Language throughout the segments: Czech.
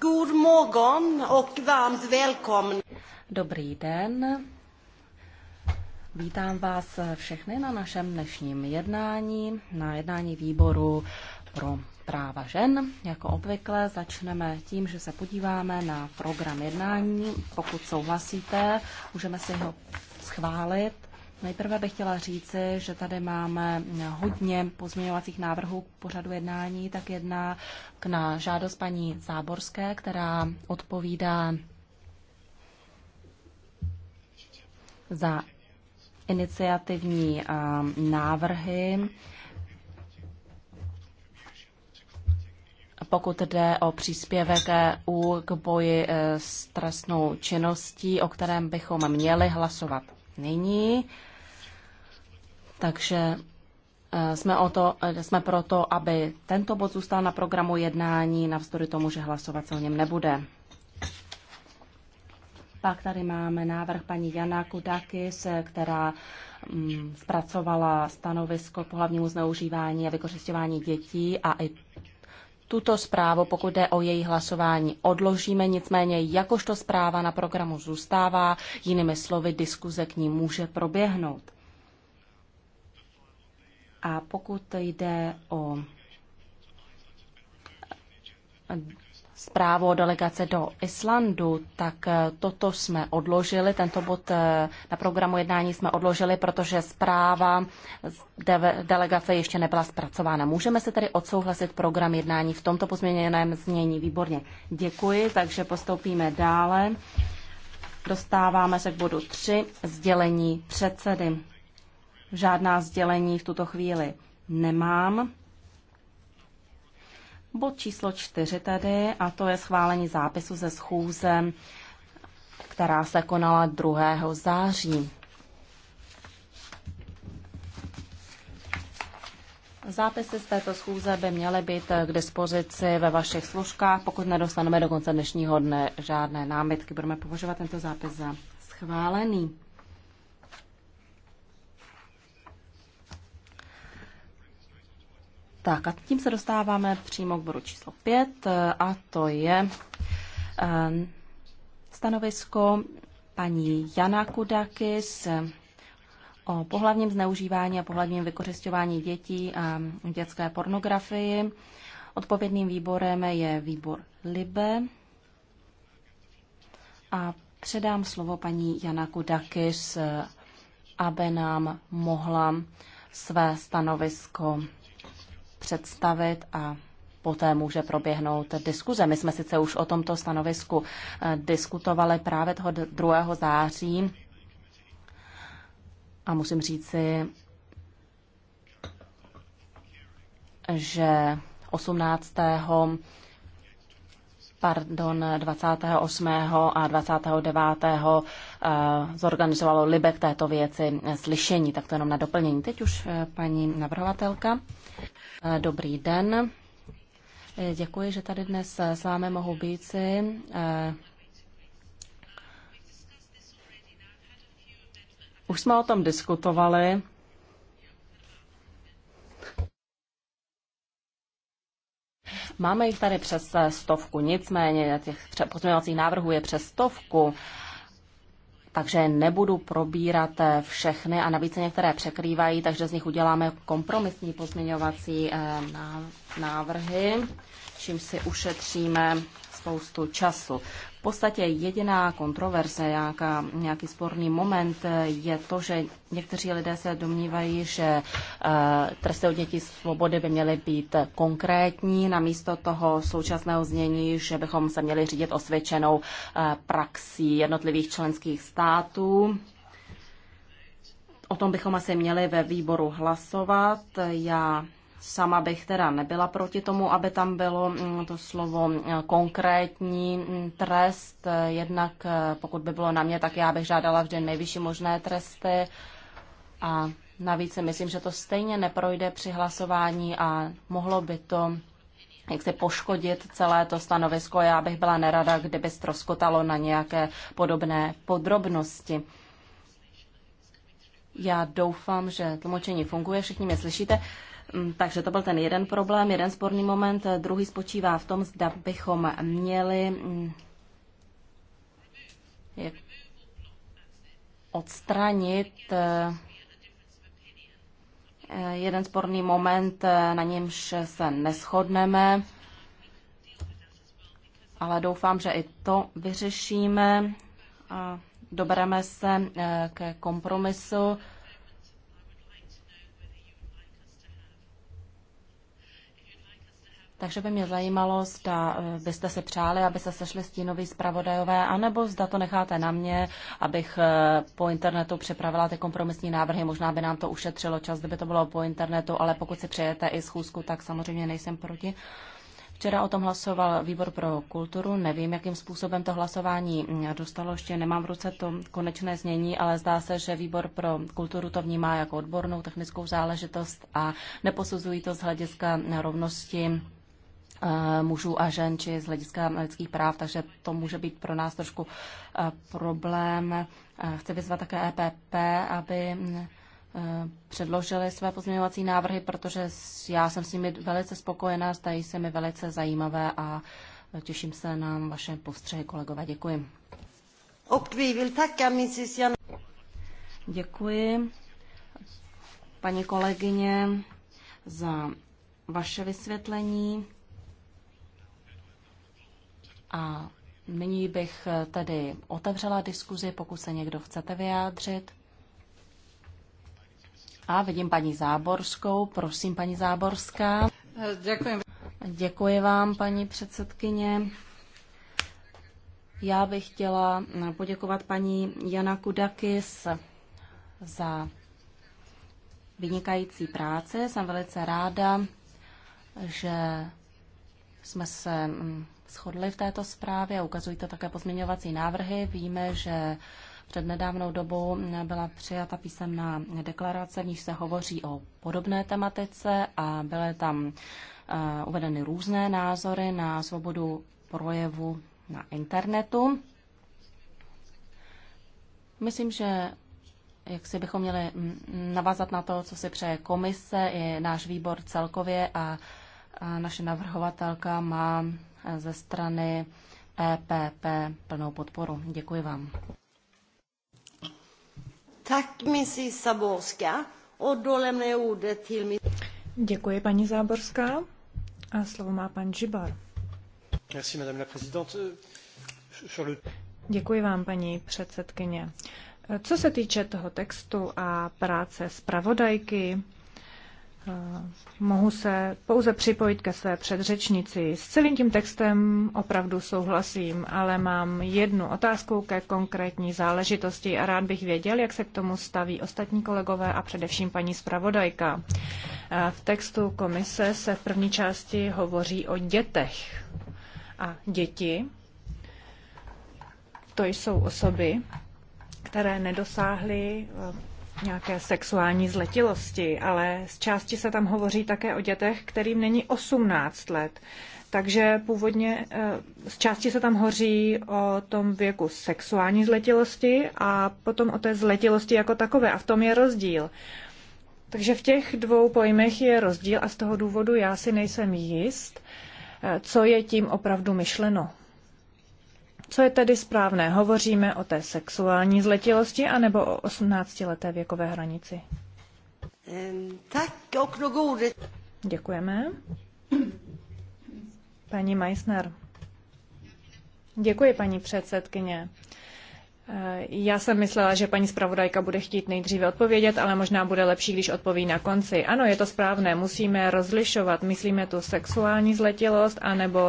God morgon och varmt välkommen. Dobrý den. Vítám vás všechny na našem dnešním jednání, na jednání výboru pro práva žen. Jako obvykle začneme tím, že se podíváme na program jednání. Pokud souhlasíte, můžeme si ho schválit Nejprve bych chtěla říci, že tady máme hodně pozměňovacích návrhů k pořadu jednání, tak jedna k na žádost paní Záborské, která odpovídá za iniciativní návrhy, pokud jde o příspěvek EU k boji e, s trestnou činností, o kterém bychom měli hlasovat nyní. Takže eh, jsme, o to, eh, jsme proto, aby tento bod zůstal na programu jednání, navzdory tomu, že hlasovat se o něm nebude. Pak tady máme návrh paní Jana Kudakis, která mm, zpracovala stanovisko k hlavnímu zneužívání a vykořišťování dětí a i tuto zprávu, pokud jde o její hlasování, odložíme, nicméně jakožto zpráva na programu zůstává, jinými slovy, diskuze k ní může proběhnout. A pokud jde o zprávu o delegace do Islandu, tak toto jsme odložili, tento bod eh, na programu jednání jsme odložili, protože zpráva delegace ještě nebyla zpracována. Můžeme se tedy odsouhlasit program jednání v tomto pozměněném znění. Výborně, děkuji, takže postoupíme dále. Dostáváme se k bodu 3, sdělení předsedy. Žádná sdělení v tuto chvíli nemám. Bod číslo čtyři tady, a to je schválení zápisu ze schůze, která se konala 2. září. Zápisy z této schůze by měly být k dispozici ve vašich složkách. Pokud nedostaneme do konce dnešního dne žádné námitky, budeme považovat tento zápis za schválený. Tak a tím se dostáváme přímo k bodu číslo 5 eh, a to je eh, stanovisko paní Jana Kudakis eh, o pohlavním zneužívání a pohlavním vykořišťování dětí a dětské pornografii. Odpovědným výborem je výbor LIBE a předám slovo paní Jana Kudakis, aby nám mohla své stanovisko představit a poté může proběhnout diskuze. My jsme sice už o tomto stanovisku eh, diskutovali právě toho 2. září a musím říci, že 18. pardon, 28. a 29. Eh, zorganizovalo Libek této věci slyšení, tak to jenom na doplnění. Teď už eh, paní navrhovatelka. Eh, dobrý den. Eh, děkuji, že tady dnes eh, s vámi mohu být. Si. Už jsme o tom diskutovali. Máme jich tady přes stovku, nicméně těch pozměňovacích návrhů je přes stovku takže nebudu probírat eh, všechny a navíc některé překrývají, takže z nich uděláme kompromisní pozměňovací eh, návrhy, čím si ušetříme spoustu času v podstatě jediná kontroverze, nějaká, nějaký sporný moment je to, že někteří lidé se domnívají, že eh, tresty odnětí svobody by měly být konkrétní, namísto toho současného znění, že bychom se měli řídit osvědčenou eh, praxí jednotlivých členských států. O tom bychom asi měli ve výboru hlasovat. Já Sama bych teda nebyla proti tomu, aby tam bylo mm, to slovo mm, konkrétní mm, trest. Jednak eh, pokud by bylo na mě, tak já bych žádala vždy nejvyšší možné tresty. A navíc si myslím, že to stejně neprojde při hlasování a mohlo by to jak se poškodit celé to stanovisko. Já bych byla nerada, kdyby ztroskotalo na nějaké podobné podrobnosti. Já doufám, že tlumočení funguje, všichni mě slyšíte. Mm, takže to byl ten jeden problém, jeden sporný moment. Druhý spočívá v tom, zda bychom měli mm, odstranit eh, jeden sporný moment, eh, na němž se neschodneme, ale doufám, že i to vyřešíme a dobereme se eh, ke kompromisu. Takže by mě zajímalo, zda eh, byste se přáli, aby se sešli stínoví zpravodajové, anebo zda to necháte na mě, abych eh, po internetu připravila ty kompromisní návrhy. Možná by nám to ušetřilo čas, kdyby to bylo po internetu, ale pokud si přejete i schůzku, tak samozřejmě nejsem proti. Včera o tom hlasoval výbor pro kulturu. Nevím, jakým způsobem to hlasování mm, dostalo. Ještě nemám v ruce to konečné znění, ale zdá se, že výbor pro kulturu to vnímá jako odbornou technickou záležitost a neposuzují to z hlediska rovnosti Eh, mužů a žen, či z hlediska lidských práv, takže to může být pro nás trošku eh, problém. Eh, chci vyzvat také EPP, aby předložili své pozměňovací návrhy, protože já jsem s nimi velice spokojená, stají se mi velice zajímavé a těším se na vaše postřehy, kolegové. Děkuji. Děkuji, paní kolegyně, za vaše vysvětlení. A nyní bych tedy otevřela diskuzi, pokud se někdo chcete vyjádřit. A vidím paní Záborskou. Prosím, paní Záborská. Děkuji. Děkuji vám, paní předsedkyně. Já bych chtěla poděkovat paní Jana Kudakis za vynikající práci. Jsem velice ráda, že jsme se shodli v této zprávě a ukazují to také pozměňovací návrhy. Víme, že před nedávnou dobou byla přijata písemná deklarace, v níž se hovoří o podobné tematice a byly tam eh, uvedeny různé názory na svobodu projevu na internetu. Myslím, že jak si bychom měli mm, navázat na to, co si přeje komise, i náš výbor celkově a, a naše navrhovatelka má ze strany EPP plnou podporu. Děkuji vám. Tak, misi Saborská. Děkuji, paní Záborská. A slovo má pan Žibar. Merci, madame la présidente. Euh, Děkuji vám, paní předsedkyně. Co se týče toho textu a práce zpravodajky, Eh, mohu se pouze připojit ke své předřečnici. S celým tím textem opravdu souhlasím, ale mám jednu otázku ke konkrétní záležitosti a rád bych věděl, jak se k tomu staví ostatní kolegové a především paní zpravodajka. Eh, v textu komise se v první části hovoří o dětech. A děti, to jsou osoby, které nedosáhly eh, nějaké sexuální zletilosti, ale z části se tam hovoří také o dětech, kterým není 18 let. Takže původně eh, z části se tam hoří o tom věku sexuální zletilosti a potom o té zletilosti jako takové. A v tom je rozdíl. Takže v těch dvou pojmech je rozdíl a z toho důvodu já si nejsem jist, eh, co je tím opravdu myšleno. Co je tedy správné? Hovoříme o té sexuální zletilosti anebo o 18-leté věkové hranici? Děkujeme. Paní Meissner. Děkuji, paní předsedkyně. Eh, já jsem myslela, že paní zpravodajka bude chtít nejdříve odpovědět, ale možná bude lepší, když odpoví na konci. Ano, je to správné, musíme rozlišovat. Myslíme tu sexuální zletilost anebo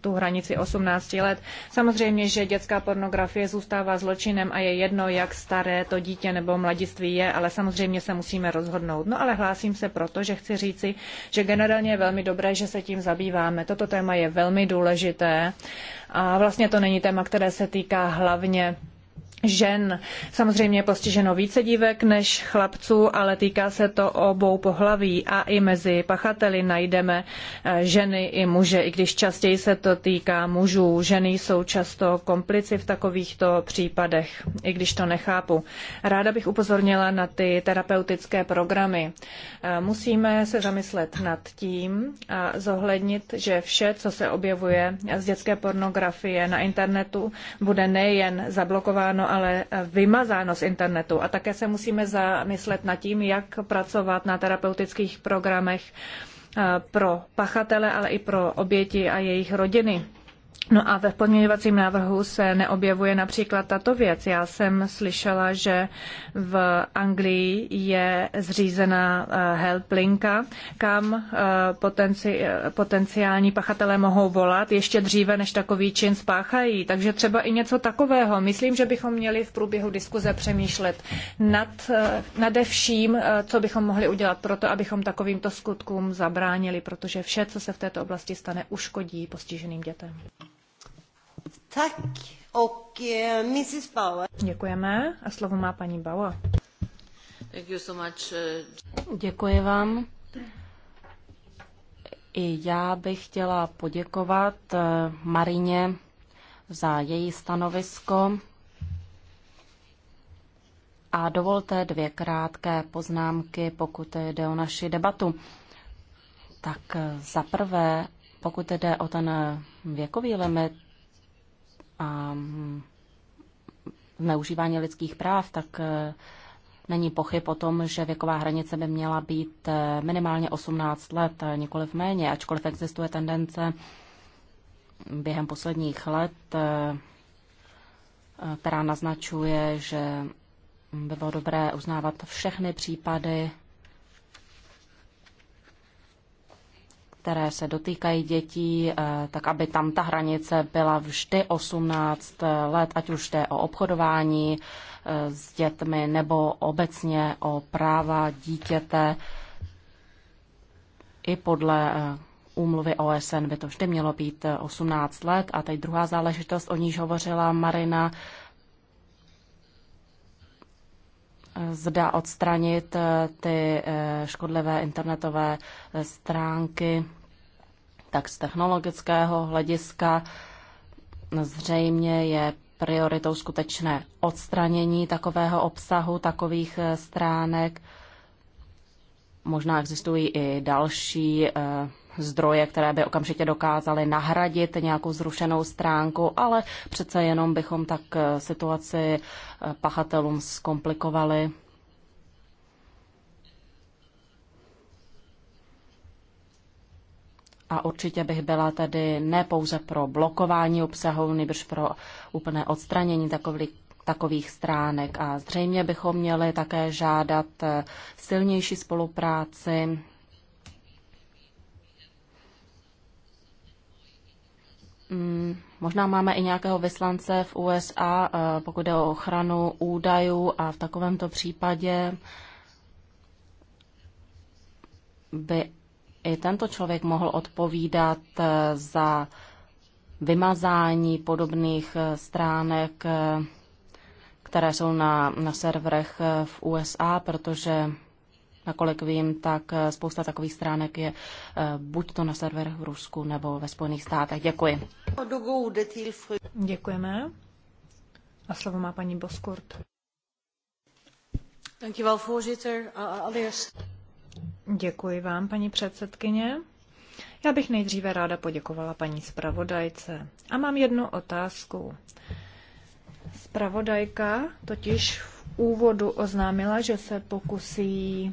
tu hranici 18 let. Samozřejmě, že dětská pornografie zůstává zločinem a je jedno, jak staré to dítě nebo mladiství je, ale samozřejmě se musíme rozhodnout. No ale hlásím se proto, že chci říci, že generálně je velmi dobré, že se tím zabýváme. Toto téma je velmi důležité a vlastně to není téma, které se týká hlavně žen. Samozřejmě je postiženo více dívek než chlapců, ale týká se to obou pohlaví a i mezi pachateli najdeme eh, ženy i muže, i když častěji se to týká mužů. Ženy jsou často komplici v takovýchto případech, i když to nechápu. Ráda bych upozornila na ty terapeutické programy. Eh, musíme se zamyslet nad tím a zohlednit, že vše, co se objevuje z dětské pornografie na internetu, bude nejen zablokováno, ale vymazáno z internetu. A také se musíme zamyslet nad tím, jak pracovat na terapeutických programech eh, pro pachatele, ale i pro oběti a jejich rodiny. No a ve podměňovacím návrhu se neobjevuje například tato věc. Já jsem slyšela, že v Anglii je zřízena eh, helplinka, kam eh, potenci, eh, potenciální pachatelé mohou volat ještě dříve, než takový čin spáchají. Takže třeba i něco takového. Myslím, že bychom měli v průběhu diskuze přemýšlet nad, nade vším, co bychom mohli udělat pro to, abychom takovýmto skutkům zabránili, protože vše, co se v této oblasti stane, uškodí postiženým dětem. Tak, ok, Mrs. Bauer. Děkujeme a slovo má paní Bauer. Thank you so much. Eh, Děkuji vám. I já bych chtěla poděkovat eh, Marině za její stanovisko. A dovolte dvě krátké poznámky, pokud jde o naši debatu. Tak eh, za prvé, pokud jde o ten věkový limit, a zneužívání lidských práv, tak eh, není pochyb o tom, že věková hranice by měla být eh, minimálně 18 let, eh, nikoliv méně, ačkoliv existuje tendence během posledních let, která naznačuje, že by bylo dobré uznávat všechny případy které se dotýkají dětí, eh, tak aby tam ta hranice byla vždy 18 eh, let, ať už jde o obchodování eh, s dětmi nebo obecně o práva dítěte. I podle úmluvy OSN by to vždy mělo být 18 let. A teď druhá záležitost, o níž hovořila Marina, zda odstranit eh, ty eh, škodlivé internetové eh, stránky, tak z technologického hlediska zřejmě je prioritou skutečné odstranění takového obsahu, takových stránek. Možná existují i další zdroje, které by okamžitě dokázaly nahradit nějakou zrušenou stránku, ale přece jenom bychom tak eh, situaci eh, pachatelům zkomplikovali. A určitě bych byla tedy ne pouze pro blokování obsahu, nebož pro úplné odstranění takových takových stránek a zřejmě bychom měli také žádat eh, silnější spolupráci Mm, možná máme i nějakého vyslance v USA, eh, pokud jde o ochranu údajů a v takovémto případě by i tento člověk mohl odpovídat eh, za vymazání podobných eh, stránek, které jsou na, na serverech v USA, protože Nakolik vím, tak eh, spousta takových stránek je eh, buď to na serverech v Rusku nebo ve Spojených státech. Děkuji. Děkujeme. A slovo má paní Boskurt. Děkuji vám, paní předsedkyně. Já bych nejdříve ráda poděkovala paní zpravodajce. A mám jednu otázku. Spravodajka totiž v úvodu oznámila, že se pokusí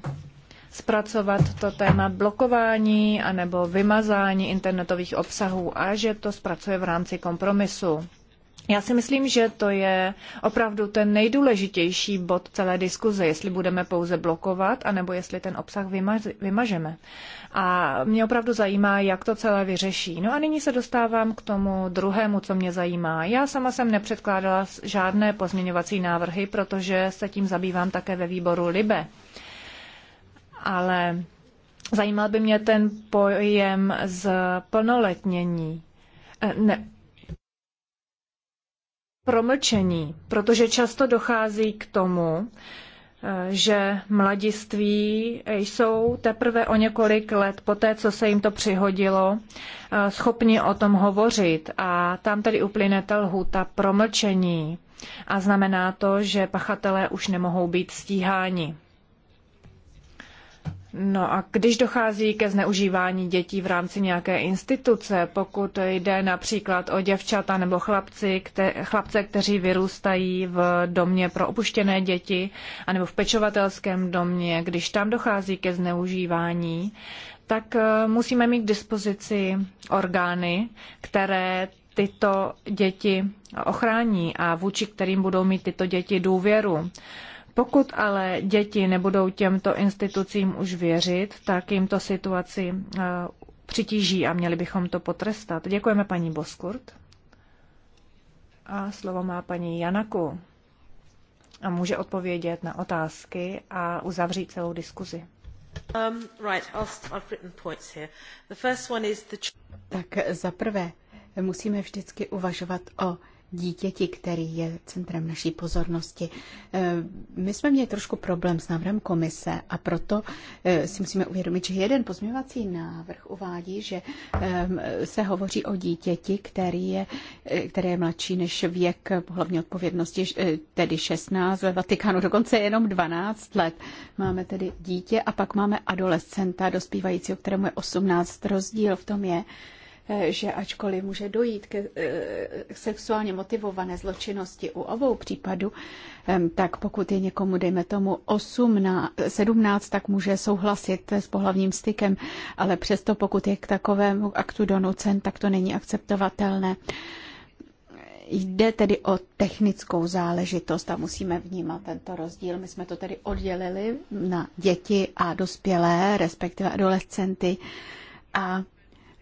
zpracovat to téma blokování anebo vymazání internetových obsahů a že to zpracuje v rámci kompromisu. Já si myslím, že to je opravdu ten nejdůležitější bod celé diskuze, jestli budeme pouze blokovat, anebo jestli ten obsah vymažeme. A mě opravdu zajímá, jak to celé vyřeší. No a nyní se dostávám k tomu druhému, co mě zajímá. Já sama jsem nepředkládala žádné pozměňovací návrhy, protože se tím zabývám také ve výboru LIBE. Ale zajímal by mě ten pojem z plnoletnění. E, ne, promlčení, protože často dochází k tomu, eh, že mladiství jsou teprve o několik let poté, co se jim to přihodilo, eh, schopni o tom hovořit. A tam tedy uplyne ta lhůta promlčení. A znamená to, že pachatelé už nemohou být stíháni. No a když dochází ke zneužívání dětí v rámci nějaké instituce, pokud jde například o děvčata nebo chlapci, kte, chlapce, kteří vyrůstají v domě pro opuštěné děti, anebo v pečovatelském domě, když tam dochází ke zneužívání, tak eh, musíme mít k dispozici orgány, které tyto děti ochrání a vůči kterým budou mít tyto děti důvěru. Pokud ale děti nebudou těmto institucím už věřit, tak jim to situaci eh, přitíží a měli bychom to potrestat. Děkujeme paní Boskurt. A slovo má paní Janaku. A může odpovědět na otázky a uzavřít celou diskuzi. Um, right, the... Tak za prvé musíme vždycky uvažovat o dítěti, který je centrem naší pozornosti. Eh, my jsme měli trošku problém s návrhem komise a proto eh, si musíme uvědomit, že jeden pozměňovací návrh uvádí, že eh, se hovoří o dítěti, který je, které je mladší než věk pohlavní odpovědnosti, tedy 16, ve Vatikánu dokonce jenom 12 let. Máme tedy dítě a pak máme adolescenta dospívajícího, kterému je 18. Rozdíl v tom je, že ačkoliv může dojít ke eh, sexuálně motivované zločinnosti u obou případů, tak pokud je někomu, dejme tomu, 18, 17, tak může souhlasit s pohlavním stykem, ale přesto pokud je k takovému aktu donucen, tak to není akceptovatelné. Jde tedy o technickou záležitost a musíme vnímat tento rozdíl. My jsme to tedy oddělili na děti a dospělé, respektive adolescenty. A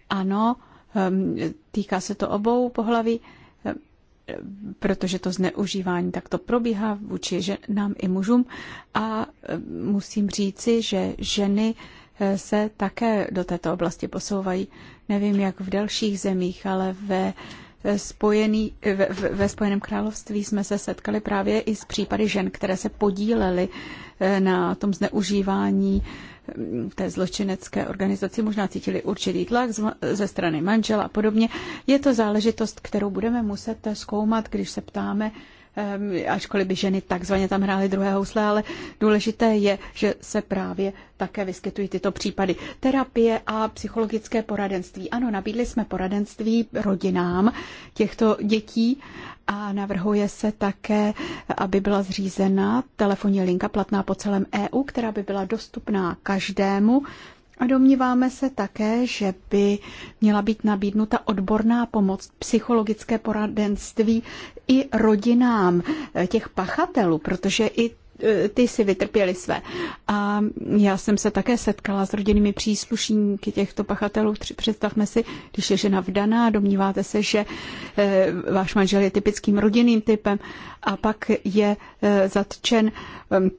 ano, Ehm, týká se to obou pohlaví, ehm, protože to zneužívání takto probíhá vůči nám i mužům. A ehm, musím říci, že ženy eh, se také do této oblasti posouvají. Nevím, jak v dalších zemích, ale ve Spojený, ve, ve Spojeném království jsme se setkali právě i s případy žen, které se podílely eh, na tom zneužívání té zločinecké organizaci možná cítili určitý tlak ze strany manžela a podobně. Je to záležitost, kterou budeme muset zkoumat, když se ptáme, ačkoliv by ženy takzvaně tam hrály druhé housle, ale důležité je, že se právě také vyskytují tyto případy. Terapie a psychologické poradenství. Ano, nabídli jsme poradenství rodinám těchto dětí a navrhuje se také, aby byla zřízena telefonní linka platná po celém EU, která by byla dostupná každému. A domníváme se také, že by měla být nabídnuta odborná pomoc, psychologické poradenství i rodinám eh, těch pachatelů, protože i Eh, ty si vytrpěli své. A já jsem se také setkala s rodinnými příslušníky těchto pachatelů. Představme si, když je žena vdaná, domníváte se, že eh, váš manžel je typickým rodinným typem a pak je eh, zatčen ehm,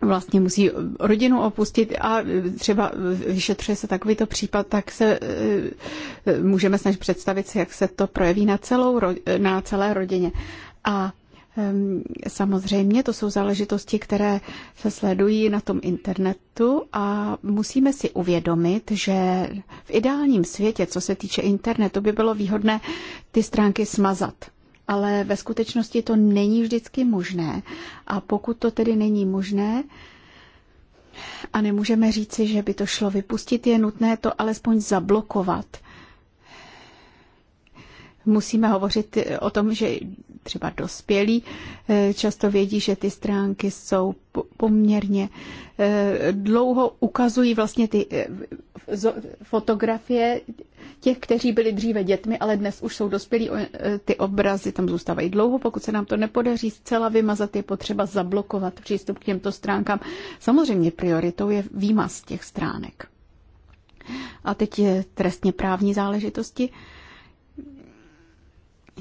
vlastně musí rodinu opustit a třeba vyšetřuje se takovýto případ, tak se můžeme snažit představit si, jak se to projeví na, celou, na celé rodině. A Ehm, samozřejmě to jsou záležitosti, které se sledují na tom internetu a musíme si uvědomit, že v ideálním světě, co se týče internetu, by bylo výhodné ty stránky smazat. Ale ve skutečnosti to není vždycky možné. A pokud to tedy není možné, a nemůžeme říci, že by to šlo vypustit, je nutné to alespoň zablokovat musíme hovořit o tom, že třeba dospělí, eh, často vědí, že ty stránky jsou poměrně eh, dlouho, ukazují vlastně ty eh, fotografie těch, kteří byli dříve dětmi, ale dnes už jsou dospělí, ty obrazy tam zůstávají dlouho, pokud se nám to nepodaří zcela vymazat, je potřeba zablokovat přístup k těmto stránkám. Samozřejmě prioritou je výmaz těch stránek. A teď je trestně právní záležitosti.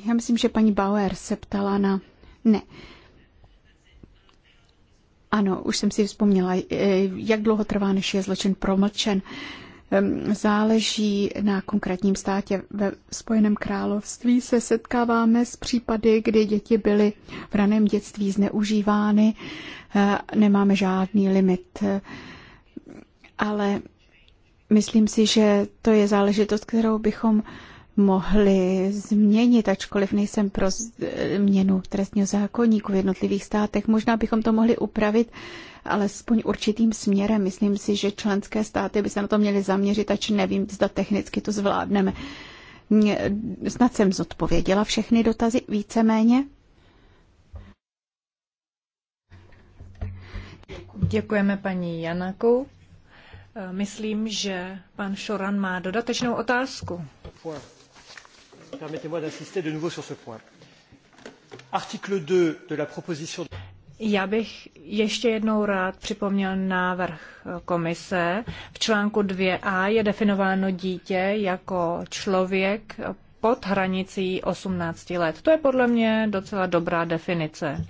Já myslím, že paní Bauer se ptala na... Ne. Ano, už jsem si vzpomněla, eh, jak dlouho trvá, než je zločin promlčen. Ehm, záleží na konkrétním státě. Ve Spojeném království se setkáváme s případy, kdy děti byly v raném dětství zneužívány. Eh, nemáme žádný limit. Eh, ale myslím si, že to je záležitost, kterou bychom mohli změnit, ačkoliv nejsem pro změnu trestního zákonníku v jednotlivých státech. Možná bychom to mohli upravit alespoň určitým směrem. Myslím si, že členské státy by se na to měly zaměřit, ač nevím, zda technicky to zvládneme. Snad jsem zodpověděla všechny dotazy víceméně. Děkujeme paní Janaku. Myslím, že pan Šoran má dodatečnou otázku. Permettez-moi d'insister de nouveau sur ce point. Article 2 de la proposition Já bych ještě jednou rád připomněl návrh komise. V článku 2a je definováno dítě jako člověk pod hranicí 18 let. To je podle mě docela dobrá definice.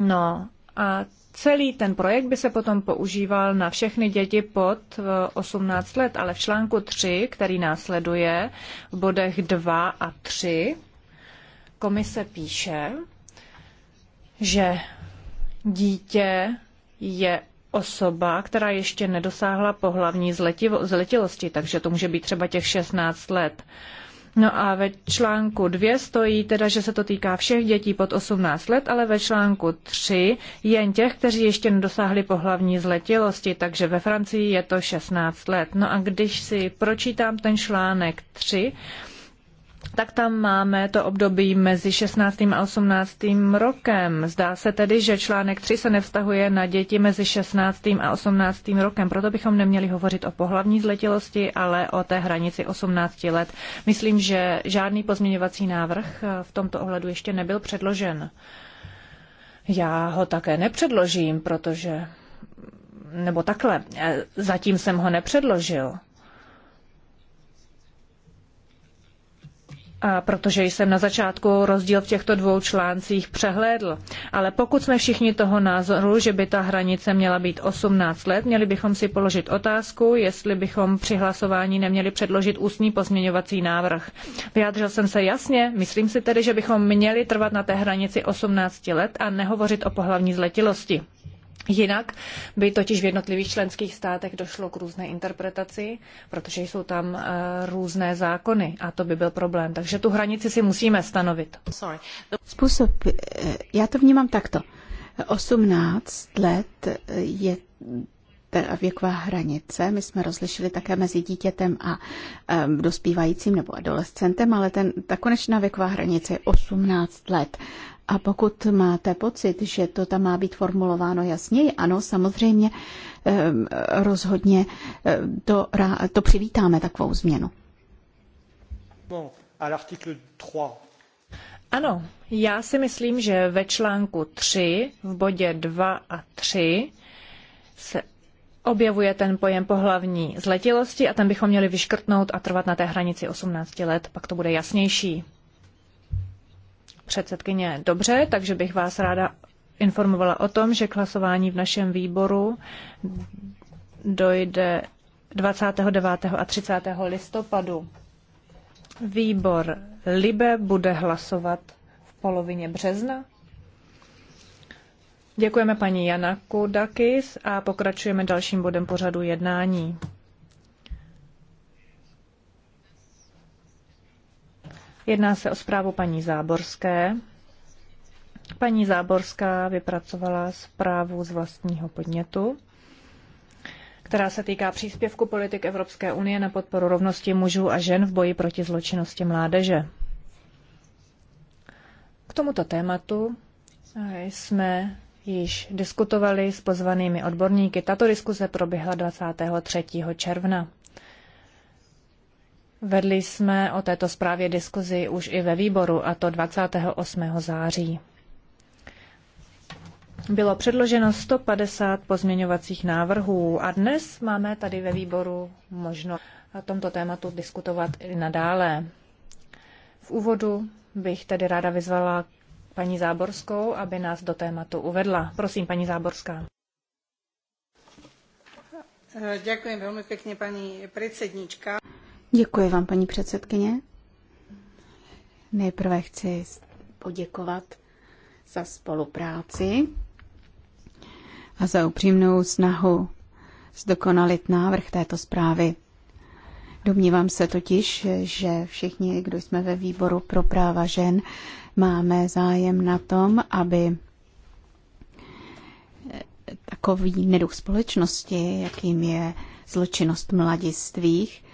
No a Celý ten projekt by se potom používal na všechny děti pod 18 eh, let, ale v článku 3, který následuje, v bodech 2 a 3, komise píše, že dítě je osoba, která ještě nedosáhla pohlavní zletilosti, takže to může být třeba těch 16 let. Uh, No a ve článku 2 stojí teda, že se to týká všech dětí pod 18 let, ale ve článku 3 jen těch, kteří ještě nedosáhli pohlavní zletilosti, takže ve Francii je to 16 let. No a když si pročítám ten článek 3, tak tam máme to období mezi 16. a 18. rokem. Zdá se tedy, že článek 3 se nevztahuje na děti mezi 16. a 18. rokem. Proto bychom neměli hovořit o pohlavní zletilosti, ale o té hranici 18 let. Myslím, že žádný pozměňovací návrh v tomto ohledu ještě nebyl předložen. Já ho také nepředložím, protože nebo takhle, zatím jsem ho nepředložil. a protože jsem na začátku rozdíl v těchto dvou článcích přehlédl. Ale pokud jsme všichni toho názoru, že by ta hranice měla být 18 let, měli bychom si položit otázku, jestli bychom při hlasování neměli předložit ústní pozměňovací návrh. Vyjádřil jsem se jasně, myslím si tedy, že bychom měli trvat na té hranici 18 let a nehovořit o pohlavní zletilosti. Jinak by totiž v jednotlivých členských státech došlo k různé interpretaci, protože jsou tam eh, různé zákony a to by byl problém. Takže tu hranici si musíme stanovit. Sorry. Způsob, eh, já to vnímám takto. 18 let eh, je teda věková hranice. My jsme rozlišili také mezi dítětem a um, dospívajícím nebo adolescentem, ale ten, ta konečná věková hranice je 18 let. A pokud máte pocit, že to tam má být formulováno jasněji, ano, samozřejmě ehm, rozhodně ehm, to, to přivítáme takovou změnu. Ano, já si myslím, že ve článku 3 v bodě 2 a 3 se objevuje ten pojem pohlavní zletilosti a ten bychom měli vyškrtnout a trvat na té hranici 18 let, pak to bude jasnější. Předsedkyně, dobře, takže bych vás ráda informovala o tom, že k hlasování v našem výboru dojde 29. a 30. listopadu. Výbor Libe bude hlasovat v polovině března. Děkujeme paní Jana Kudakis a pokračujeme dalším bodem pořadu jednání. Jedná se o zprávu paní Záborské. Paní Záborská vypracovala zprávu z vlastního podnětu, která se týká příspěvku politik Evropské unie na podporu rovnosti mužů a žen v boji proti zločinnosti mládeže. K tomuto tématu jsme již diskutovali s pozvanými odborníky. Tato diskuze proběhla 23. června. Vedli jsme o této zprávě diskuzi už i ve výboru, a to 28. září. Bylo předloženo 150 pozměňovacích návrhů a dnes máme tady ve výboru možnost o tomto tématu diskutovat i nadále. V úvodu bych tedy ráda vyzvala paní Záborskou, aby nás do tématu uvedla. Prosím, paní Záborská. Děkuji velmi pěkně, paní předsednička. Děkuji vám, paní předsedkyně. Nejprve chci poděkovat za spolupráci a za upřímnou snahu zdokonalit návrh této zprávy. Domnívám se totiž, že všichni, kdo jsme ve výboru pro práva žen, máme zájem na tom, aby takový neduch společnosti, jakým je zločinnost mladistvých,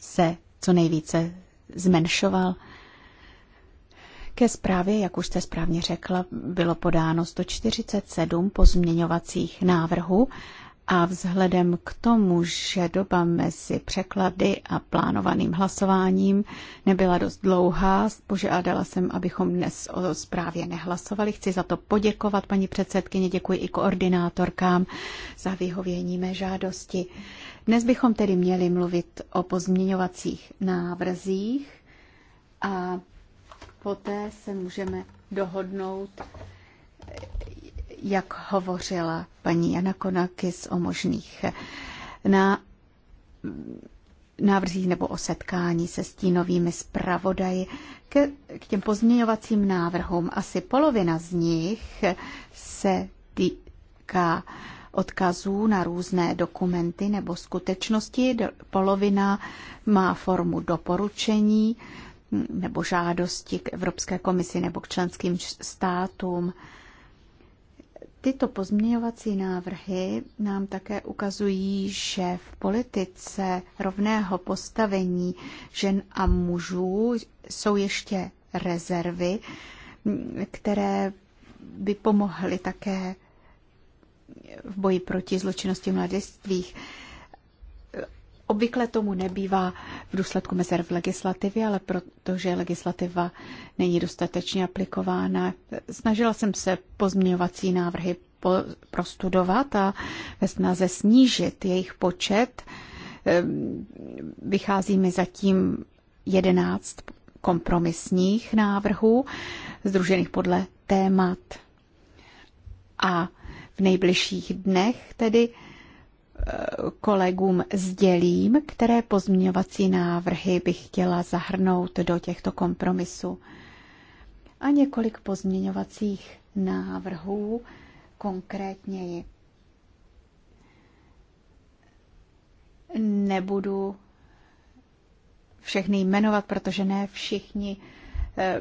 se co nejvíce zmenšoval. Ke zprávě, jak už jste správně řekla, bylo podáno 147 pozměňovacích návrhů a vzhledem k tomu, že doba mezi překlady a plánovaným hlasováním nebyla dost dlouhá, požádala jsem, abychom dnes o zprávě nehlasovali. Chci za to poděkovat paní předsedkyně, děkuji i koordinátorkám za vyhovění mé žádosti. Dnes bychom tedy měli mluvit o pozměňovacích návrzích a poté se můžeme dohodnout, jak hovořila paní Jana Konakis o možných na návrzích nebo o setkání se stínovými zpravodaji. K, k těm pozměňovacím návrhům asi polovina z nich se týká odkazů na různé dokumenty nebo skutečnosti. Polovina má formu doporučení nebo žádosti k Evropské komisi nebo k členským státům. Tyto pozměňovací návrhy nám také ukazují, že v politice rovného postavení žen a mužů jsou ještě rezervy, které by pomohly také v boji proti zločinnosti mladistvých. Obvykle tomu nebývá v důsledku mezer v legislativě, ale protože legislativa není dostatečně aplikována. Snažila jsem se pozměňovací návrhy po, prostudovat a ve snaze snížit jejich počet ehm, vychází mi zatím 11 kompromisních návrhů, združených podle témat. A v nejbližších dnech tedy eh, kolegům sdělím, které pozměňovací návrhy bych chtěla zahrnout do těchto kompromisů. A několik pozměňovacích návrhů konkrétněji. Nebudu všechny jmenovat, protože ne všichni eh,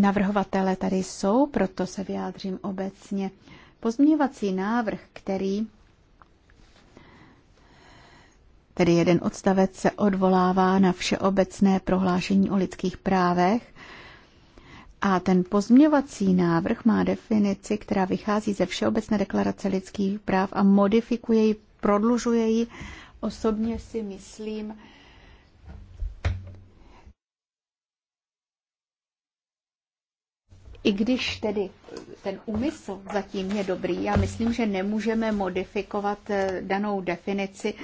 navrhovatele tady jsou, proto se vyjádřím obecně. Pozměňovací návrh, který tedy jeden odstavec se odvolává na všeobecné prohlášení o lidských právech, a ten pozměvací návrh má definici, která vychází ze Všeobecné deklarace lidských práv a modifikuje ji, prodlužuje ji. Osobně si myslím, I když tedy ten úmysl zatím je dobrý, já myslím, že nemůžeme modifikovat eh, danou definici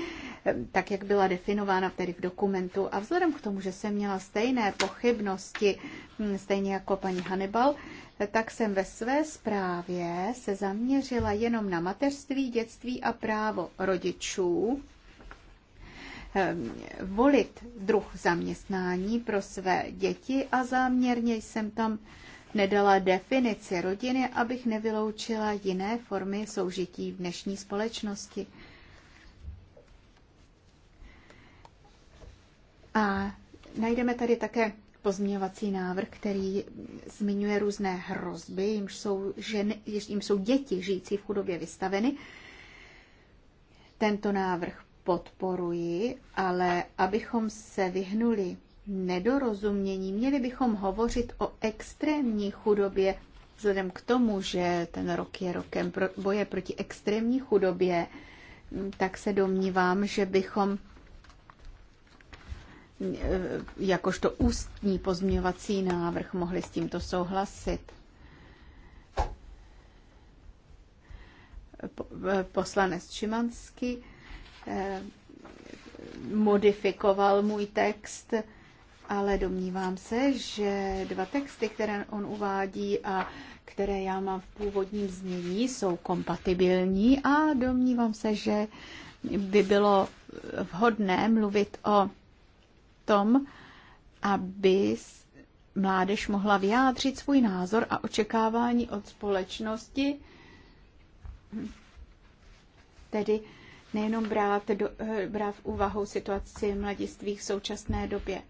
eh, tak, jak byla definována tedy v dokumentu. A vzhledem k tomu, že jsem měla stejné pochybnosti, hm, stejně jako paní Hannibal, eh, tak jsem ve své zprávě se zaměřila jenom na mateřství, dětství a právo rodičů ehm, volit druh zaměstnání pro své děti a záměrně jsem tam nedala definici rodiny, abych nevyloučila jiné formy soužití v dnešní společnosti. A najdeme tady také pozměňovací návrh, který zmiňuje různé hrozby, jimž jsou, ženy, jim jsou děti žijící v chudobě vystaveny. Tento návrh podporuji, ale abychom se vyhnuli nedorozumění. Měli bychom hovořit o extrémní chudobě, vzhledem k tomu, že ten rok je rokem boje proti extrémní chudobě, tak se domnívám, že bychom eh, jakožto ústní pozměňovací návrh mohli s tímto souhlasit. Eh, poslanec Šimanský eh, modifikoval můj text ale domnívám se, že dva texty, které on uvádí a které já mám v původním znění, jsou kompatibilní a domnívám se, že by bylo vhodné mluvit o tom, aby mládež mohla vyjádřit svůj názor a očekávání od společnosti, tedy nejenom brát, do, brát v úvahu situaci mladistvých v současné době.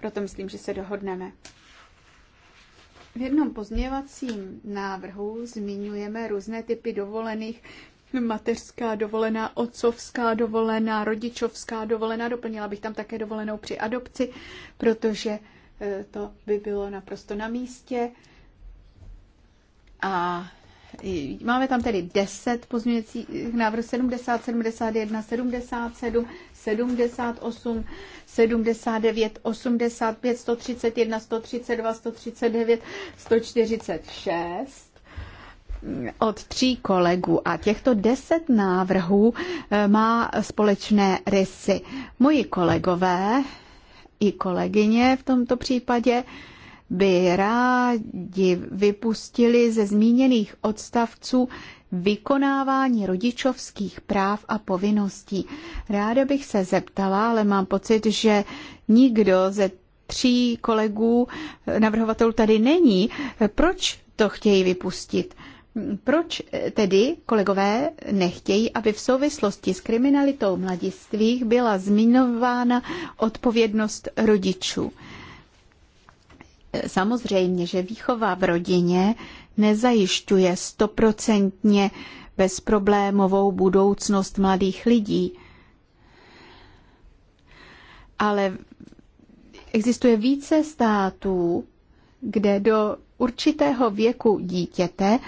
Proto myslím, že se dohodneme. V jednom pozměvacím návrhu zmiňujeme různé typy dovolených, mateřská dovolená, otcovská dovolená, rodičovská dovolená. Doplnila bych tam také dovolenou při adopci, protože e, to by bylo naprosto na místě. A máme tam tedy 10 pozměňovacích návrhů 70, 71, 77 78, 79, 85, 131, 132, 139, 146 od tří kolegů a těchto deset návrhů eh, má společné rysy. Moji kolegové i kolegyně v tomto případě by rádi vypustili ze zmíněných odstavců vykonávání rodičovských práv a povinností. Ráda bych se zeptala, ale mám pocit, že nikdo ze tří kolegů navrhovatelů tady není. Proč to chtějí vypustit? Proč tedy kolegové nechtějí, aby v souvislosti s kriminalitou mladistvých byla zmiňována odpovědnost rodičů? Samozřejmě, že výchova v rodině nezajišťuje stoprocentně bezproblémovou budoucnost mladých lidí. Ale existuje více států, kde do určitého věku dítěte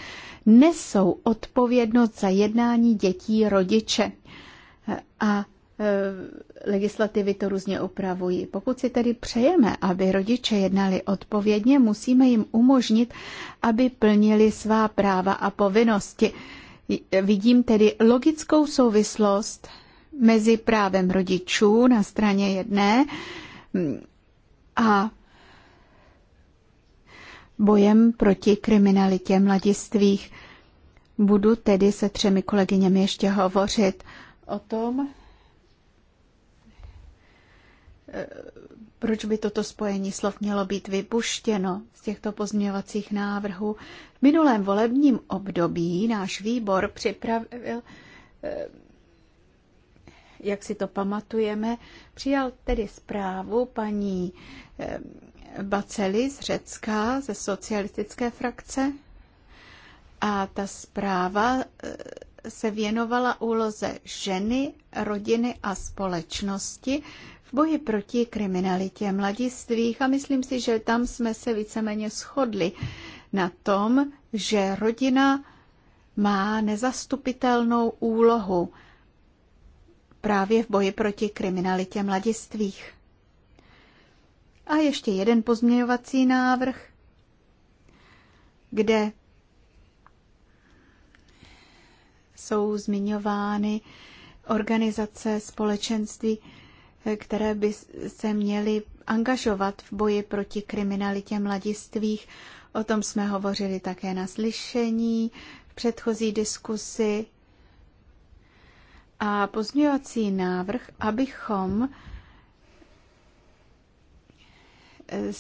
nesou odpovědnost za jednání dětí rodiče. A e, legislativy to různě upravují. Pokud si tedy přejeme, aby rodiče jednali odpovědně, musíme jim umožnit, aby plnili svá práva a povinnosti. Vidím tedy logickou souvislost mezi právem rodičů na straně jedné a bojem proti kriminalitě mladistvých. Budu tedy se třemi kolegyněmi ještě hovořit o tom, proč by toto spojení slov mělo být vypuštěno z těchto pozměňovacích návrhů. V minulém volebním období náš výbor připravil, eh, jak si to pamatujeme, přijal tedy zprávu paní eh, Baceli z Řecka, ze socialistické frakce. A ta zpráva eh, se věnovala úloze ženy, rodiny a společnosti boji proti kriminalitě mladistvých a myslím si, že tam jsme se víceméně shodli na tom, že rodina má nezastupitelnou úlohu právě v boji proti kriminalitě mladistvých. A ještě jeden pozměňovací návrh, kde jsou zmiňovány organizace společenství které by se měly angažovat v boji proti kriminalitě mladistvých. O tom jsme hovořili také na slyšení, v předchozí diskusi. A pozměňovací návrh, abychom eh,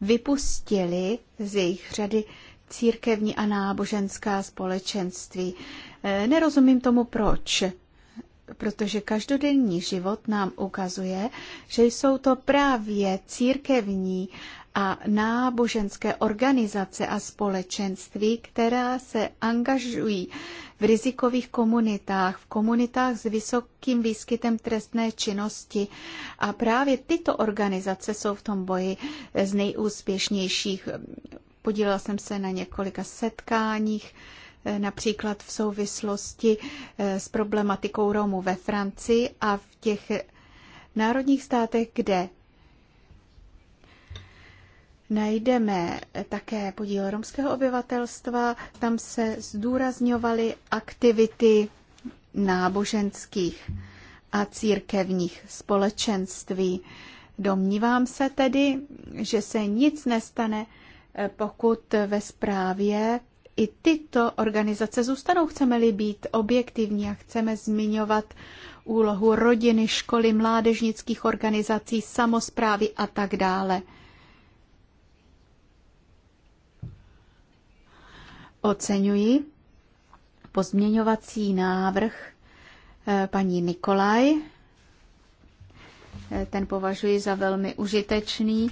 vypustili z jejich řady církevní a náboženská společenství. Eh, nerozumím tomu proč protože každodenní život nám ukazuje, že jsou to právě církevní a náboženské organizace a společenství, která se angažují v rizikových komunitách, v komunitách s vysokým výskytem trestné činnosti. A právě tyto organizace jsou v tom boji z nejúspěšnějších. Podílela jsem se na několika setkáních například v souvislosti eh, s problematikou Romů ve Francii a v těch národních státech, kde najdeme také podíl romského obyvatelstva. Tam se zdůrazňovaly aktivity náboženských a církevních společenství. Domnívám se tedy, že se nic nestane, eh, pokud ve zprávě i tyto organizace zůstanou. Chceme-li být objektivní a chceme zmiňovat úlohu rodiny, školy, mládežnických organizací, samozprávy a tak dále. Oceňuji pozměňovací návrh eh, paní Nikolaj. Eh, ten považuji za velmi užitečný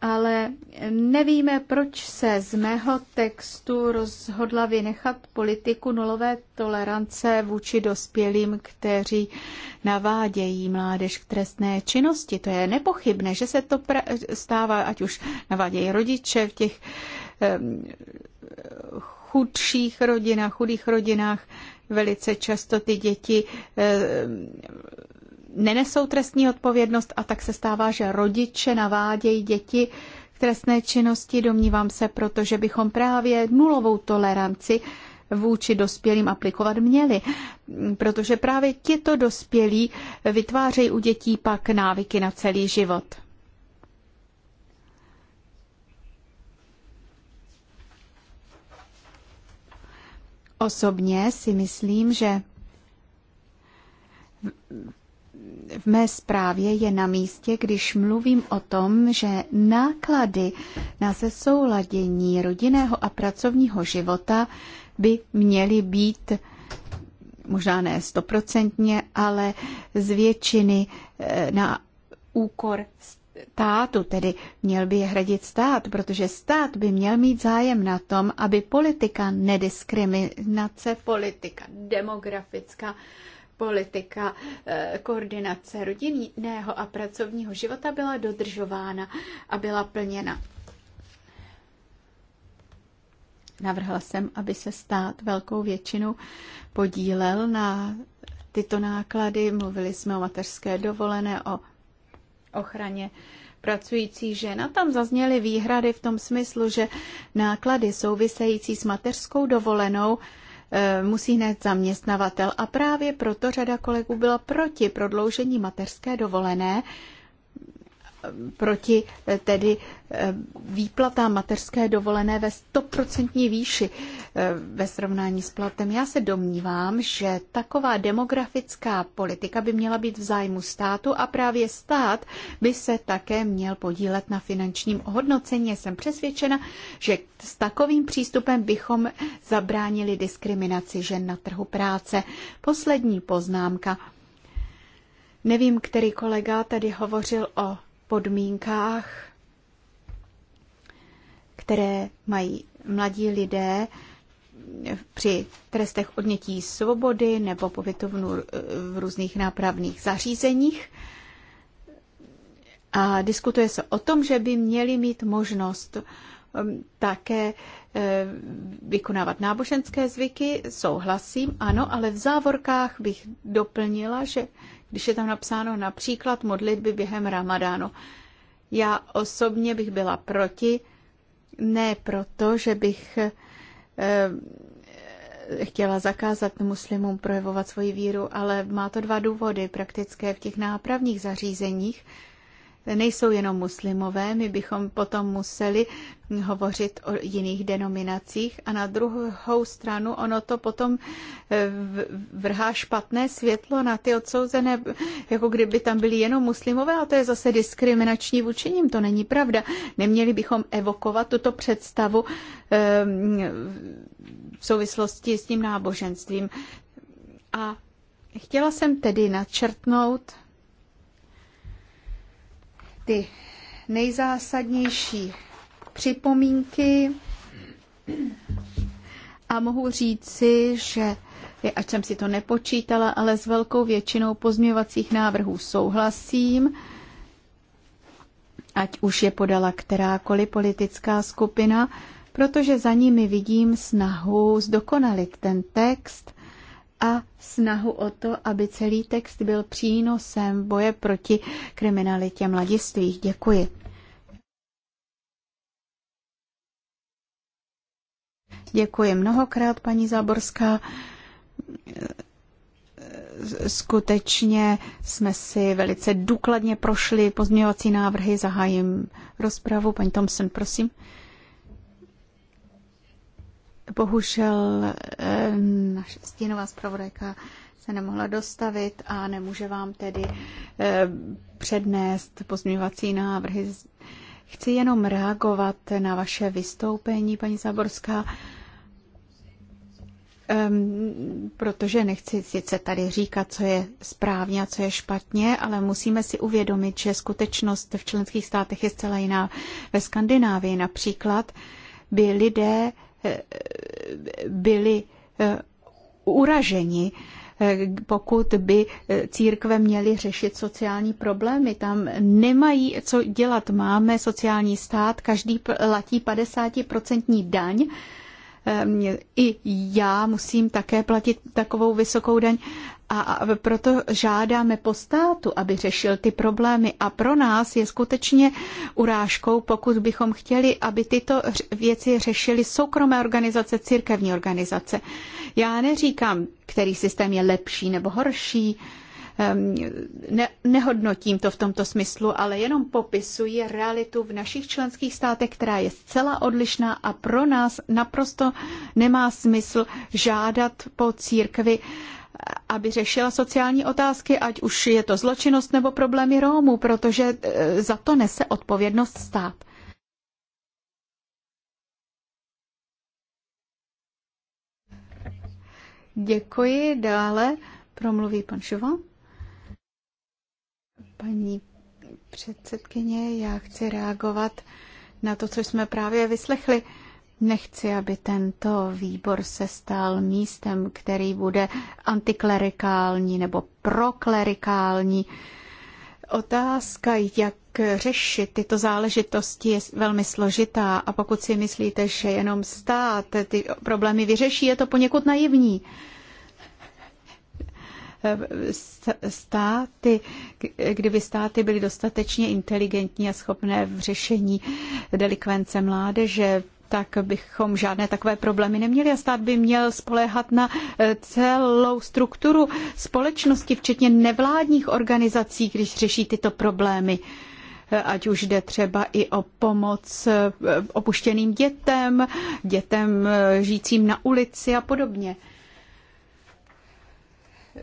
ale nevíme, proč se z mého textu rozhodla vynechat politiku nulové tolerance vůči dospělým, kteří navádějí mládež k trestné činnosti. To je nepochybné, že se to stává, ať už navádějí rodiče v těch um, chudších rodinách, chudých rodinách. Velice často ty děti um, nenesou trestní odpovědnost a tak se stává, že rodiče navádějí děti k trestné činnosti, domnívám se, protože bychom právě nulovou toleranci vůči dospělým aplikovat měli, protože právě tito dospělí vytvářejí u dětí pak návyky na celý život. Osobně si myslím, že v mé zprávě je na místě, když mluvím o tom, že náklady na zesouladění rodinného a pracovního života by měly být možná ne stoprocentně, ale z většiny eh, na úkor státu, tedy měl by je hradit stát, protože stát by měl mít zájem na tom, aby politika nediskriminace, politika demografická, politika eh, koordinace rodinného a pracovního života byla dodržována a byla plněna. Navrhla jsem, aby se stát velkou většinu podílel na tyto náklady. Mluvili jsme o mateřské dovolené, o ochraně pracující žena. tam zazněly výhrady v tom smyslu, že náklady související s mateřskou dovolenou Eh, musí hned zaměstnavatel. A právě proto řada kolegů byla proti prodloužení mateřské dovolené, proti eh, tedy eh, výplatám mateřské dovolené ve stoprocentní výši eh, ve srovnání s platem. Já se domnívám, že taková demografická politika by měla být v zájmu státu a právě stát by se také měl podílet na finančním ohodnocení. Jsem přesvědčena, že s takovým přístupem bychom zabránili diskriminaci žen na trhu práce. Poslední poznámka. Nevím, který kolega tady hovořil o podmínkách, které mají mladí lidé při trestech odnětí svobody nebo pobytu v různých nápravných zařízeních. A diskutuje se o tom, že by měli mít možnost um, také eh, vykonávat náboženské zvyky, souhlasím, ano, ale v závorkách bych doplnila, že když je tam napsáno například modlitby během ramadánu. Já osobně bych byla proti, ne proto, že bych eh, eh, chtěla zakázat muslimům projevovat svoji víru, ale má to dva důvody praktické v těch nápravních zařízeních, nejsou jenom muslimové, my bychom potom museli hovořit o jiných denominacích a na druhou stranu ono to potom eh, vrhá špatné světlo na ty odsouzené, jako kdyby tam byli jenom muslimové a to je zase diskriminační vůči nim, to není pravda. Neměli bychom evokovat tuto představu eh, v souvislosti s tím náboženstvím. A chtěla jsem tedy načrtnout ty nejzásadnější připomínky a mohu říci, že ať jsem si to nepočítala, ale s velkou většinou pozměvacích návrhů souhlasím, ať už je podala kterákoliv politická skupina, protože za nimi vidím snahu zdokonalit ten text a snahu o to, aby celý text byl přínosem boje proti kriminalitě mladistvých. Děkuji. Děkuji mnohokrát, paní Záborská. Skutečně jsme si velice důkladně prošli pozměňovací návrhy. Zahájím rozpravu. Paní Thompson, prosím. Bohužel eh, naše stínová zpravodajka se nemohla dostavit a nemůže vám tedy eh, přednést pozměňovací návrhy. Chci jenom reagovat na vaše vystoupení, paní Záborská, ehm, protože nechci sice tady říkat, co je správně a co je špatně, ale musíme si uvědomit, že skutečnost v členských státech je zcela jiná. Ve Skandinávii například by lidé byli eh, uraženi, eh, pokud by eh, církve měly řešit sociální problémy. Tam nemají co dělat. Máme sociální stát, každý platí 50% daň i já musím také platit takovou vysokou daň a proto žádáme po státu, aby řešil ty problémy. A pro nás je skutečně urážkou, pokud bychom chtěli, aby tyto věci řešily soukromé organizace, církevní organizace. Já neříkám, který systém je lepší nebo horší. Ehm, ne, nehodnotím to v tomto smyslu, ale jenom popisuji realitu v našich členských státech, která je zcela odlišná a pro nás naprosto nemá smysl žádat po církvi aby řešila sociální otázky, ať už je to zločinnost nebo problémy Rómů, protože eh, za to nese odpovědnost stát. Děkuji. Dále promluví pan Šovan. Paní předsedkyně, já chci reagovat na to, co jsme právě vyslechli. Nechci, aby tento výbor se stal místem, který bude antiklerikální nebo proklerikální. Otázka, jak řešit tyto záležitosti, je velmi složitá a pokud si myslíte, že jenom stát ty problémy vyřeší, je to poněkud naivní. Eh, státy, kdyby státy byly dostatečně inteligentní a schopné v řešení delikvence mládeže, tak bychom žádné takové problémy neměli a stát by měl spoléhat na eh, celou strukturu společnosti, včetně nevládních organizací, když řeší tyto problémy eh, ať už jde třeba i o pomoc opuštěným dětem, dětem žijícím na ulici a podobně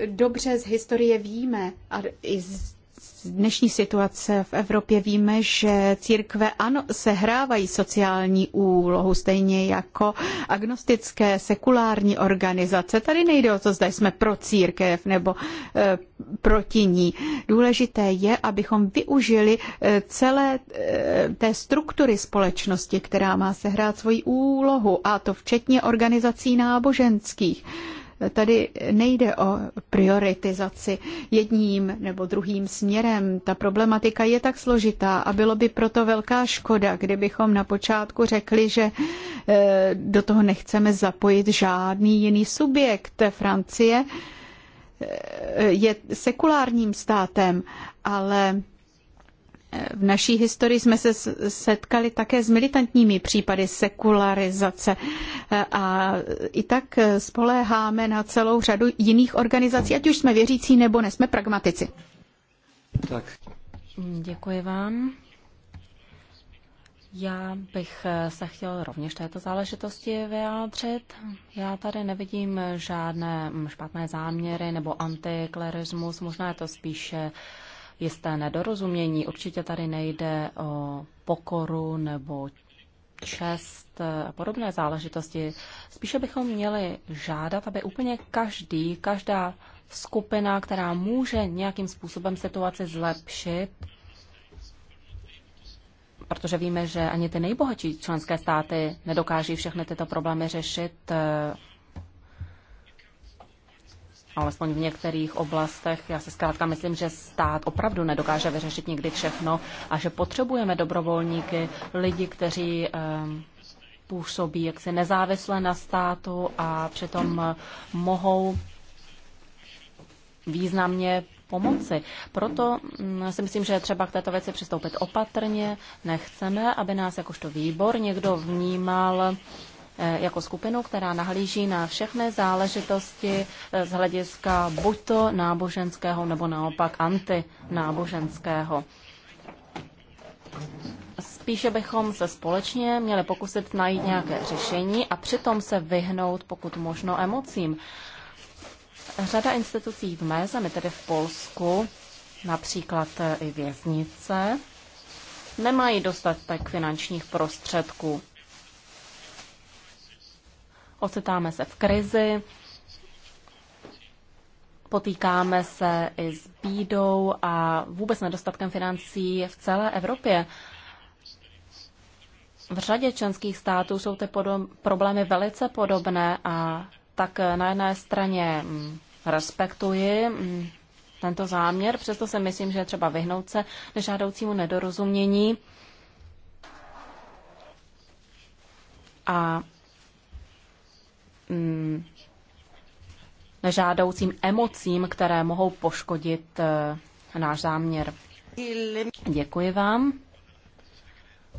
dobře z historie víme a i z dnešní situace v Evropě víme, že církve ano, sehrávají sociální úlohu, stejně jako agnostické sekulární organizace. Tady nejde o to, zda jsme pro církev nebo e, proti ní. Důležité je, abychom využili eh, celé e, té struktury společnosti, která má sehrát svoji úlohu, a to včetně organizací náboženských. E, Tady nejde o prioritizaci jedním nebo druhým směrem. Ta problematika je tak složitá a bylo by proto velká škoda, kdybychom na počátku řekli, že eh, do toho nechceme zapojit žádný jiný subjekt. Francie eh, je sekulárním státem, ale v naší historii jsme se setkali také s militantními případy sekularizace a i tak spoléháme na celou řadu jiných organizací, ať už jsme věřící nebo nesme pragmatici. Tak. Děkuji vám. Já bych se chtěl rovněž této záležitosti vyjádřit. Já tady nevidím žádné špatné záměry nebo antiklerismus, možná je to spíše uh, jisté nedorozumění. Určitě tady nejde o pokoru nebo čest a podobné záležitosti. Spíše bychom měli žádat, aby úplně každý, každá skupina, která může nějakým způsobem situaci zlepšit, protože víme, že ani ty nejbohatší členské státy nedokáží všechny tyto problémy řešit, eh, alespoň v některých oblastech. Já se zkrátka myslím, že stát opravdu nedokáže vyřešit nikdy všechno a že potřebujeme dobrovolníky, lidi, kteří ehm, působí jaksi nezávisle na státu a přitom eh, mohou významně pomoci. Proto hm, si myslím, že je třeba k této věci přistoupit opatrně. Nechceme, aby nás jakožto výbor někdo vnímal Eh, jako skupinu, která nahlíží na všechny záležitosti eh, z hlediska buď to náboženského nebo naopak antináboženského. Spíše bychom se společně měli pokusit najít nějaké řešení a přitom se vyhnout pokud možno emocím. Řada institucí v mé zemi, tedy v Polsku, například eh, i věznice, nemají dostatek finančních prostředků ocitáme se v krizi, potýkáme se i s bídou a vůbec nedostatkem financí v celé Evropě. V řadě členských států jsou ty problémy velice podobné a tak na jedné straně mm, respektuji mm, tento záměr, přesto si myslím, že je třeba vyhnout se nežádoucímu nedorozumění. A Mm, nežádoucím emocím, které mohou poškodit eh, náš záměr. Děkuji vám.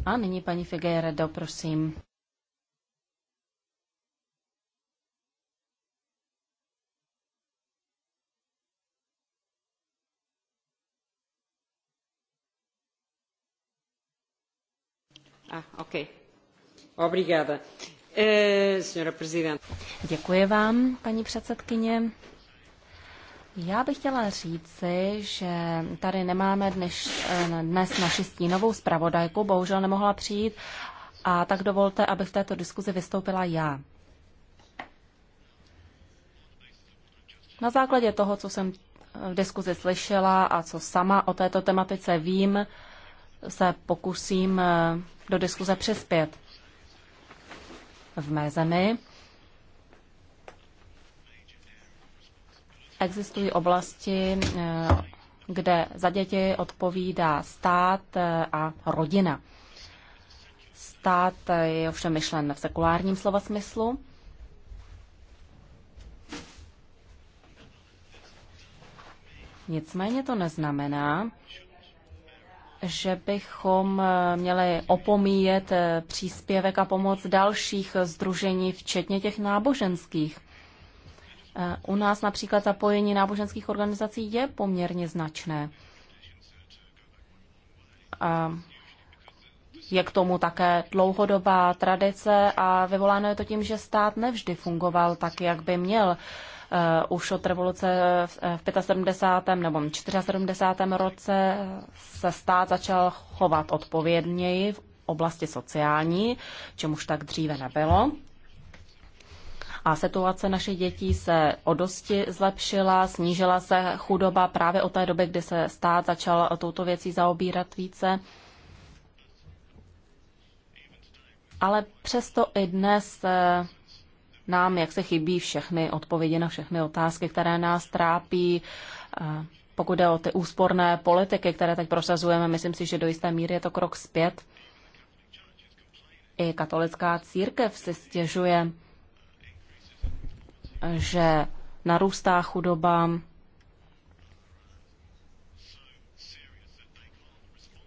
A nyní paní Figueredo, prosím. Ah, okay. Obrigada. Eh, Děkuji vám, paní předsedkyně. Já bych chtěla říci, že tady nemáme dnes, eh, dnes naši stínovou zpravodajku, bohužel nemohla přijít, a tak dovolte, aby v této diskuzi vystoupila já. Na základě toho, co jsem eh, v diskuzi slyšela a co sama o této tematice vím, se pokusím do diskuze přispět v mé zemi. Existují oblasti, eh, kde za děti odpovídá stát eh, a rodina. Stát eh, je ovšem myšlen v sekulárním slova smyslu. Nicméně to neznamená, že bychom eh, měli opomíjet eh, příspěvek a pomoc dalších združení, včetně těch náboženských. Eh, u nás například zapojení náboženských organizací je poměrně značné. A je k tomu také dlouhodobá tradice a vyvoláno je to tím, že stát nevždy fungoval tak, jak by měl. Eh, už od revoluce v 75. Eh, nebo 74. roce se stát začal chovat odpovědněji v oblasti sociální, čemuž tak dříve nebylo. A situace našich dětí se o dosti zlepšila, snížila se chudoba právě od té doby, kdy se stát začal touto věcí zaobírat více. Ale přesto i dnes eh, nám, jak se chybí všechny odpovědi na všechny otázky, které nás trápí. Pokud jde o ty úsporné politiky, které teď prosazujeme, myslím si, že do jisté míry je to krok zpět. I katolická církev si stěžuje, že narůstá chudoba,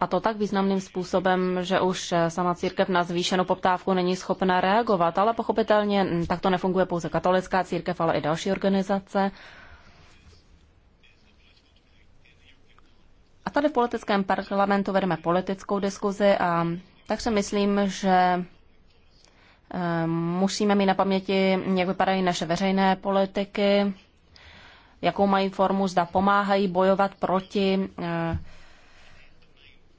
a to tak významným způsobem, že už eh, sama církev na zvýšenou poptávku není schopna reagovat. Ale pochopitelně hm, tak to nefunguje pouze katolická církev, ale i další organizace. A tady v politickém parlamentu vedeme politickou diskuzi a tak se myslím, že eh, musíme mít na paměti, jak vypadají naše veřejné politiky, jakou mají formu, zda pomáhají bojovat proti eh,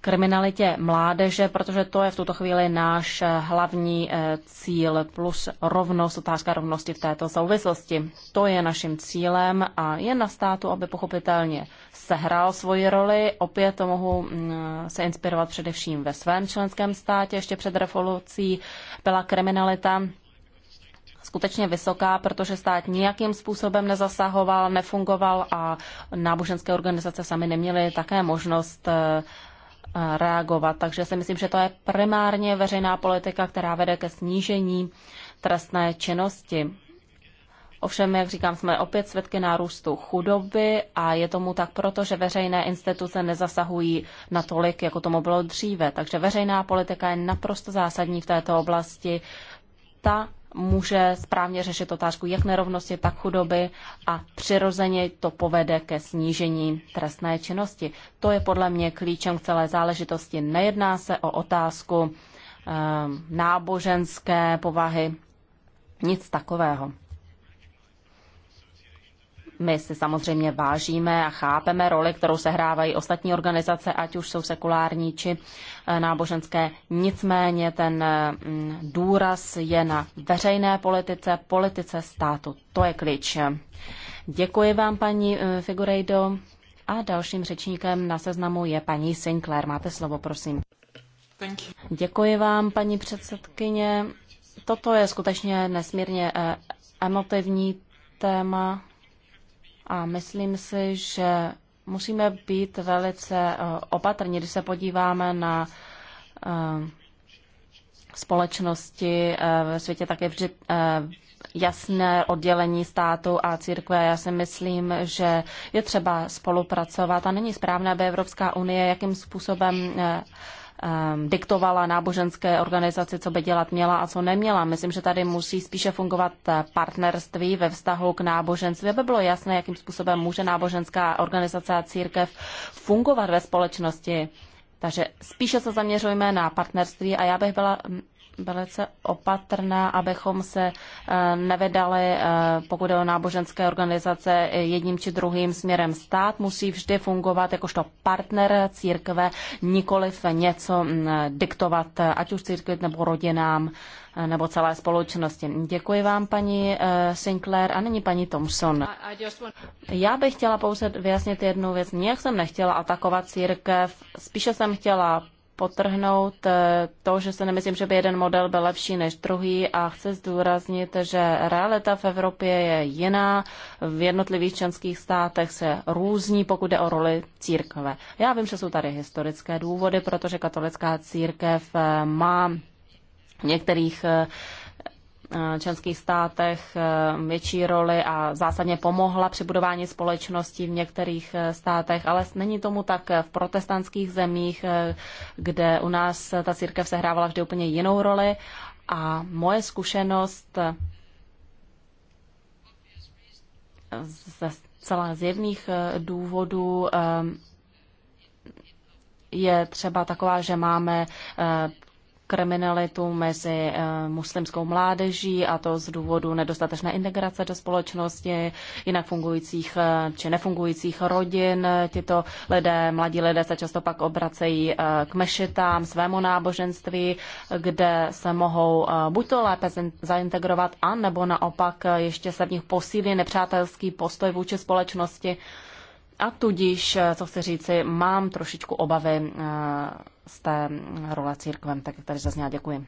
kriminalitě mládeže, protože to je v tuto chvíli náš eh, hlavní eh, cíl, plus rovnost, otázka rovnosti v této souvislosti. To je naším cílem a je na státu, aby pochopitelně sehrál svoji roli. Opět to mohu mm, se inspirovat především ve svém členském státě. Ještě před revolucí byla kriminalita skutečně vysoká, protože stát nějakým způsobem nezasahoval, nefungoval a náboženské organizace sami neměly také možnost eh, reagovat. Takže si myslím, že to je primárně veřejná politika, která vede ke snížení trestné činnosti. Ovšem, jak říkám, jsme opět svědky nárůstu chudoby a je tomu tak proto, že veřejné instituce nezasahují natolik, jako tomu bylo dříve. Takže veřejná politika je naprosto zásadní v této oblasti. Ta může správně řešit otázku jak nerovnosti, tak chudoby a přirozeně to povede ke snížení trestné činnosti. To je podle mě klíčem k celé záležitosti. Nejedná se o otázku eh, náboženské povahy, nic takového. My si samozřejmě vážíme a chápeme roli, kterou sehrávají ostatní organizace, ať už jsou sekulární či eh, náboženské. Nicméně ten mm, důraz je na veřejné politice, politice státu. To je klíč. Děkuji vám, paní eh, Figurejdo. A dalším řečníkem na seznamu je paní Sinclair. Máte slovo, prosím. Děkuji vám, paní předsedkyně. Toto je skutečně nesmírně eh, emotivní téma. A myslím si, že musíme být velice eh, opatrní, když se podíváme na eh, společnosti eh, ve světě také vždy jasné oddělení státu a církve. Já si myslím, že je třeba spolupracovat a není správné, aby Evropská unie jakým způsobem Um, diktovala náboženské organizaci, co by dělat měla a co neměla. Myslím, že tady musí spíše fungovat eh, partnerství ve vztahu k náboženství, aby bylo jasné, jakým způsobem může náboženská organizace a církev fungovat ve společnosti. Takže spíše se zaměřujeme na partnerství a já bych byla mm, velice opatrná, abychom se eh, nevedali, eh, pokud je o náboženské organizace, jedním či druhým směrem. Stát musí vždy fungovat jakožto partner církve, nikoliv něco mm, diktovat, eh, ať už církvi nebo rodinám nebo celé společnosti. Děkuji vám, paní Sinclair, a nyní paní Thompson. Já bych chtěla pouze vyjasnit jednu věc. Nijak jsem nechtěla atakovat církev, spíše jsem chtěla potrhnout eh, to, že se nemyslím, že by jeden model byl lepší než druhý a chci zdůraznit, že realita v Evropě je jiná, v jednotlivých členských státech se různí, pokud jde o roli církve. Já vím, že jsou tady historické důvody, protože katolická církev eh, má v některých eh, Eh, členských státech eh, větší roli a zásadně pomohla při budování společnosti v některých eh, státech, ale není tomu tak v protestantských zemích, kde u nás ta církev sehrávala vždy úplně jinou roli. A moje zkušenost ze celá zjevných důvodů je třeba taková, že máme kriminalitu mezi eh, muslimskou mládeží a to z důvodu nedostatečné integrace do společnosti, jinak fungujících eh, či nefungujících rodin. Tito lidé, mladí lidé se často pak obracejí eh, k mešitám, svému náboženství, kde se mohou buď to lépe zaintegrovat, a nebo naopak ještě se v nich posílí nepřátelský postoj vůči společnosti. A tudíž, eh, co chci říci, mám trošičku obavy eh, z té role církvem, tak tady zazněla. Děkuji.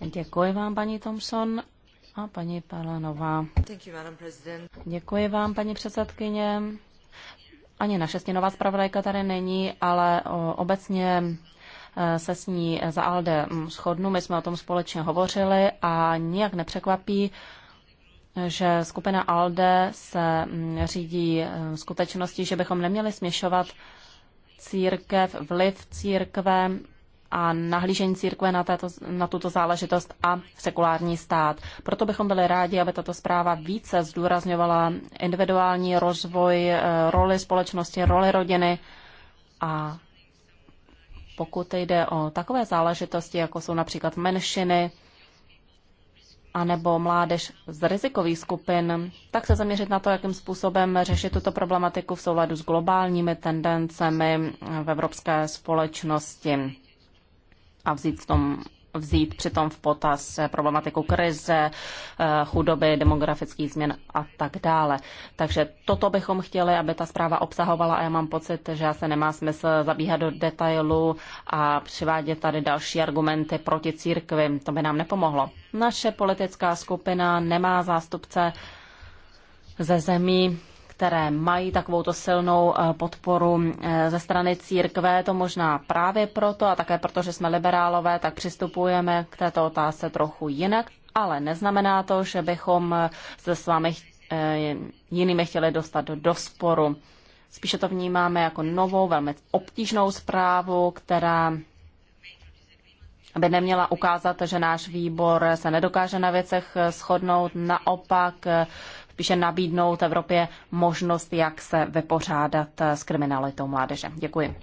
Děkuji vám, paní Thompson. A paní Palanová. Děkuji vám, paní předsedkyně. Ani naše stěnová zpravodajka tady není, ale obecně eh, se s ní za ALDE hm, shodnu. My jsme o tom společně hovořili a nijak nepřekvapí, že skupina ALDE se mm, řídí mm, skutečností, že bychom neměli směšovat církev, vliv církve a nahlížení církve na, této, na tuto záležitost a sekulární stát. Proto bychom byli rádi, aby tato zpráva více zdůrazňovala individuální rozvoj, eh, roli společnosti, roli rodiny a pokud jde o takové záležitosti, jako jsou například menšiny, anebo mládež z rizikových skupin, tak se zaměřit na to, jakým způsobem řešit tuto problematiku v souladu s globálními tendencemi v evropské společnosti a vzít v tom vzít přitom v potaz problematiku krize, eh, chudoby, demografických změn a tak dále. Takže toto bychom chtěli, aby ta zpráva obsahovala a já mám pocit, že se nemá smysl zabíhat do detailu a přivádět tady další argumenty proti církvi. To by nám nepomohlo. Naše politická skupina nemá zástupce ze zemí, které mají takovouto silnou eh, podporu eh, ze strany církve. To možná právě proto a také proto, že jsme liberálové, tak přistupujeme k této otázce trochu jinak, ale neznamená to, že bychom eh, se s vámi jinými chtěli dostat do sporu. Spíše to vnímáme jako novou, velmi obtížnou zprávu, která aby neměla ukázat, že náš výbor se nedokáže na věcech shodnout. Naopak spíše nabídnout Evropě možnost, jak se vypořádat s kriminalitou mládeže. Děkuji.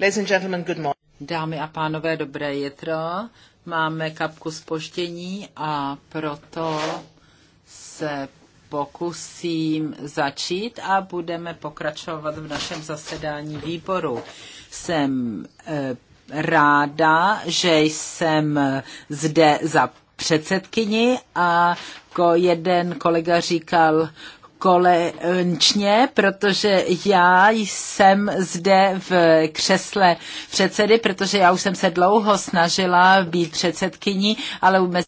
Ladies and gentlemen, good morning. Dámy a pánové, dobré jitro. Máme kapku spoždění a proto se pokusím začít a budeme pokračovat v našem zasedání výboru. Jsem eh, ráda, že jsem zde za předsedkyni a jako jeden kolega říkal, Kolečně, protože já jsem zde v křesle předsedy, protože já už jsem se dlouho snažila být předsedkyní, ale mezi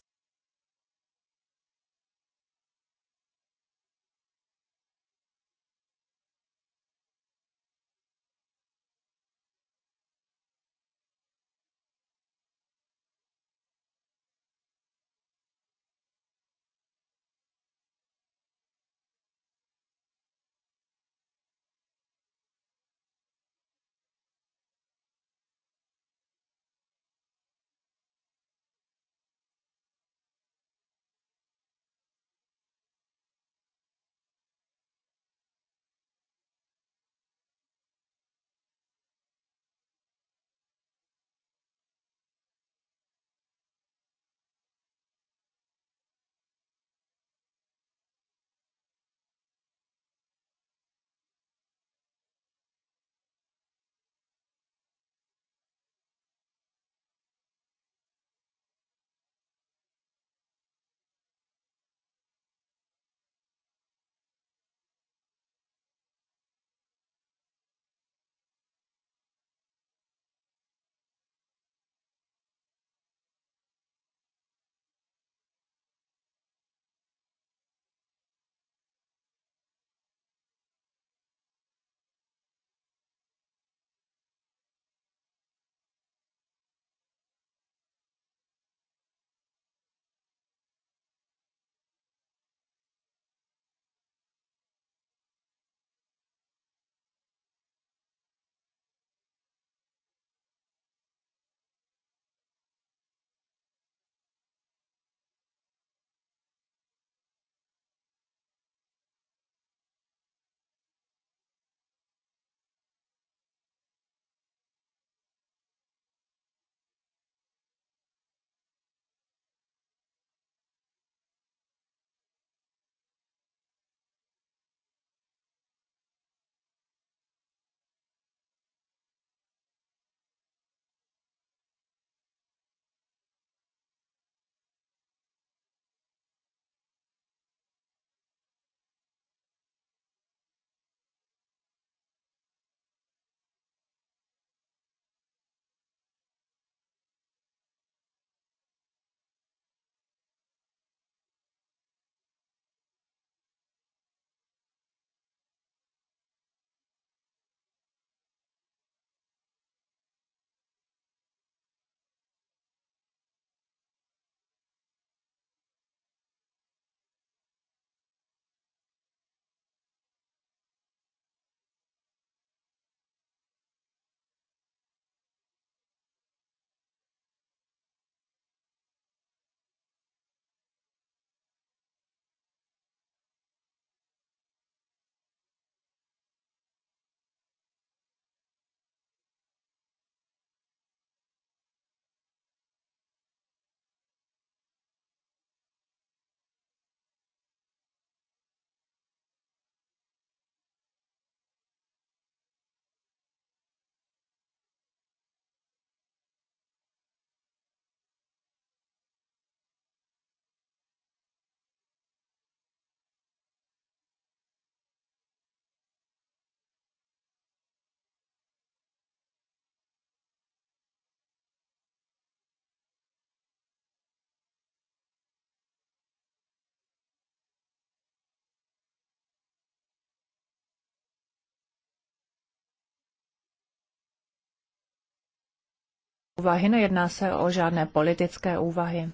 úvahy, nejedná se o žádné politické úvahy.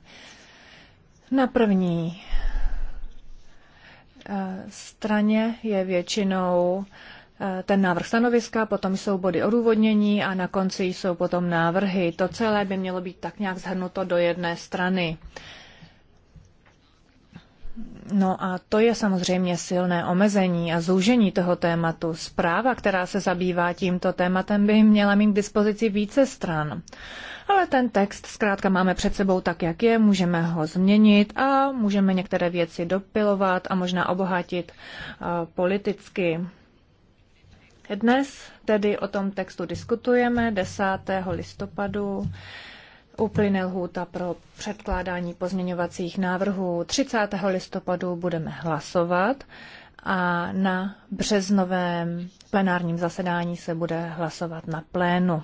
Na první eh, straně je většinou eh, ten návrh stanoviska, potom jsou body odůvodnění a na konci jsou potom návrhy. To celé by mělo být tak nějak zhrnuto do jedné strany. No a to je samozřejmě silné omezení a zúžení toho tématu. Zpráva, která se zabývá tímto tématem, by měla mít k dispozici více stran. Ale ten text zkrátka máme před sebou tak, jak je, můžeme ho změnit a můžeme některé věci dopilovat a možná obohatit politicky. Dnes tedy o tom textu diskutujeme 10. listopadu uplyne lhůta pro předkládání pozměňovacích návrhů. 30. listopadu budeme hlasovat a na březnovém plenárním zasedání se bude hlasovat na plénu.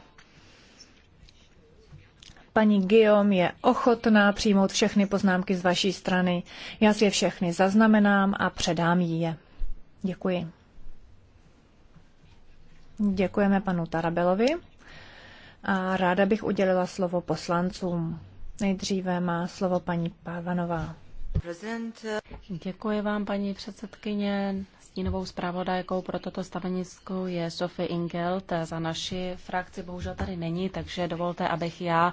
Paní Guillaume je ochotná přijmout všechny poznámky z vaší strany. Já si je všechny zaznamenám a předám jí je. Děkuji. Děkujeme panu Tarabelovi a ráda bych udělila slovo poslancům. Nejdříve má slovo paní Pávanová. Děkuji vám, paní předsedkyně. Stínovou zpravodajkou pro toto stavenisko je Sophie Ingelt za naši frakci. Bohužel tady není, takže dovolte, abych já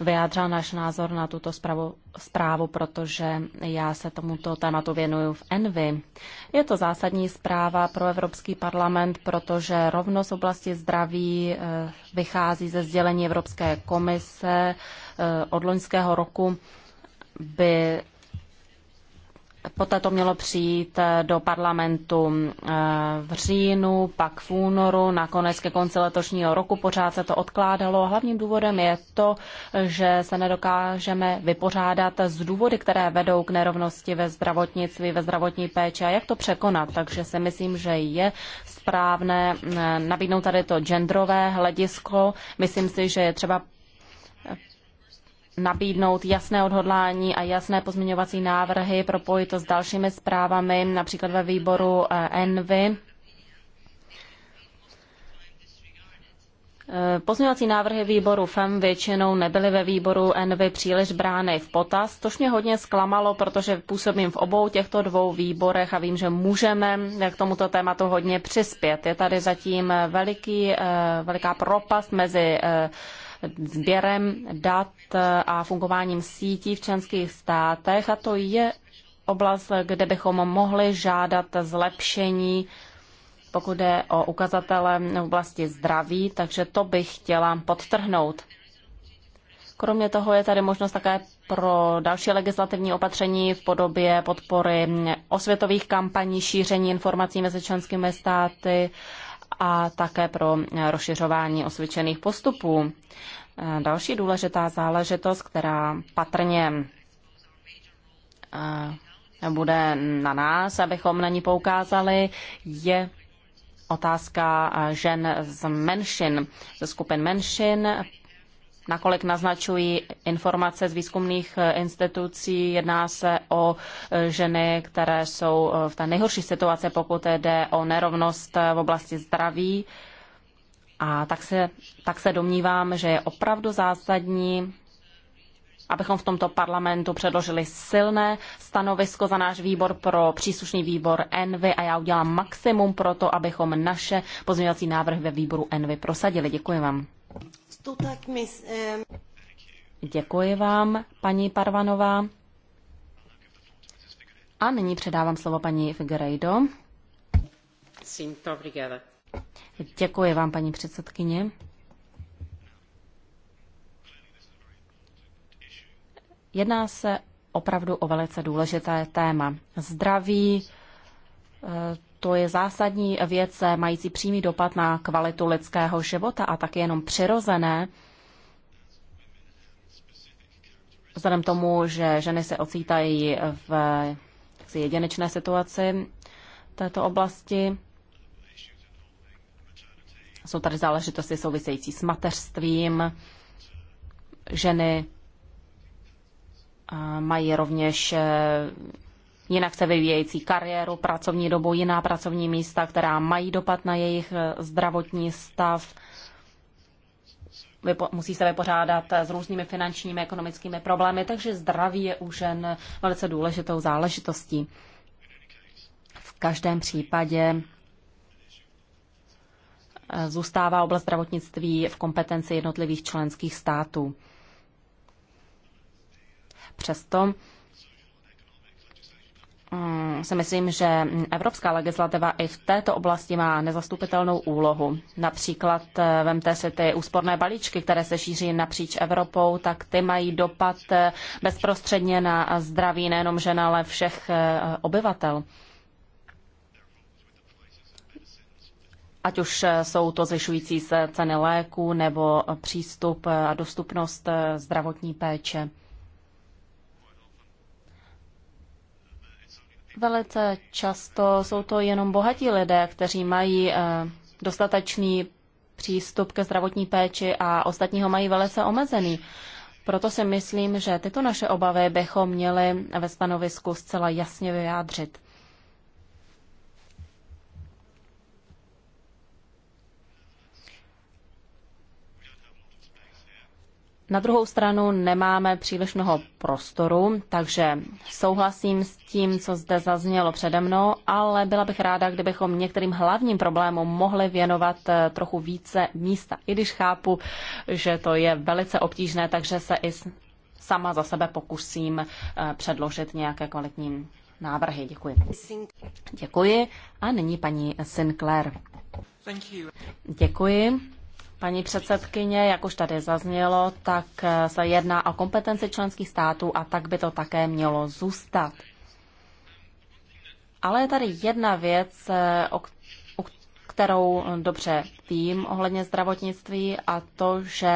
vyjádřil náš názor na tuto zprávu, zprávu, protože já se tomuto tématu věnuju v Envy. Je to zásadní zpráva pro Evropský parlament, protože rovnost oblasti zdraví eh, vychází ze sdělení Evropské komise eh, od loňského roku by Poté to mělo přijít eh, do parlamentu eh, v říjnu, pak v únoru, nakonec ke konci letošního roku pořád se to odkládalo. Hlavním důvodem je to, že se nedokážeme vypořádat z důvody, které vedou k nerovnosti ve zdravotnictví, ve zdravotní péči a jak to překonat. Takže si myslím, že je správné eh, nabídnout tady to genderové hledisko. Myslím si, že je třeba nabídnout jasné odhodlání a jasné pozměňovací návrhy, propojit to s dalšími zprávami, například ve výboru eh, ENVY. Eh, pozměňovací návrhy výboru FEM většinou nebyly ve výboru ENVY příliš brány v potaz, což mě hodně zklamalo, protože působím v obou těchto dvou výborech a vím, že můžeme k tomuto tématu hodně přispět. Je tady zatím veliký, eh, veliká propast mezi sběrem dat a fungováním sítí v členských státech a to je oblast, kde bychom mohli žádat zlepšení, pokud jde o ukazatele v oblasti zdraví, takže to bych chtěla podtrhnout. Kromě toho je tady možnost také pro další legislativní opatření v podobě podpory osvětových kampaní, šíření informací mezi členskými státy a také pro eh, rozšiřování osvědčených postupů. Eh, další důležitá záležitost, která patrně eh, bude na nás, abychom na ní poukázali, je otázka žen z menšin, ze skupin menšin, nakolik naznačují informace z výzkumných eh, institucí. Jedná se o eh, ženy, které jsou eh, v té nejhorší situaci, pokud jde o nerovnost v oblasti zdraví. A tak se, tak se domnívám, že je opravdu zásadní, abychom v tomto parlamentu předložili silné stanovisko za náš výbor pro příslušný výbor Envy a já udělám maximum pro to, abychom naše pozměňovací návrhy ve výboru Envy prosadili. Děkuji vám. Děkuji vám, paní Parvanová. A nyní předávám slovo paní Figueiredo. Děkuji vám, paní předsedkyně. Jedná se opravdu o velice důležité téma. Zdraví eh, to je zásadní věc mající přímý dopad na kvalitu lidského života a tak jenom přirozené, vzhledem tomu, že ženy se ocítají v jedinečné situaci této oblasti. Jsou tady záležitosti související s mateřstvím. Ženy mají rovněž jinak se vyvíjející kariéru, pracovní dobu, jiná pracovní místa, která mají dopad na jejich eh, zdravotní stav. Vypo- musí se vypořádat eh, s různými finančními, ekonomickými problémy, takže zdraví je u žen velice důležitou záležitostí. V každém případě eh, zůstává oblast zdravotnictví v kompetenci jednotlivých členských států. Přesto Mm, si myslím, že evropská legislativa i v této oblasti má nezastupitelnou úlohu. Například eh, vemte si ty úsporné balíčky, které se šíří napříč Evropou, tak ty mají dopad eh, bezprostředně na zdraví nejenom žen, ale všech eh, obyvatel. Ať už jsou to zvyšující se ceny léků nebo přístup a dostupnost zdravotní péče. Velice často jsou to jenom bohatí lidé, kteří mají eh, dostatečný přístup ke zdravotní péči a ostatní ho mají velice omezený. Proto si myslím, že tyto naše obavy bychom měli ve stanovisku zcela jasně vyjádřit. Na druhou stranu nemáme příliš mnoho prostoru, takže souhlasím s tím, co zde zaznělo přede mnou, ale byla bych ráda, kdybychom některým hlavním problémům mohli věnovat eh, trochu více místa. I když chápu, že to je velice obtížné, takže se i sama za sebe pokusím eh, předložit nějaké kvalitní návrhy. Děkuji. Děkuji. A nyní paní Sinclair. Děkuji. Paní předsedkyně, jak už tady zaznělo, tak eh, se jedná o kompetenci členských států a tak by to také mělo zůstat. Ale je tady jedna věc, eh, o kterou dobře vím ohledně zdravotnictví a to, že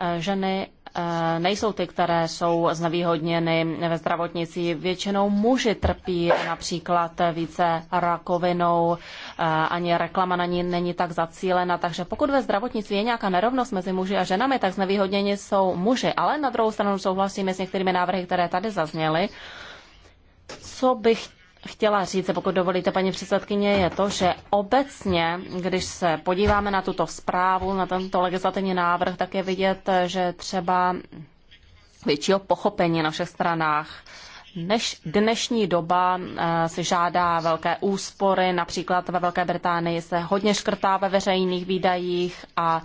eh, ženy Eh, nejsou ty, které jsou znevýhodněny ve zdravotnici. Většinou muži trpí například více rakovinou, eh, ani reklama na ní není tak zacílena, takže pokud ve zdravotnictví je nějaká nerovnost mezi muži a ženami, tak znevýhodněni jsou muži. Ale na druhou stranu souhlasíme s některými návrhy, které tady zazněly. Co bych chtěla říct, pokud dovolíte, paní předsedkyně, je to, že obecně, když se podíváme na tuto zprávu, na tento legislativní návrh, tak je vidět, že třeba většího pochopení na všech stranách. Než dnešní doba eh, si žádá velké úspory, například ve Velké Británii se hodně škrtá ve veřejných výdajích a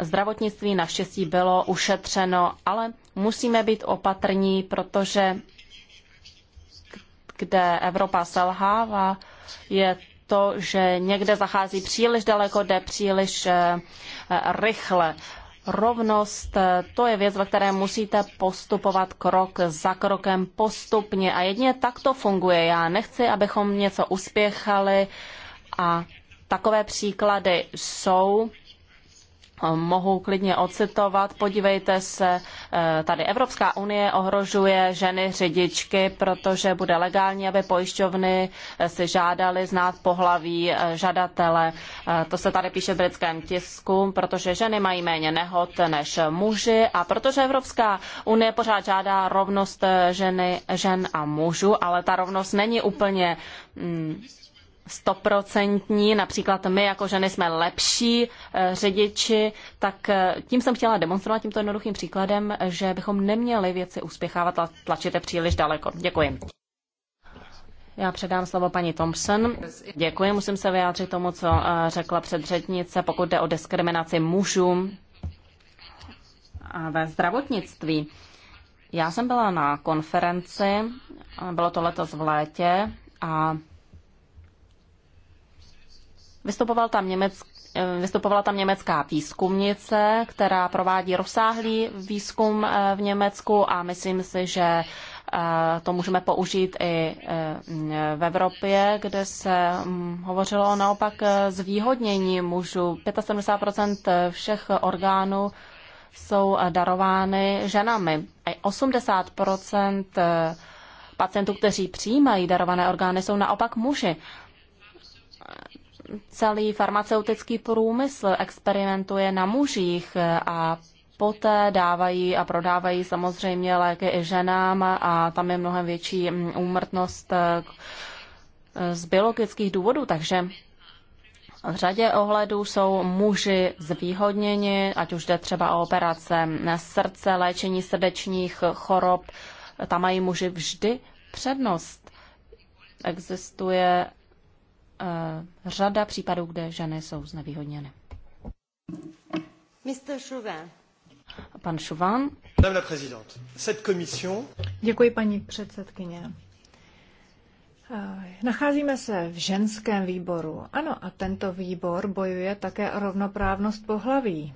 zdravotnictví naštěstí bylo ušetřeno, ale musíme být opatrní, protože kde Evropa selhává, je to, že někde zachází příliš daleko, jde příliš eh, rychle. Rovnost, eh, to je věc, ve které musíte postupovat krok za krokem postupně a jedině tak to funguje. Já nechci, abychom něco uspěchali a takové příklady jsou mohu klidně ocitovat. Podívejte se, eh, tady Evropská unie ohrožuje ženy řidičky, protože bude legální, aby pojišťovny eh, si žádali znát pohlaví eh, žadatele. To se tady píše v britském tisku, protože ženy mají méně nehod než muži a protože Evropská unie pořád žádá rovnost ženy, žen a mužů, ale ta rovnost není úplně mm, stoprocentní, například my jako ženy jsme lepší eh, řidiči, tak eh, tím jsem chtěla demonstrovat tímto jednoduchým příkladem, že bychom neměli věci uspěchávat a tlačit je příliš daleko. Děkuji. Já předám slovo paní Thompson. Děkuji, musím se vyjádřit tomu, co eh, řekla předřetnice, pokud jde o diskriminaci mužů ve zdravotnictví. Já jsem byla na konferenci, bylo to letos v létě a Vystupoval tam Němec, eh, Vystupovala tam německá výzkumnice, která provádí rozsáhlý výzkum eh, v Německu a myslím si, že eh, to můžeme použít i v Evropě, kde se hm, hovořilo naopak zvýhodnění mužů. 75 všech orgánů jsou darovány ženami. 80 pacientů, kteří přijímají darované orgány, jsou naopak muži celý farmaceutický průmysl experimentuje na mužích a poté dávají a prodávají samozřejmě léky i ženám a tam je mnohem větší mm, úmrtnost eh, eh, z biologických důvodů, takže v řadě ohledů jsou muži zvýhodněni, ať už jde třeba o operace na srdce, léčení srdečních chorob, tam mají muži vždy přednost. Existuje Eh, řada případů, kde ženy jsou znevýhodněny. Mr. Chauvin. Pan Chauvin. Madame la présidente, cette commission... Děkuji, paní předsedkyně. Eh, nacházíme se v ženském výboru. Ano, a tento výbor bojuje také o rovnoprávnost pohlaví.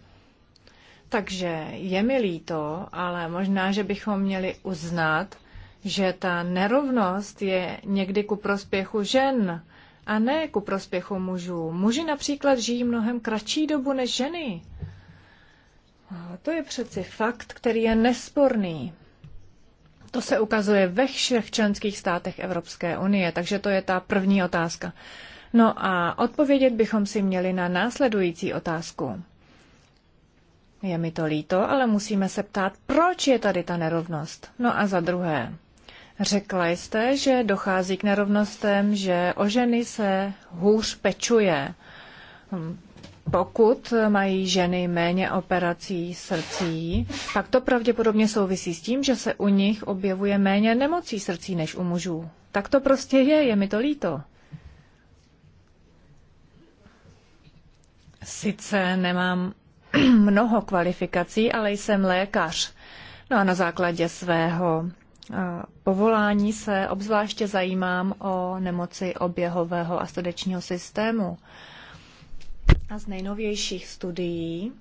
Takže je mi líto, ale možná, že bychom měli uznat, že ta nerovnost je někdy ku prospěchu žen a ne ku prospěchu mužů. Muži například žijí mnohem kratší dobu než ženy. To je přeci fakt, který je nesporný. To se ukazuje ve všech členských státech Evropské unie, takže to je ta první otázka. No a odpovědět bychom si měli na následující otázku. Je mi to líto, ale musíme se ptát, proč je tady ta nerovnost. No a za druhé, Řekla jste, že dochází k nerovnostem, že o ženy se hůř pečuje. Hm, pokud mají ženy méně operací srdcí, tak to pravděpodobně souvisí s tím, že se u nich objevuje méně nemocí srdcí než u mužů. Tak to prostě je, je mi to líto. Sice nemám mnoho kvalifikací, ale jsem lékař. No a na základě svého povolání se obzvláště zajímám o nemoci oběhového a studečního systému. A z nejnovějších studií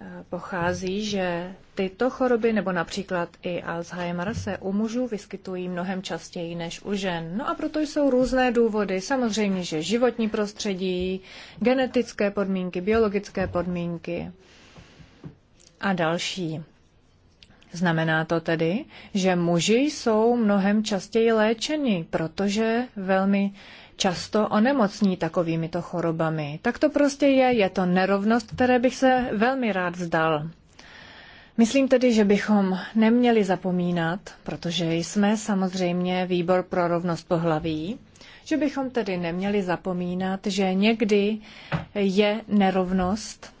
e, pochází, že tyto choroby, nebo například i Alzheimer, se u mužů vyskytují mnohem častěji než u žen. No a proto jsou různé důvody. Samozřejmě, že životní prostředí, genetické podmínky, biologické podmínky a další. Znamená to tedy, že muži jsou mnohem častěji léčeni, protože velmi často onemocní takovýmito chorobami. Tak to prostě je, je to nerovnost, které bych se velmi rád vzdal. Myslím tedy, že bychom neměli zapomínat, protože jsme samozřejmě výbor pro rovnost pohlaví, že bychom tedy neměli zapomínat, že někdy je nerovnost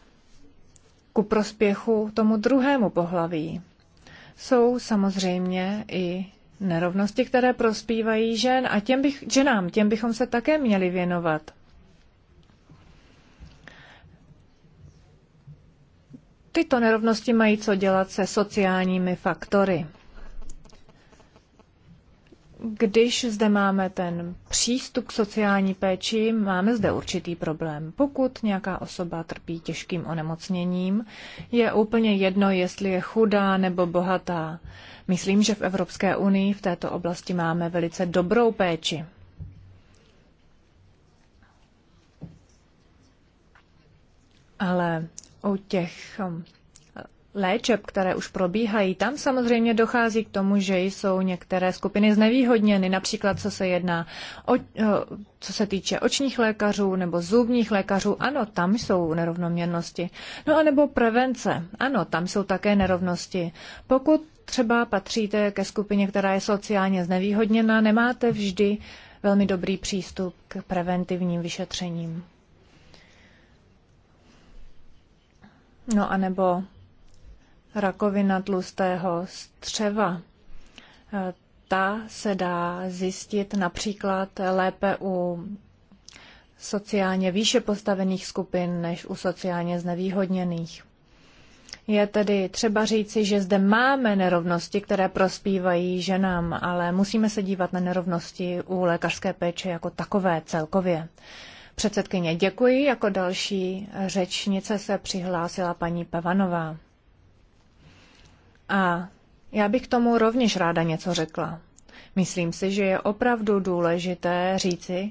ku prospěchu tomu druhému pohlaví jsou samozřejmě i nerovnosti, které prospívají žen a těm bych, ženám, těm bychom se také měli věnovat. Tyto nerovnosti mají co dělat se sociálními faktory když zde máme ten přístup k sociální péči, máme zde určitý problém. Pokud nějaká osoba trpí těžkým onemocněním, je úplně jedno, jestli je chudá nebo bohatá. Myslím, že v Evropské unii v této oblasti máme velice dobrou péči. Ale u těch léčeb, které už probíhají, tam samozřejmě dochází k tomu, že jsou některé skupiny znevýhodněny, například co se jedná o, co se týče očních lékařů nebo zubních lékařů, ano, tam jsou nerovnoměrnosti. No a nebo prevence, ano, tam jsou také nerovnosti. Pokud třeba patříte ke skupině, která je sociálně znevýhodněna, nemáte vždy velmi dobrý přístup k preventivním vyšetřením. No a nebo rakovina tlustého střeva. E, ta se dá zjistit například lépe u sociálně výše postavených skupin než u sociálně znevýhodněných. Je tedy třeba říci, že zde máme nerovnosti, které prospívají ženám, ale musíme se dívat na nerovnosti u lékařské péče jako takové celkově. Předsedkyně, děkuji. Jako další řečnice se přihlásila paní Pavanová. A já bych k tomu rovněž ráda něco řekla. Myslím si, že je opravdu důležité říci,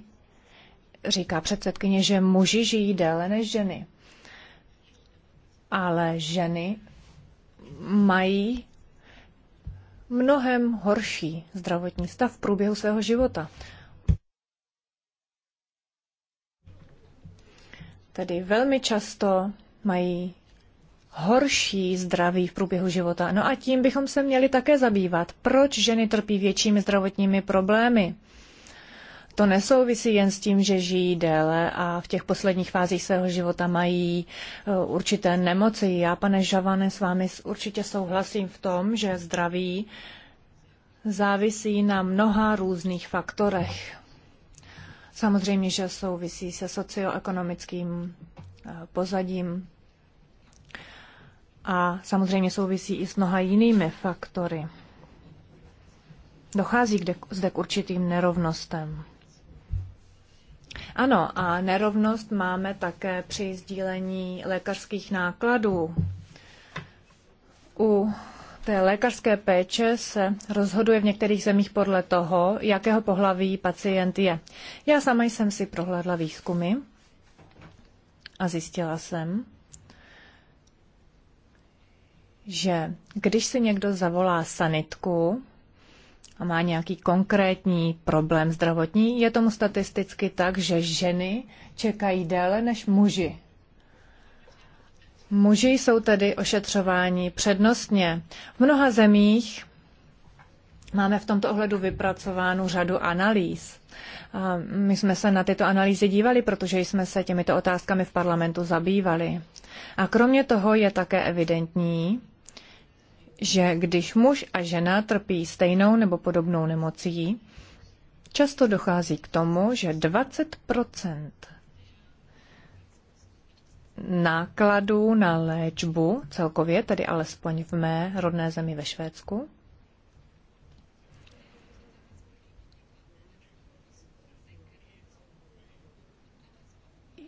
říká předsedkyně, že muži žijí déle než ženy. Ale ženy mají mnohem horší zdravotní stav v průběhu svého života. Tedy velmi často mají horší zdraví v průběhu života. No a tím bychom se měli také zabývat. Proč ženy trpí většími zdravotními problémy? To nesouvisí jen s tím, že žijí déle a v těch posledních fázích svého života mají eh, určité nemoci. Já, pane Žavane, s vámi určitě souhlasím v tom, že zdraví závisí na mnoha různých faktorech. Samozřejmě, že souvisí se socioekonomickým eh, pozadím a samozřejmě souvisí i s mnoha jinými faktory. Dochází kde, zde k určitým nerovnostem. Ano, a nerovnost máme také při sdílení lékařských nákladů. U té lékařské péče se rozhoduje v některých zemích podle toho, jakého pohlaví pacient je. Já sama jsem si prohlédla výzkumy a zjistila jsem, že když si někdo zavolá sanitku a má nějaký konkrétní problém zdravotní, je tomu statisticky tak, že ženy čekají déle než muži. Muži jsou tedy ošetřováni přednostně. V mnoha zemích Máme v tomto ohledu vypracovánu řadu analýz. A my jsme se na tyto analýzy dívali, protože jsme se těmito otázkami v parlamentu zabývali. A kromě toho je také evidentní, že když muž a žena trpí stejnou nebo podobnou nemocí, často dochází k tomu, že 20 nákladů na léčbu celkově, tedy alespoň v mé rodné zemi ve Švédsku,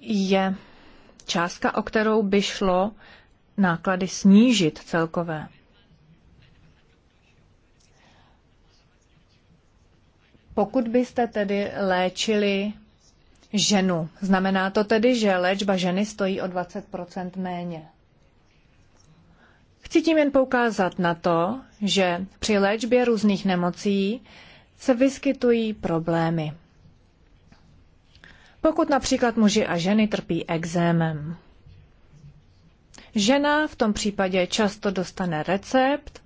je částka, o kterou by šlo náklady snížit celkové. Pokud byste tedy léčili ženu, znamená to tedy, že léčba ženy stojí o 20 méně. Chci tím jen poukázat na to, že při léčbě různých nemocí se vyskytují problémy. Pokud například muži a ženy trpí exémem. Žena v tom případě často dostane recept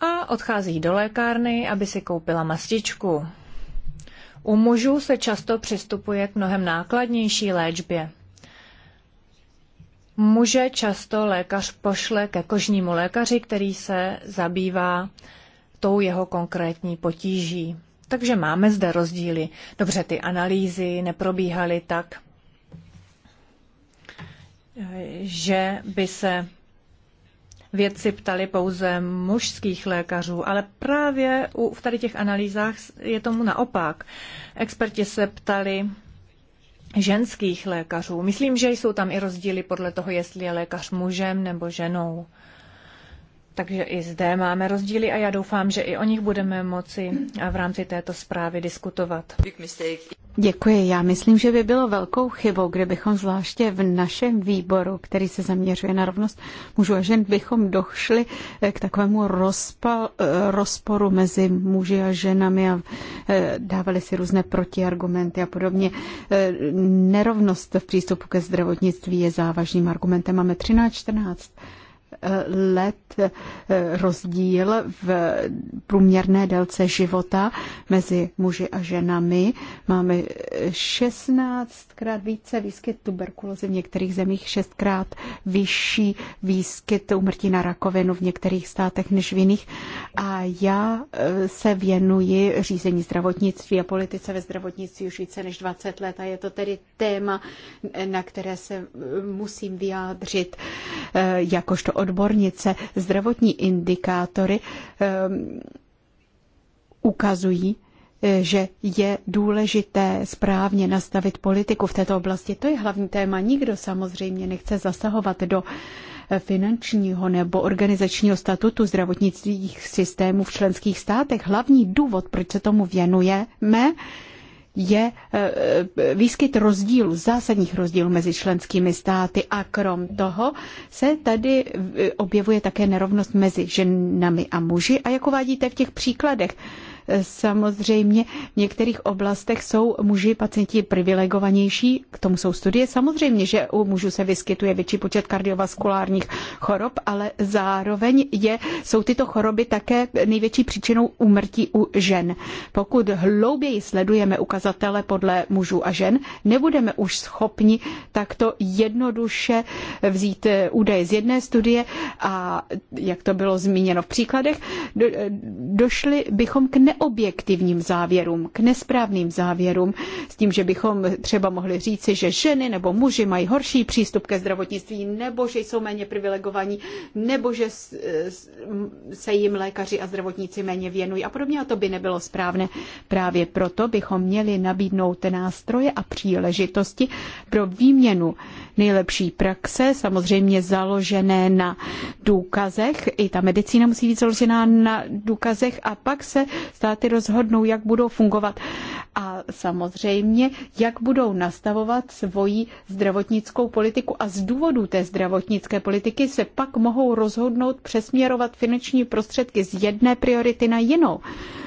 a odchází do lékárny, aby si koupila mastičku. U mužů se často přistupuje k mnohem nákladnější léčbě. Muže často lékař pošle ke kožnímu lékaři, který se zabývá tou jeho konkrétní potíží. Takže máme zde rozdíly. Dobře, ty analýzy neprobíhaly tak, že by se vědci ptali pouze mužských lékařů, ale právě u, v tady těch analýzách je tomu naopak. Experti se ptali ženských lékařů. Myslím, že jsou tam i rozdíly podle toho, jestli je lékař mužem nebo ženou. Takže i zde máme rozdíly a já doufám, že i o nich budeme moci v rámci této zprávy diskutovat. Děkuji. Já myslím, že by bylo velkou chybou, kdybychom zvláště v našem výboru, který se zaměřuje na rovnost mužů a žen, bychom došli eh, k takovému rozpal, eh, rozporu mezi muži a ženami a eh, dávali si různé protiargumenty a podobně. Nerovnost v přístupu ke zdravotnictví je závažným argumentem. Máme 13-14 let eh, rozdíl v průměrné délce života mezi muži a ženami. Máme 16krát více výskyt tuberkulózy v některých zemích, 6krát vyšší výskyt umrtí na rakovinu v některých státech než v jiných. A já eh, se věnuji řízení zdravotnictví a politice ve zdravotnictví už více než 20 let a je to tedy téma, na které se eh, musím vyjádřit jakožto od odbornice. Zdravotní indikátory ehm, ukazují, eh, že je důležité správně nastavit politiku v této oblasti. To je hlavní téma. Nikdo samozřejmě nechce zasahovat do eh, finančního nebo organizačního statutu zdravotnických systémů v členských státech. Hlavní důvod, proč se tomu věnujeme, je eh, výskyt rozdílů, zásadních rozdílů mezi členskými státy a krom toho se tady eh, objevuje také nerovnost mezi ženami a muži a jak uvádíte v těch příkladech, Samozřejmě v některých oblastech jsou muži pacienti privilegovanější, k tomu jsou studie. Samozřejmě, že u mužů se vyskytuje větší počet kardiovaskulárních chorob, ale zároveň je, jsou tyto choroby také největší příčinou úmrtí u žen. Pokud hlouběji sledujeme ukazatele podle mužů a žen, nebudeme už schopni takto jednoduše vzít eh, údaje z jedné studie a, jak to bylo zmíněno v příkladech, eh, došli bychom k neobjektivním závěrům, k nesprávným závěrům, s tím, že bychom třeba mohli říci, že ženy nebo muži mají horší přístup ke zdravotnictví, nebo že jsou méně privilegovaní, nebo že se jim lékaři a zdravotníci méně věnují a podobně. A to by nebylo správné. Právě proto bychom měli nabídnout nástroje a příležitosti pro výměnu nejlepší praxe, samozřejmě založené na důkazech. I ta medicína musí být založená na důkazech a pak se státy rozhodnou, jak budou fungovat a samozřejmě, jak budou nastavovat svoji zdravotnickou politiku. A z důvodu té zdravotnické politiky se pak mohou rozhodnout přesměrovat finanční prostředky z jedné priority na jinou.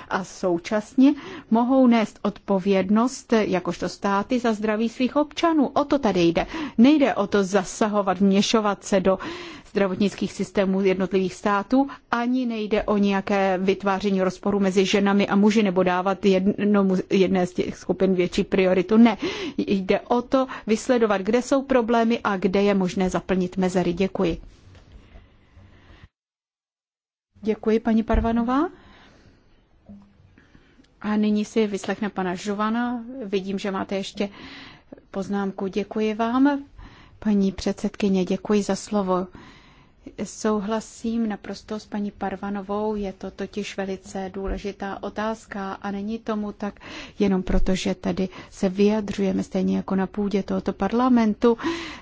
A současně mohou nést odpovědnost jakožto státy za zdraví svých občanů. O to tady jde. Nejde o to zasahovat, měšovat se do zdravotnických systémů jednotlivých států, ani nejde o nějaké vytváření rozporu mezi ženami a muži nebo dávat jednomu, jedné z těch skupin větší prioritu. Ne, jde o to vysledovat, kde jsou problémy a kde je možné zaplnit mezery. Děkuji. Děkuji, paní Parvanová. A nyní si vyslechne pana Žovana. Vidím, že máte ještě poznámku. Děkuji vám. Paní předsedkyně, děkuji za slovo. Souhlasím naprosto s paní Parvanovou, je to totiž velice důležitá otázka a není tomu tak jenom proto, že tady se vyjadřujeme stejně jako na půdě tohoto parlamentu.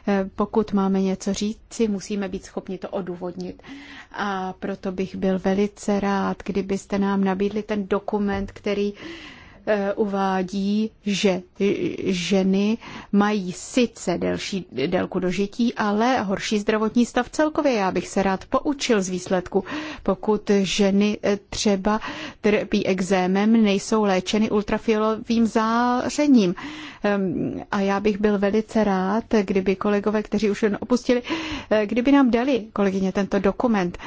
Eh, pokud máme něco říci, musíme být schopni to odůvodnit. A proto bych byl velice rád, kdybyste nám nabídli ten dokument, který Eh, uvádí, že ženy mají sice delší délku dožití, ale horší zdravotní stav celkově. Já bych se rád poučil z výsledku. Pokud ženy eh, třeba trpí exémem, nejsou léčeny ultrafialovým zářením. A já bych byl velice rád, kdyby kolegové, kteří už jen opustili, eh, kdyby nám dali, kolegyně, tento dokument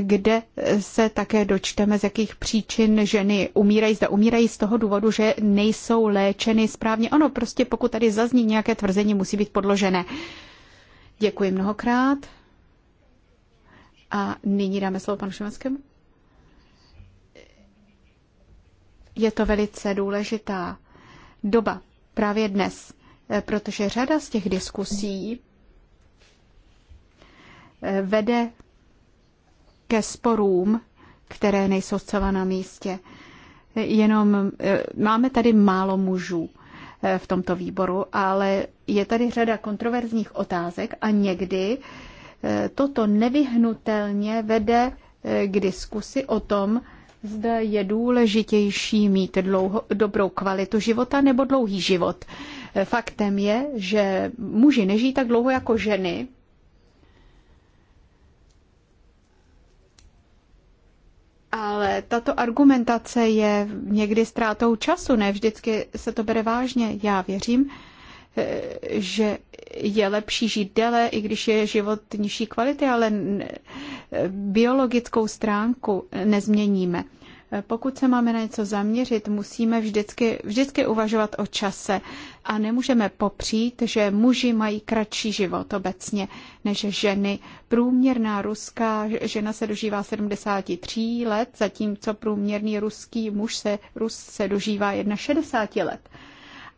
kde se také dočteme, z jakých příčin ženy umírají. Zda umírají z toho důvodu, že nejsou léčeny správně. Ono prostě, pokud tady zazní nějaké tvrzení, musí být podložené. Děkuji mnohokrát. A nyní dáme slovo panu Šimackému. Je to velice důležitá doba právě dnes, protože řada z těch diskusí vede ke sporům, které nejsou zcela na místě. Jenom eh, máme tady málo mužů eh, v tomto výboru, ale je tady řada kontroverzních otázek a někdy eh, toto nevyhnutelně vede k diskusi o tom, zda je důležitější mít dlouho, dobrou kvalitu života nebo dlouhý život. Faktem je, že muži nežijí tak dlouho jako ženy Ale tato argumentace je někdy ztrátou času, ne vždycky se to bere vážně. Já věřím, eh, že je lepší žít déle, i když je život nižší kvality, ale biologickou stránku nezměníme. Pokud se máme na něco zaměřit, musíme vždycky, vždycky uvažovat o čase a nemůžeme popřít, že muži mají kratší život obecně než ženy. Průměrná ruská žena se dožívá 73 let, zatímco průměrný ruský muž se, Rus se dožívá 61 let.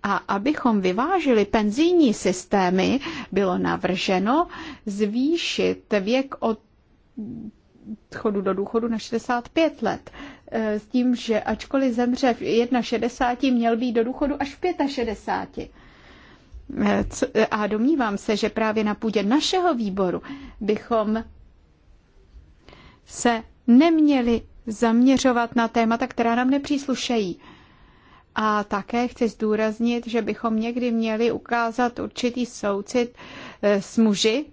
A abychom vyvážili penzijní systémy, bylo navrženo zvýšit věk od chodu do důchodu na 65 let. Eh, s tím, že ačkoliv zemře v 61, měl být do důchodu až v 65. Eh, a domnívám se, že právě na půdě našeho výboru bychom se neměli zaměřovat na témata, která nám nepříslušejí. A také chci zdůraznit, že bychom někdy měli ukázat určitý soucit eh, s muži.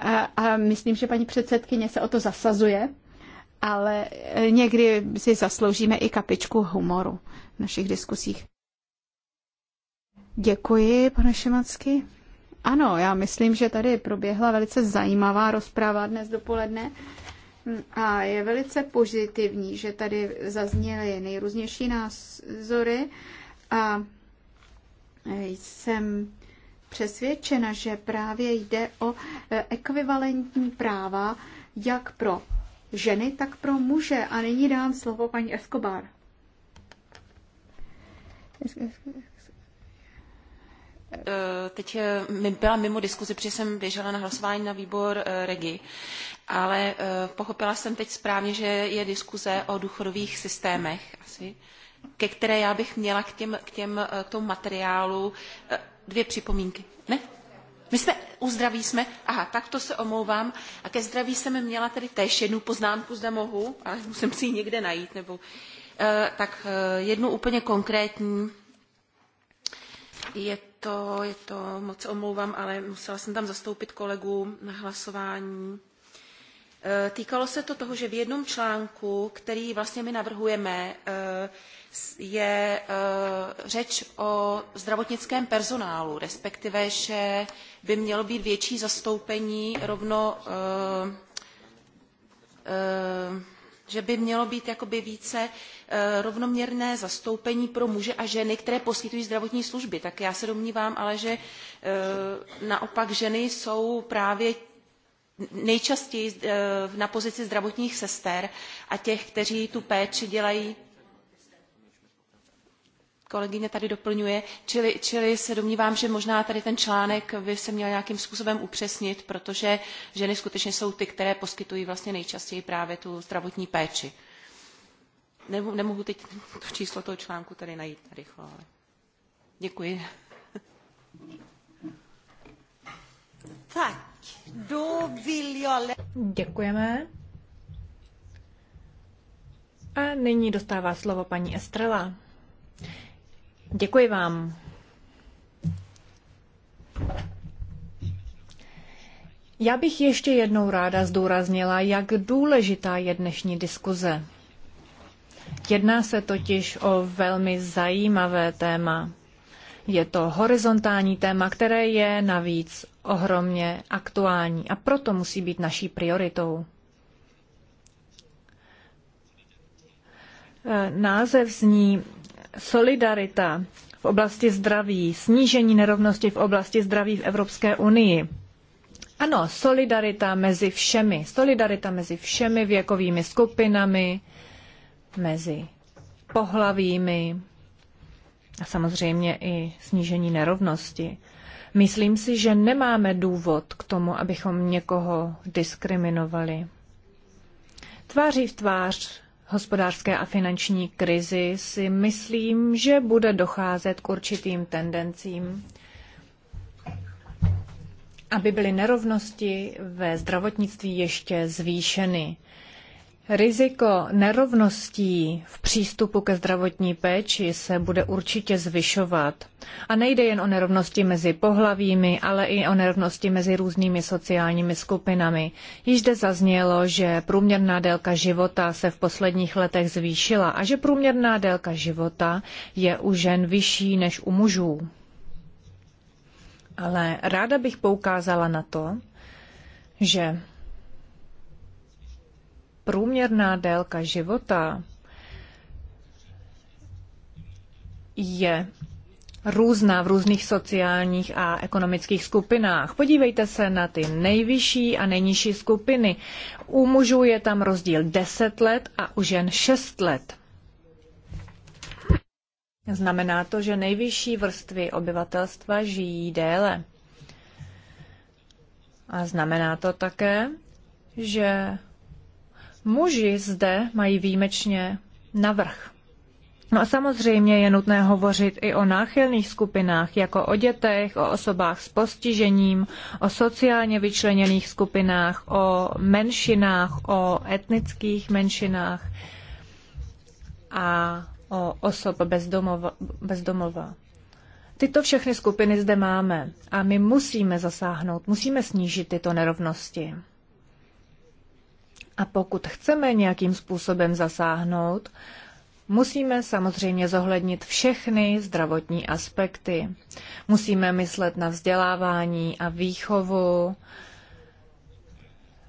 A, a myslím, že paní předsedkyně se o to zasazuje ale e, někdy si zasloužíme i kapičku humoru v našich diskusích. Děkuji, pane Šimacky. Ano, já myslím, že tady proběhla velice zajímavá rozpráva dnes dopoledne. A je velice pozitivní, že tady zazněly nejrůznější názory a jsem přesvědčena, že právě jde o e, ekvivalentní práva jak pro ženy, tak pro muže. A nyní dám slovo paní Escobar. Eh, teď eh, mi byla mimo diskuzi, protože jsem běžela na hlasování na výbor eh, Regi, ale pochopila jsem teď správně, že je diskuze o důchodových systémech asi, ke které já bych měla k, těm, k, těm, k tomu materiálu dvě připomínky. Ne? My jsme, u zdraví jsme, aha, tak to se omlouvám. A ke zdraví jsem měla tedy též jednu poznámku, zda mohu, ale musím si ji někde najít, nebo e, tak e, jednu úplně konkrétní. Je to, je to, moc omlouvám, ale musela jsem tam zastoupit kolegu na hlasování. E, týkalo se to toho, že v jednom článku, který vlastně my navrhujeme, je eh, řeč o zdravotnickém personálu, respektive, že by mělo být větší zastoupení rovno eh, eh, že by mělo být jakoby více rovnoměrné zastoupení pro muže a ženy, které poskytují zdravotní služby. Tak já se domnívám ale, že naopak ženy jsou právě nejčastěji na pozici zdravotních sester a těch, kteří tu péči dělají kolegyně tady doplňuje, čili, čili se domnívám, že možná tady ten článek by se měl nějakým způsobem upřesnit, protože ženy skutečně jsou ty, které poskytují vlastně nejčastěji právě tu zdravotní péči. Nemu, nemohu teď to číslo toho článku tady najít rychle, ale děkuji. Tak, do viliole. Děkujeme. A nyní dostává slovo paní Estrela. Děkuji vám. Já bych ještě jednou ráda zdůraznila, jak důležitá je dnešní diskuze. Jedná se totiž o velmi zajímavé téma. Je to horizontální téma, které je navíc ohromně aktuální a proto musí být naší prioritou. E, název zní solidarita v oblasti zdraví, snížení nerovnosti v oblasti zdraví v Evropské unii. Ano, solidarita mezi všemi, solidarita mezi všemi věkovými skupinami, mezi pohlavími a samozřejmě i snížení nerovnosti. Myslím si, že nemáme důvod k tomu, abychom někoho diskriminovali. Tváří v tvář hospodářské a finanční krizi si myslím, že bude docházet k určitým tendencím, aby byly nerovnosti ve zdravotnictví ještě zvýšeny. Riziko nerovností v přístupu ke zdravotní péči se bude určitě zvyšovat. A nejde jen o nerovnosti mezi pohlavími, ale i o nerovnosti mezi různými sociálními skupinami. Již zde zaznělo, že průměrná délka života se v posledních letech zvýšila a že průměrná délka života je u žen vyšší než u mužů. Ale ráda bych poukázala na to, že průměrná délka života je různá v různých sociálních a ekonomických skupinách. Podívejte se na ty nejvyšší a nejnižší skupiny. U mužů je tam rozdíl 10 let a u žen 6 let. Znamená to, že nejvyšší vrstvy obyvatelstva žijí déle. A znamená to také, že Muži zde mají výjimečně navrh. No a samozřejmě je nutné hovořit i o náchylných skupinách, jako o dětech, o osobách s postižením, o sociálně vyčleněných skupinách, o menšinách, o etnických menšinách a o osob bezdomova. bezdomova. Tyto všechny skupiny zde máme a my musíme zasáhnout, musíme snížit tyto nerovnosti. A pokud chceme nějakým způsobem zasáhnout, musíme samozřejmě zohlednit všechny zdravotní aspekty. Musíme myslet na vzdělávání a výchovu,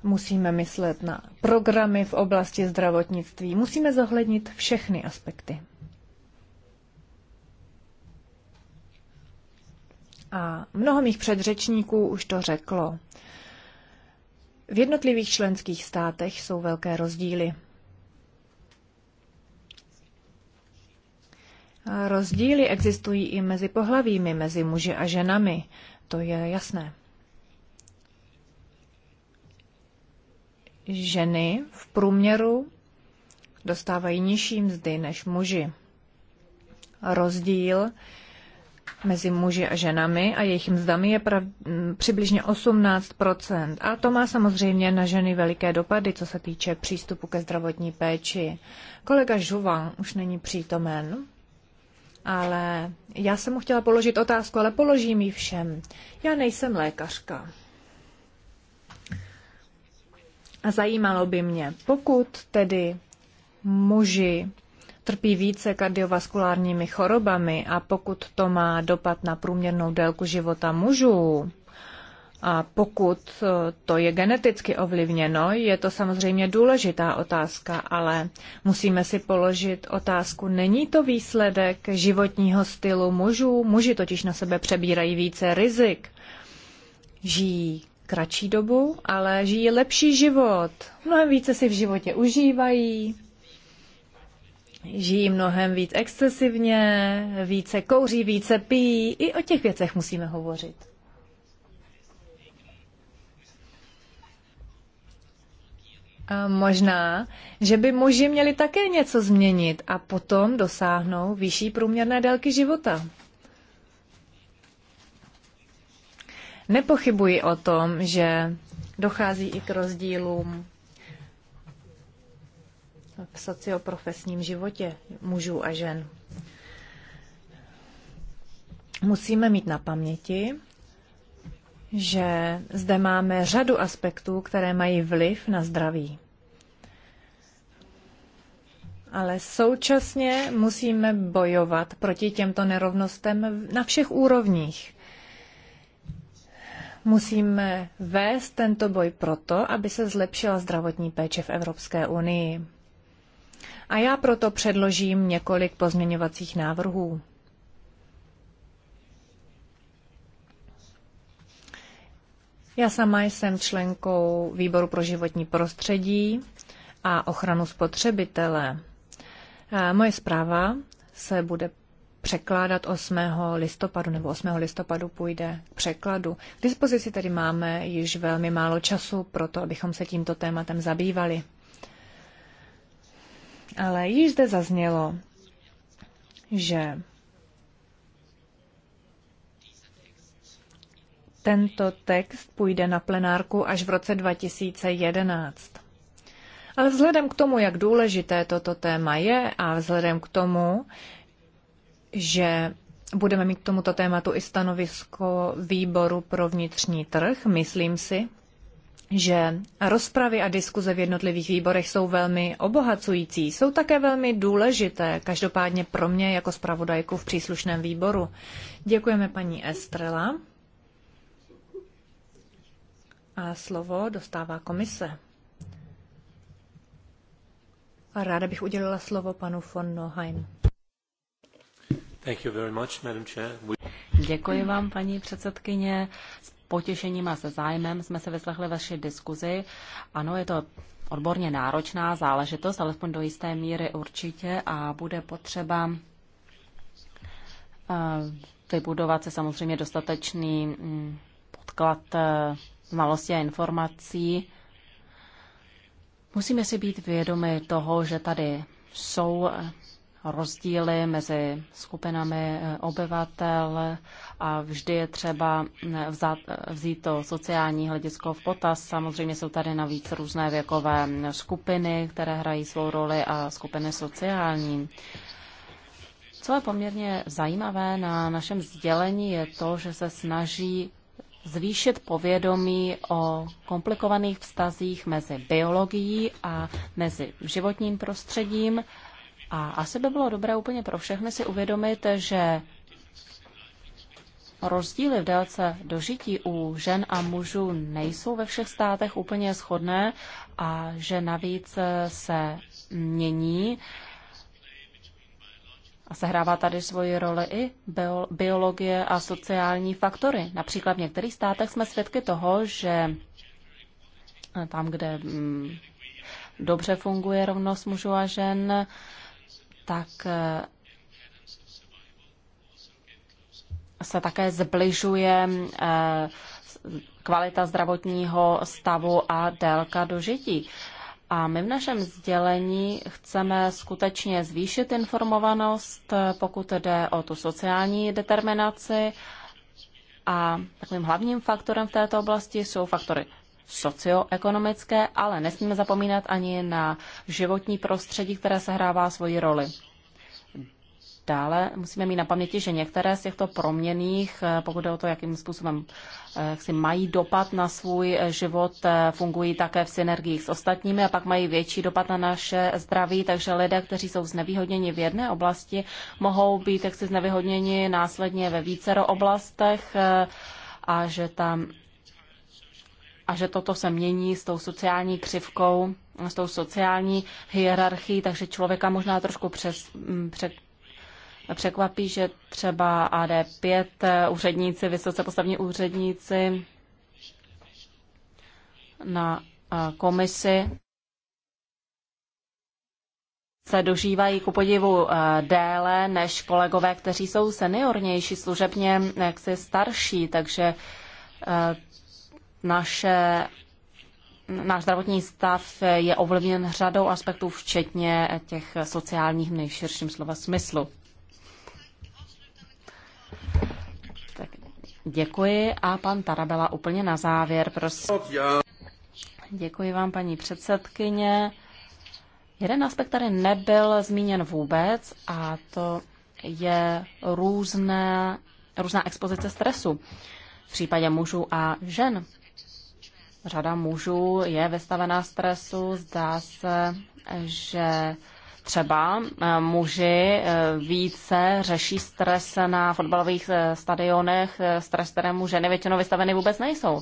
musíme myslet na programy v oblasti zdravotnictví, musíme zohlednit všechny aspekty. A mnoho mých předřečníků už to řeklo. V jednotlivých členských státech jsou velké rozdíly. Rozdíly existují i mezi pohlavími, mezi muži a ženami. To je jasné. Ženy v průměru dostávají nižší mzdy než muži. Rozdíl mezi muži a ženami a jejich mzdami je prav, přibližně 18 A to má samozřejmě na ženy veliké dopady, co se týče přístupu ke zdravotní péči. Kolega Žuvan už není přítomen, ale já jsem mu chtěla položit otázku, ale položím ji všem. Já nejsem lékařka. A zajímalo by mě, pokud tedy muži trpí více kardiovaskulárními chorobami a pokud to má dopad na průměrnou délku života mužů, a pokud e, to je geneticky ovlivněno, je to samozřejmě důležitá otázka, ale musíme si položit otázku, není to výsledek životního stylu mužů? Muži totiž na sebe přebírají více rizik. Žijí kratší dobu, ale žijí lepší život. Mnohem více si v životě užívají, žijí mnohem víc excesivně, více kouří, více pijí. I o těch věcech musíme hovořit. A možná, že by muži měli také něco změnit a potom dosáhnou vyšší průměrné délky života. Nepochybuji o tom, že dochází i k rozdílům v socioprofesním životě mužů a žen. Musíme mít na paměti, že zde máme řadu aspektů, které mají vliv na zdraví. Ale současně musíme bojovat proti těmto nerovnostem na všech úrovních. Musíme vést tento boj proto, aby se zlepšila zdravotní péče v Evropské unii a já proto předložím několik pozměňovacích návrhů. Já sama jsem členkou Výboru pro životní prostředí a ochranu spotřebitele. Moje zpráva se bude překládat 8. listopadu, nebo 8. listopadu půjde k překladu. K dispozici tedy máme již velmi málo času pro to, abychom se tímto tématem zabývali. Ale již zde zaznělo, že tento text půjde na plenárku až v roce 2011. Ale vzhledem k tomu, jak důležité toto téma je a vzhledem k tomu, že budeme mít k tomuto tématu i stanovisko výboru pro vnitřní trh, myslím si, že rozpravy a diskuze v jednotlivých výborech jsou velmi obohacující, jsou také velmi důležité, každopádně pro mě jako zpravodajku v příslušném výboru. Děkujeme paní Estrela. A slovo dostává komise. A ráda bych udělila slovo panu von Noheim. Děkuji vám, paní předsedkyně potěšením a se zájmem jsme se vyslechli vaši diskuzi. Ano, je to odborně náročná záležitost, alespoň do jisté míry určitě a bude potřeba eh, vybudovat se samozřejmě dostatečný mm, podklad eh, znalosti a informací. Musíme si být vědomi toho, že tady jsou eh, rozdíly mezi skupinami eh, obyvatel a vždy je třeba eh, vzát, eh, vzít to sociální hledisko v potaz. Samozřejmě jsou tady navíc různé věkové skupiny, které hrají svou roli a skupiny sociální. Co je poměrně zajímavé na našem sdělení je to, že se snaží zvýšit povědomí o komplikovaných vztazích mezi biologií a mezi životním prostředím a asi by bylo dobré úplně pro všechny si uvědomit, že rozdíly v délce dožití u žen a mužů nejsou ve všech státech úplně shodné a že navíc se mění a sehrává tady svoji roli i biologie a sociální faktory. Například v některých státech jsme svědky toho, že tam, kde mm, dobře funguje rovnost mužů a žen, tak eh, se také zbližuje eh, kvalita zdravotního stavu a délka dožití. A my v našem sdělení chceme skutečně zvýšit informovanost, eh, pokud jde o tu sociální determinaci. A takovým hlavním faktorem v této oblasti jsou faktory socioekonomické, ale nesmíme zapomínat ani na životní prostředí, které sehrává svoji roli. Dále musíme mít na paměti, že některé z těchto proměných, eh, pokud jde o to, jakým způsobem eh, jak si mají dopad na svůj eh, život, fungují také v synergiích s ostatními a pak mají větší dopad na naše zdraví, takže lidé, kteří jsou znevýhodněni v jedné oblasti, mohou být jaksi znevýhodněni následně ve vícero oblastech a že tam a že toto se mění s tou sociální křivkou, s tou sociální hierarchií, takže člověka možná trošku přes, mm, před, překvapí, že třeba AD5 eh, úředníci, vysoce postavní úředníci na eh, komisi se dožívají ku podivu eh, déle než kolegové, kteří jsou seniornější, služebně jaksi starší, takže naše náš zdravotní stav je ovlivněn řadou aspektů, včetně těch sociálních v nejširším slova smyslu. Tak děkuji a pan Tarabela úplně na závěr, prosím. Děkuji vám, paní předsedkyně. Jeden aspekt tady nebyl zmíněn vůbec a to je různé, různá expozice stresu v případě mužů a žen řada mužů je vystavená stresu. Zdá se, že třeba eh, muži eh, více řeší stres na fotbalových eh, stadionech, stres, kterému ženy většinou vystaveny vůbec nejsou.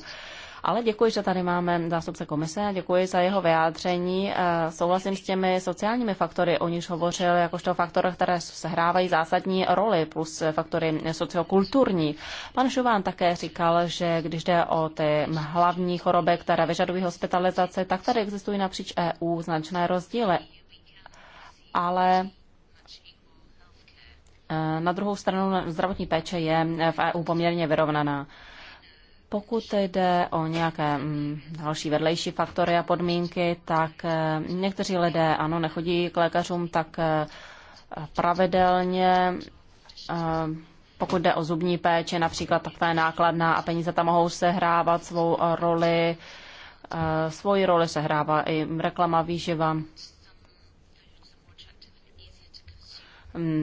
Ale děkuji, že tady máme zástupce komise a děkuji za jeho vyjádření. Eh, souhlasím s těmi sociálními faktory, o nichž hovořil, jakožto faktory, které sehrávají zásadní roli, plus faktory sociokulturní. Pan Šován také říkal, že když jde o ty hlavní choroby, které vyžadují hospitalizaci, tak tady existují napříč EU značné rozdíly. Ale eh, na druhou stranu zdravotní péče je v EU poměrně vyrovnaná. Pokud jde o nějaké mm, další vedlejší faktory a podmínky, tak eh, někteří lidé ano, nechodí k lékařům tak eh, pravidelně. Eh, pokud jde o zubní péči například, tak ta je nákladná a peníze tam mohou sehrávat svou roli. Svoji roli sehrává i reklama, výživa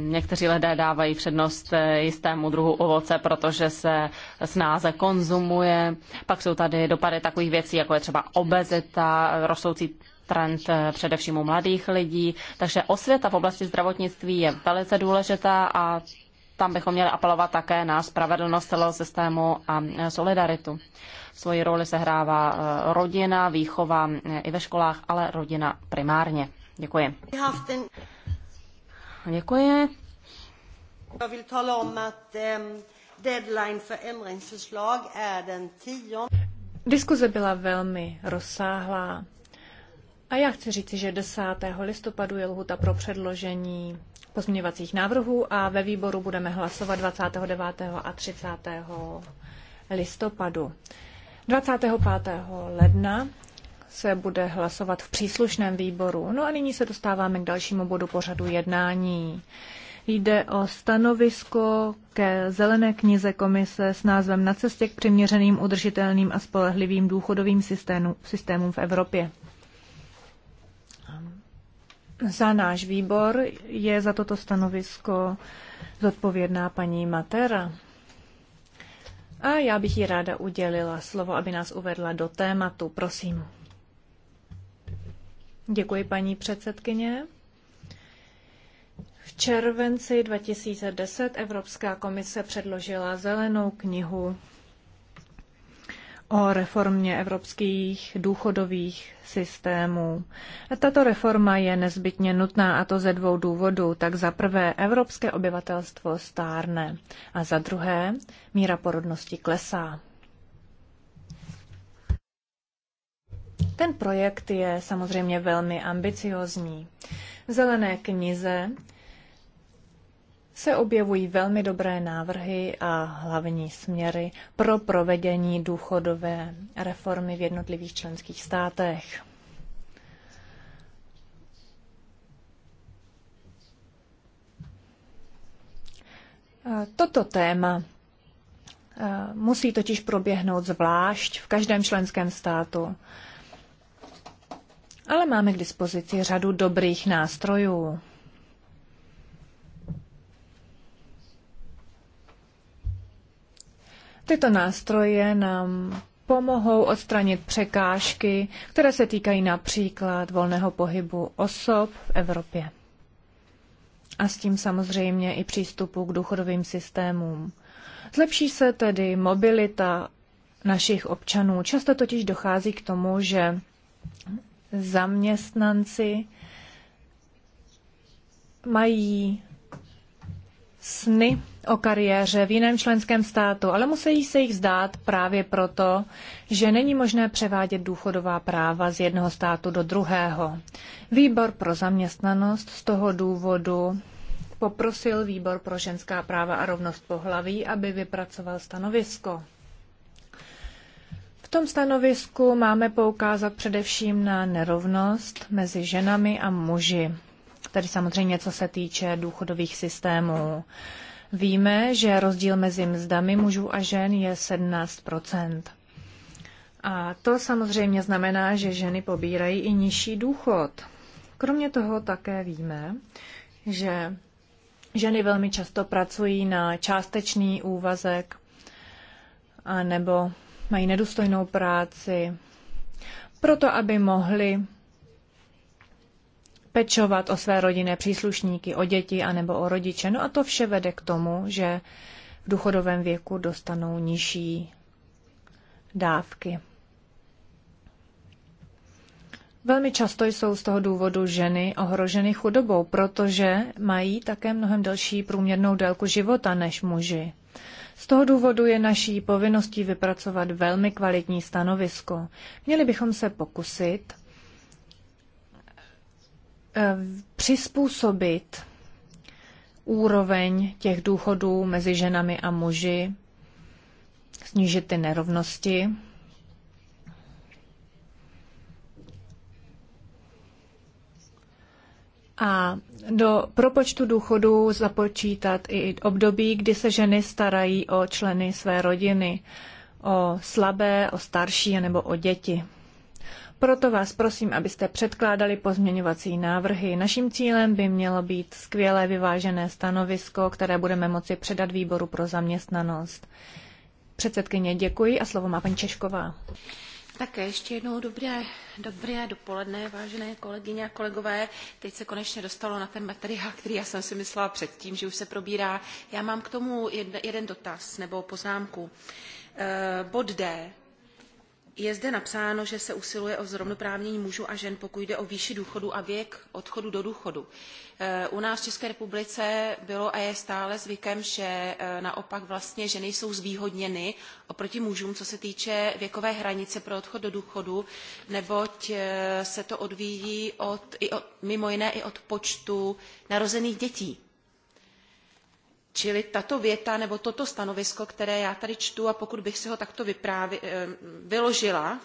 Někteří lidé dávají přednost eh, jistému druhu ovoce, protože se snáze konzumuje. Pak jsou tady dopady takových věcí, jako je třeba obezita, rostoucí trend eh, především u mladých lidí. Takže osvěta v oblasti zdravotnictví je velice důležitá a tam bychom měli apelovat také na spravedlnost celého systému a eh, solidaritu. Svoji roli sehrává rodina, výchova i ve školách, ale rodina primárně. Děkuji. Děkuji. Já vil tala om att ehm, deadline för ändringsförslag är den 10. Diskuze byla velmi rozsáhlá. A já chci říct, že 10. listopadu je lhuta pro předložení pozměňovacích návrhů a ve výboru budeme hlasovat 29. a 30. listopadu. 25. ledna se bude hlasovat v příslušném výboru. No a nyní se dostáváme k dalšímu bodu pořadu jednání. Jde o stanovisko ke zelené knize komise s názvem Na cestě k přiměřeným, udržitelným a spolehlivým důchodovým systému, systémům v Evropě. Za náš výbor je za toto stanovisko zodpovědná paní Matera. A já bych jí ráda udělila slovo, aby nás uvedla do tématu. Prosím. Děkuji, paní předsedkyně. V červenci 2010 Evropská komise předložila zelenou knihu o reformě evropských důchodových systémů. Tato reforma je nezbytně nutná a to ze dvou důvodů. Tak za prvé evropské obyvatelstvo stárne a za druhé míra porodnosti klesá. Ten projekt je samozřejmě velmi ambiciozní. V zelené knize se objevují velmi dobré návrhy a hlavní směry pro provedení důchodové reformy v jednotlivých členských státech. Toto téma musí totiž proběhnout zvlášť v každém členském státu. Ale máme k dispozici řadu dobrých nástrojů. Tyto nástroje nám pomohou odstranit překážky, které se týkají například volného pohybu osob v Evropě. A s tím samozřejmě i přístupu k důchodovým systémům. Zlepší se tedy mobilita našich občanů. Často totiž dochází k tomu, že zaměstnanci mají sny o kariéře v jiném členském státu, ale musí se jich vzdát právě proto, že není možné převádět důchodová práva z jednoho státu do druhého. Výbor pro zaměstnanost z toho důvodu poprosil Výbor pro ženská práva a rovnost pohlaví, aby vypracoval stanovisko tom stanovisku máme poukázat především na nerovnost mezi ženami a muži. Tedy samozřejmě, co se týče důchodových systémů. Víme, že rozdíl mezi mzdami mužů a žen je 17 A to samozřejmě znamená, že ženy pobírají i nižší důchod. Kromě toho také víme, že ženy velmi často pracují na částečný úvazek a nebo mají nedůstojnou práci, proto aby mohli pečovat o své rodinné příslušníky, o děti anebo o rodiče. No a to vše vede k tomu, že v důchodovém věku dostanou nižší dávky. Velmi často jsou z toho důvodu ženy ohroženy chudobou, protože mají také mnohem delší průměrnou délku života než muži. Z toho důvodu je naší povinností vypracovat velmi kvalitní stanovisko. Měli bychom se pokusit eh, přizpůsobit úroveň těch důchodů mezi ženami a muži, snížit ty nerovnosti, a do propočtu důchodu započítat i období, kdy se ženy starají o členy své rodiny, o slabé, o starší nebo o děti. Proto vás prosím, abyste předkládali pozměňovací návrhy. Naším cílem by mělo být skvělé vyvážené stanovisko, které budeme moci předat výboru pro zaměstnanost. Předsedkyně, děkuji a slovo má paní Češková. Také ještě jednou dobré, dobré dopoledne, vážené kolegyně a kolegové. Teď se konečně dostalo na ten materiál, který já jsem si myslela předtím, že už se probírá. Já mám k tomu jeden, jeden dotaz nebo poznámku. E, bod D je zde napsáno, že se usiluje o zrovnoprávnění mužů a žen, pokud jde o výši důchodu a věk odchodu do důchodu. E, u nás v České republice bylo a je stále zvykem, že e, naopak vlastně ženy jsou zvýhodněny oproti mužům, co se týče věkové hranice pro odchod do důchodu, neboť e, se to odvíjí od, i od, mimo jiné i od počtu narozených dětí Čili tato věta nebo toto stanovisko, které já tady čtu a pokud bych si ho takto eh, vyložila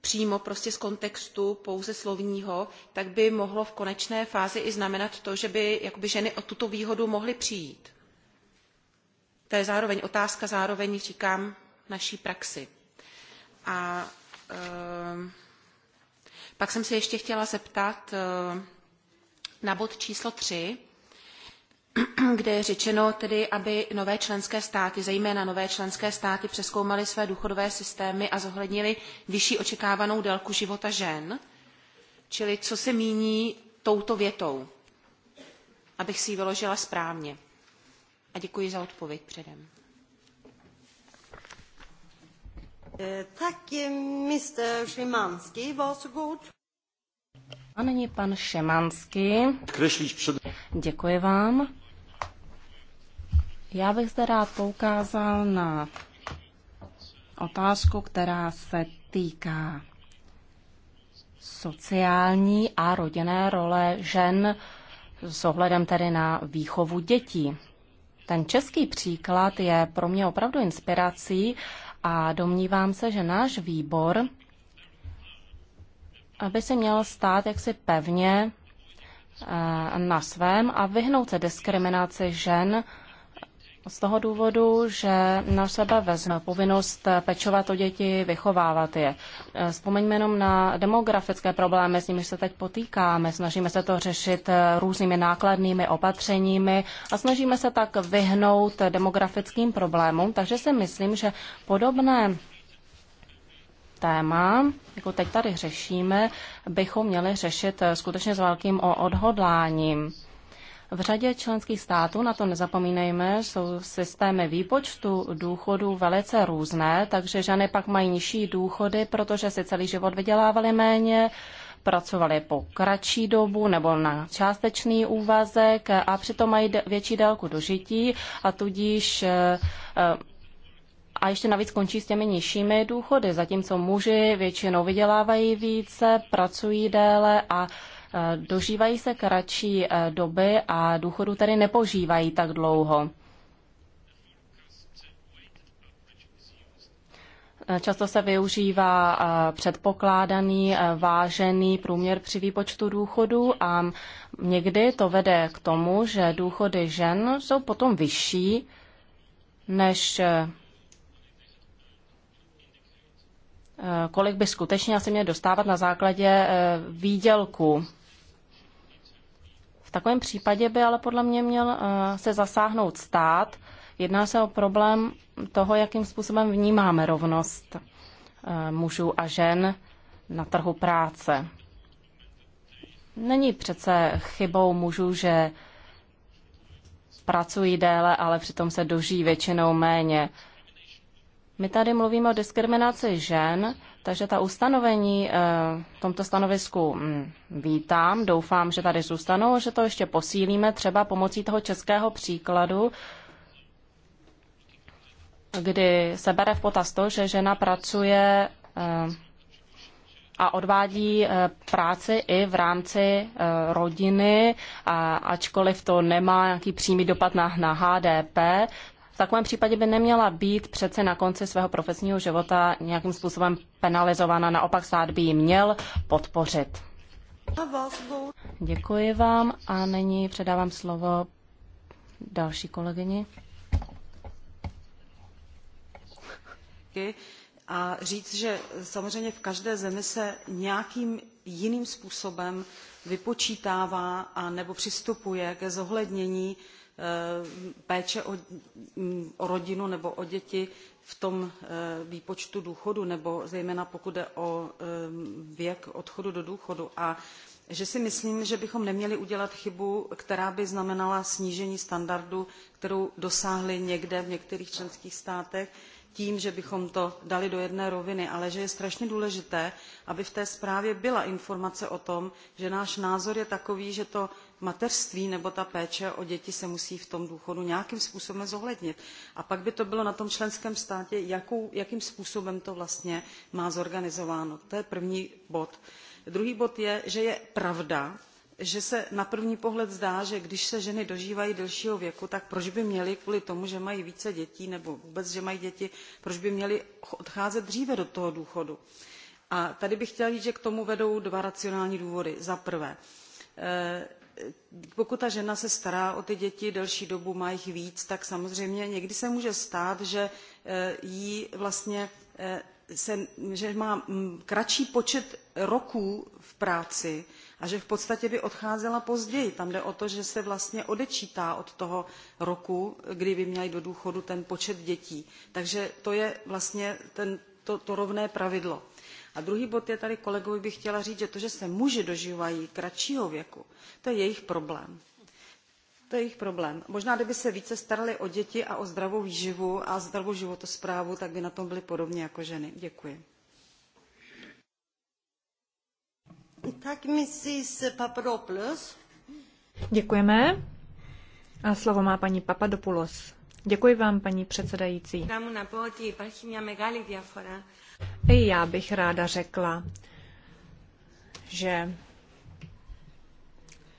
přímo prostě z kontextu pouze slovního, tak by mohlo v konečné fázi i znamenat to, že by jakoby ženy o tuto výhodu mohly přijít. To je zároveň otázka, zároveň říkám naší praxi. A e, pak jsem se ještě chtěla zeptat e, na bod číslo 3, kde je řečeno tedy, aby nové členské státy, zejména nové členské státy, přeskoumaly své důchodové systémy a zohlednily vyšší očekávanou délku života žen. Čili co se míní touto větou, abych si ji vyložila správně. A děkuji za odpověď předem. Eh, tak, eh, Mr. Szymanski, varsågod. A nyní pan Šemanský. Děkuji vám. Já bych zde rád poukázal na otázku, která se týká sociální a rodinné role žen s ohledem tedy na výchovu dětí. Ten český příklad je pro mě opravdu inspirací a domnívám se, že náš výbor aby se měl stát jaksi pevně eh, na svém a vyhnout se diskriminaci žen z toho důvodu, že na sebe vezme povinnost pečovat o děti, vychovávat je. Eh, vzpomeňme jenom na demografické problémy, s nimiž se teď potýkáme. Snažíme se to řešit eh, různými nákladnými opatřeními a snažíme se tak vyhnout demografickým problémům. Takže si myslím, že podobné téma, jako teď tady řešíme, bychom měli řešit eh, skutečně s velkým odhodláním. V řadě členských států, na to nezapomínejme, jsou systémy výpočtu důchodů velice různé, takže ženy pak mají nižší důchody, protože si celý život vydělávaly méně, pracovali po kratší dobu nebo na částečný úvazek a přitom mají větší délku dožití a tudíž eh, eh, a ještě navíc končí s těmi nižšími důchody, zatímco muži většinou vydělávají více, pracují déle a e, dožívají se kratší e, doby a důchodu tedy nepožívají tak dlouho. Často se využívá e, předpokládaný vážený průměr při výpočtu důchodu a někdy to vede k tomu, že důchody žen jsou potom vyšší než Eh, kolik by skutečně asi měl dostávat na základě eh, výdělku. V takovém případě by ale podle mě měl eh, se zasáhnout stát. Jedná se o problém toho, jakým způsobem vnímáme rovnost mužů a žen na trhu práce. Není přece chybou mužů, že pracují déle, ale přitom se doží většinou méně. My tady mluvíme o diskriminaci žen, takže ta ustanovení eh, v tomto stanovisku mm, vítám. Doufám, že tady zůstanou, že to ještě posílíme třeba pomocí toho českého příkladu, kdy se bere v potaz to, že žena pracuje eh, a odvádí eh, práci i v rámci rodiny, a ačkoliv to nemá nějaký přímý dopad na, na HDP, takovém případě by neměla být přece na konci svého profesního života nějakým způsobem penalizována. Naopak stát by ji měl podpořit. Děkuji vám a nyní předávám slovo další kolegyni. A říct, že samozřejmě v každé zemi se nějakým jiným způsobem vypočítává a nebo přistupuje ke zohlednění Eh, péče mm, o, rodinu nebo o děti v tom eh, výpočtu důchodu nebo zejména pokud jde o eh, věk odchodu do důchodu a že si myslím že bychom neměli udělat chybu která by znamenala snížení standardu kterého dosáhli někde v některých členských státech tím že bychom to dali do jedné roviny ale že je strašně důležité aby v té zprávě byla informace o tom že náš názor je takový že to mateřství nebo ta péče o děti se musí v tom důchodu nějakým způsobem zohlednit. A pak by to bylo na tom členském státě, jakou, jakým způsobem to vlastně má zorganizováno. To je první bod. Druhý bod je, že je pravda, že se na první pohled zdá, že když se ženy dožívají delšího věku, tak proč by měly kvůli tomu, že mají více dětí nebo vůbec, že mají děti, proč by měly odcházet dříve do toho důchodu. A tady bych chtěla říct, že k tomu vedou dva racionální důvody. Za prvé, eh, pokud ta žena se stará o ty děti delší dobu, má jich víc, tak samozřejmě někdy se může stát, že eh, jí vlastně eh, se, že má mm, kratší počet roků v práci a že v podstatě by odcházela později. Tam jde o to, že se vlastně odečítá od toho roku, kdy by měla jít do důchodu ten počet dětí. Takže to je vlastně ten, to, to rovné pravidlo a druhý bod je tady kolegovi bych chtěla říct, že to, že se muži dožívají kratšího věku, to je jejich problém. To je jejich problém. Možná, kdyby se více starali o děti a o zdravou výživu a zdravou životosprávu, tak by na tom byli podobně jako ženy. Děkuji. Tak, Mrs. Papadopoulos. Děkujeme. A slovo má paní Papadopoulos. Děkuji vám, paní předsedající. I já bych ráda řekla, že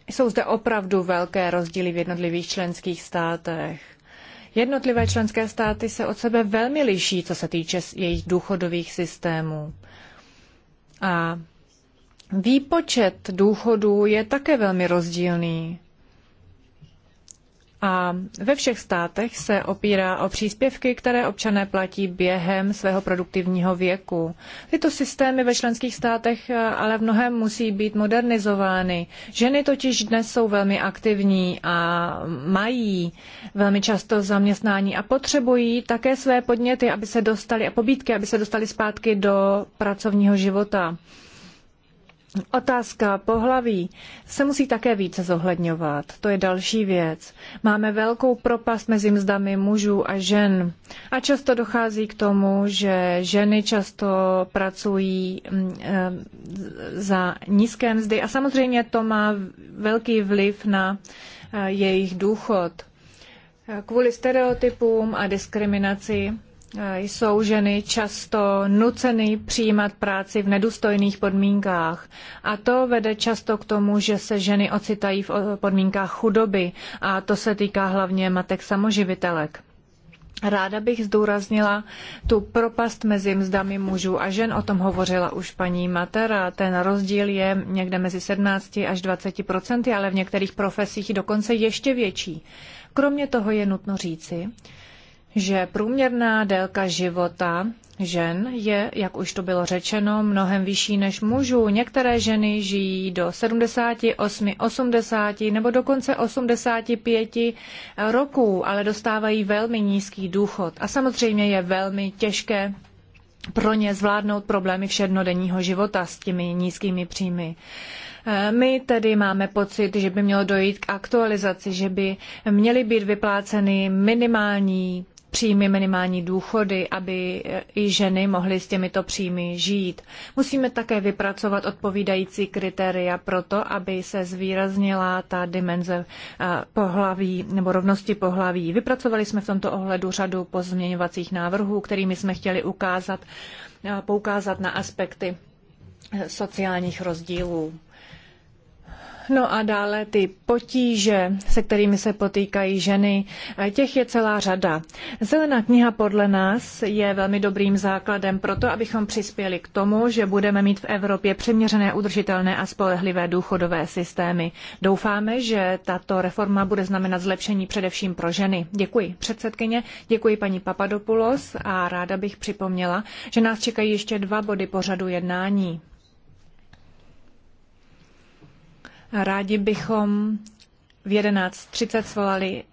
jsou zde opravdu velké rozdíly v jednotlivých členských státech. Jednotlivé členské státy se od sebe velmi liší, co se týče jejich důchodových systémů. A výpočet důchodů je také velmi rozdílný. A ve všech státech se opírá o příspěvky, které občané platí během svého produktivního věku. Tyto systémy ve členských státech eh, ale v mnohem musí být modernizovány. Ženy totiž dnes jsou velmi aktivní a mají velmi často zaměstnání a potřebují také své podněty, aby se dostali a pobídky, aby se dostali zpátky do pracovního života. Otázka pohlaví se musí také více zohledňovat. To je další věc. Máme velkou propast mezi mzdami mužů a žen. A často dochází k tomu, že ženy často pracují mm, eh, za nízké mzdy a samozřejmě to má velký vliv na eh, jejich důchod. Kvůli stereotypům a diskriminaci jsou ženy často nuceny přijímat práci v nedůstojných podmínkách. A to vede často k tomu, že se ženy ocitají v podmínkách chudoby. A to se týká hlavně matek samoživitelek. Ráda bych zdůraznila tu propast mezi mzdami mužů a žen, o tom hovořila už paní Matera. Ten rozdíl je někde mezi 17 až 20 procenty, ale v některých profesích dokonce ještě větší. Kromě toho je nutno říci, že průměrná délka života žen je, jak už to bylo řečeno, mnohem vyšší než mužů. Některé ženy žijí do 78, 80 nebo dokonce 85 roků, ale dostávají velmi nízký důchod. A samozřejmě je velmi těžké pro ně zvládnout problémy všednodenního života s těmi nízkými příjmy. E, my tedy máme pocit, že by mělo dojít k aktualizaci, že by měly být vypláceny minimální příjmy minimální důchody, aby i ženy mohly s těmito příjmy žít. Musíme také vypracovat odpovídající kritéria pro to, aby se zvýraznila ta dimenze eh, pohlaví nebo rovnosti pohlaví. Vypracovali jsme v tomto ohledu řadu pozměňovacích návrhů, kterými jsme chtěli ukázat, eh, poukázat na aspekty eh, sociálních rozdílů. No a dále ty potíže, se kterými se potýkají ženy, těch je celá řada. Zelená kniha podle nás je velmi dobrým základem pro to, abychom přispěli k tomu, že budeme mít v Evropě přiměřené, udržitelné a spolehlivé důchodové systémy. Doufáme, že tato reforma bude znamenat zlepšení především pro ženy. Děkuji předsedkyně, děkuji paní Papadopoulos a ráda bych připomněla, že nás čekají ještě dva body pořadu jednání. Rádi bychom v 11.30 svolali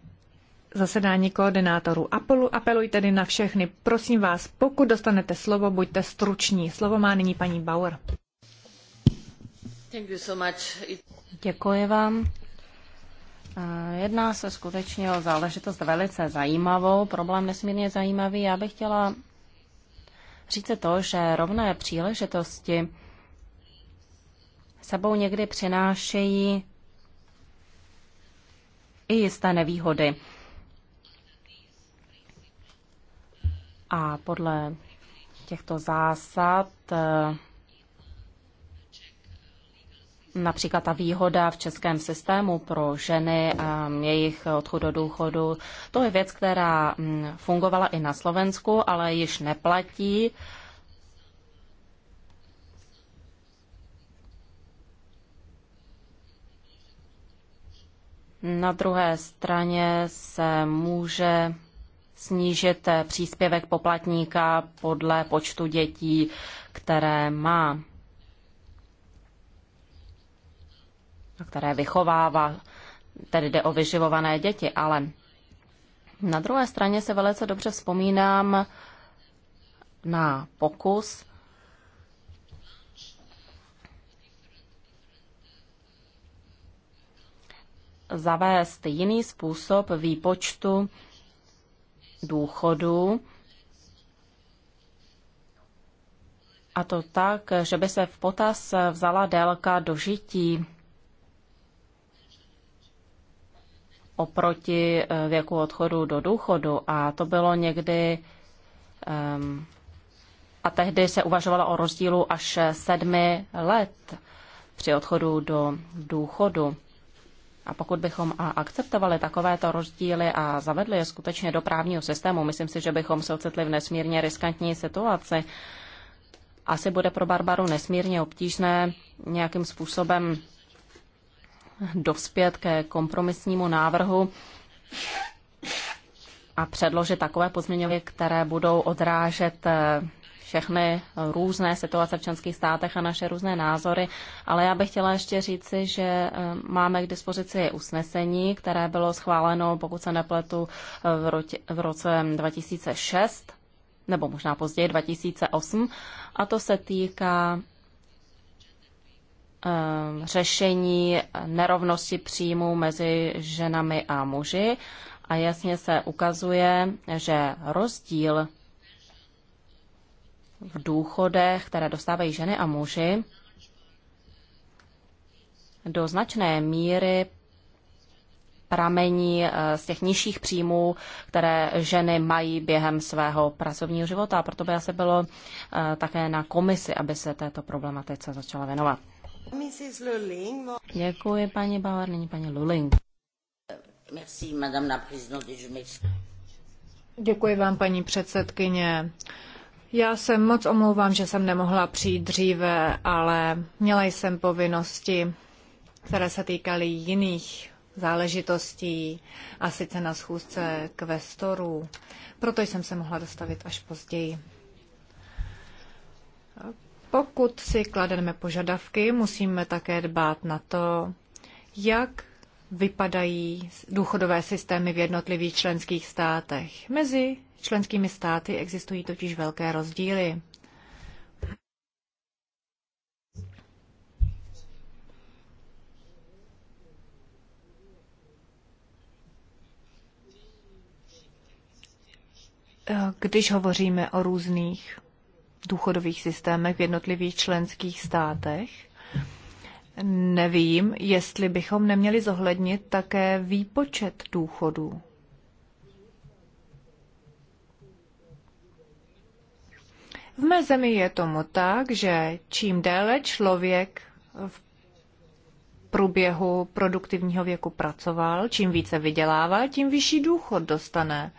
zasedání koordinátorů. Apelu, apeluji tedy na všechny. Prosím vás, pokud dostanete slovo, buďte struční. Slovo má nyní paní Bauer. Děkuji vám. Eh, jedná se skutečně o záležitost velice zajímavou, problém nesmírně zajímavý. Já bych chtěla říct to, že rovné příležitosti sebou někdy přinášejí i jisté nevýhody. A podle těchto zásad eh, Například ta výhoda v českém systému pro ženy a jejich odchod do důchodu, to je věc, která mm, fungovala i na Slovensku, ale již neplatí. Na druhé straně se může snížit příspěvek poplatníka podle počtu dětí, které má a které vychovává. Tedy jde o vyživované děti, ale na druhé straně se velice dobře vzpomínám na pokus zavést jiný způsob výpočtu důchodu, a to tak, že by se v potaz vzala délka dožití oproti eh, věku odchodu do důchodu. A to bylo někdy. Um, a tehdy se uvažovalo o rozdílu až sedmi let při odchodu do důchodu. A pokud bychom a akceptovali takovéto rozdíly a zavedli je skutečně do právního systému, myslím si, že bychom se ocitli v nesmírně riskantní situaci. Asi bude pro Barbaru nesmírně obtížné nějakým způsobem dospět ke kompromisnímu návrhu a předložit takové pozměňovy, které budou odrážet všechny různé situace v členských státech a naše různé názory, ale já bych chtěla ještě říci, že eh, máme k dispozici usnesení, které bylo schváleno, pokud se nepletu, eh, v, roti, v roce 2006 nebo možná později 2008 a to se týká eh, řešení nerovnosti příjmů mezi ženami a muži a jasně se ukazuje, že rozdíl v důchodech, které dostávají ženy a muži, do značné míry pramení eh, z těch nižších příjmů, které ženy mají během svého pracovního života. A proto by asi bylo eh, také na komisi, aby se této problematice začala věnovat. Děkuji, paní Bauer, nyní paní Luling. Děkuji vám, paní předsedkyně. Já se moc omlouvám, že jsem nemohla přijít dříve, ale měla jsem povinnosti, které se týkaly jiných záležitostí a sice na schůzce kvestorů. Proto jsem se mohla dostavit až později. Pokud si klademe požadavky, musíme také dbát na to, jak vypadají důchodové systémy v jednotlivých členských státech. Mezi členskými státy existují totiž velké rozdíly. Když hovoříme o různých důchodových systémech v jednotlivých členských státech, nevím, jestli bychom neměli zohlednit také výpočet důchodů. V mé zemi je tomu tak, že čím déle člověk v průběhu produktivního věku pracoval, čím více vydělával, tím vyšší důchod dostane.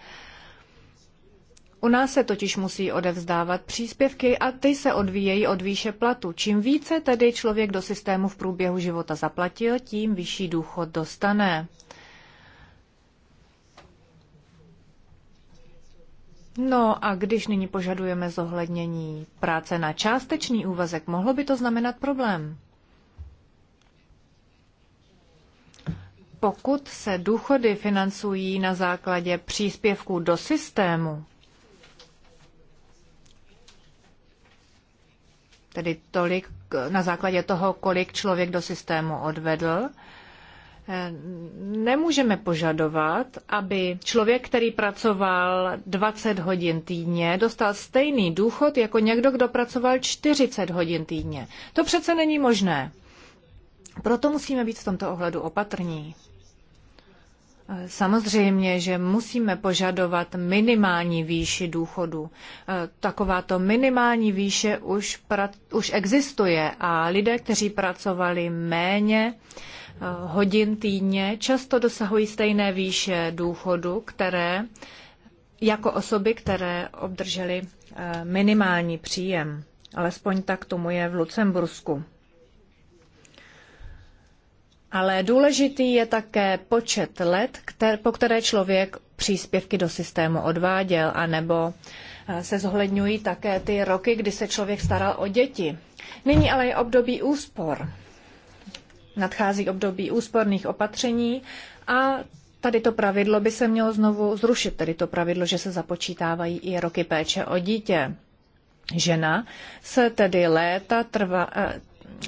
U nás se totiž musí odevzdávat příspěvky a ty se odvíjejí od výše platu. Čím více tedy člověk do systému v průběhu života zaplatil, tím vyšší důchod dostane. No a když nyní požadujeme zohlednění práce na částečný úvazek, mohlo by to znamenat problém. Pokud se důchody financují na základě příspěvků do systému, tedy tolik na základě toho, kolik člověk do systému odvedl, Nemůžeme požadovat, aby člověk, který pracoval 20 hodin týdně, dostal stejný důchod jako někdo, kdo pracoval 40 hodin týdně. To přece není možné. Proto musíme být v tomto ohledu opatrní. Samozřejmě, že musíme požadovat minimální výši důchodu. Takováto minimální výše už, pra, už existuje a lidé, kteří pracovali méně, Eh, hodin týdně často dosahují stejné výše důchodu, které jako osoby, které obdržely eh, minimální příjem. Alespoň tak tomu je v Lucembursku. Ale důležitý je také počet let, kter, po které člověk příspěvky do systému odváděl, anebo eh, se zohledňují také ty roky, kdy se člověk staral o děti. Nyní ale je období úspor nadchází období úsporných opatření a tady to pravidlo by se mělo znovu zrušit, tedy to pravidlo, že se započítávají i roky péče o dítě. Žena se tedy léta trva, eh,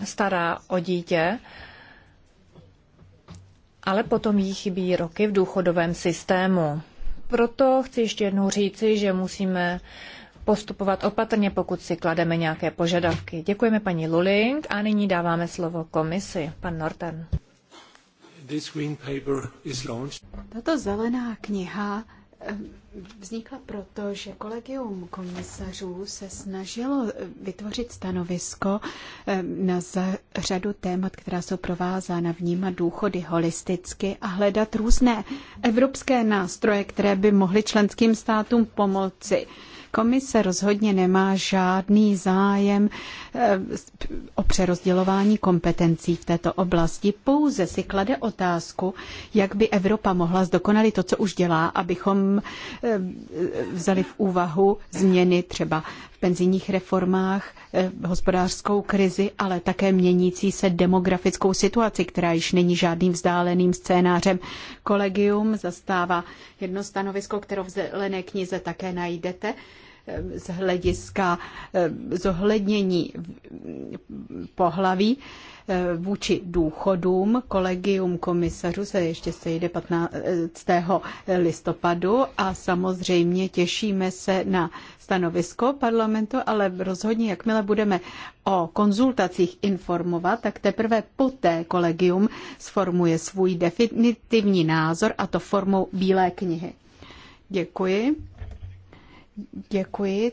stará o dítě, ale potom jí chybí roky v důchodovém systému. Proto chci ještě jednou říci, že musíme uh, postupovat opatrně, pokud si klademe nějaké požadavky. Děkujeme paní Luling a nyní dáváme slovo komisi. Pan Norton. Tato zelená kniha eh, vznikla proto, že kolegium komisařů se snažilo eh, vytvořit stanovisko eh, na řadu témat, která jsou provázána vnímat důchody holisticky a hledat různé evropské nástroje, které by mohly členským státům pomoci Komise rozhodně nemá žádný zájem eh, o přerozdělování kompetencí v této oblasti. Pouze si klade otázku, jak by Evropa mohla zdokonalit to, co už dělá, abychom eh, vzali v úvahu změny třeba v penzijních reformách, eh, hospodářskou krizi, ale také měnící se demografickou situaci, která již není žádným vzdáleným scénářem. Kolegium zastává jedno stanovisko, které v zelené knize také najdete z hlediska eh, zohlednění pohlaví eh, vůči důchodům. Kolegium komisařů se ještě sejde 15. Eh, listopadu a samozřejmě těšíme se na stanovisko parlamentu, ale rozhodně, jakmile budeme o konzultacích informovat, tak teprve poté kolegium sformuje svůj definitivní názor a to formou bílé knihy. Děkuji. Děkuji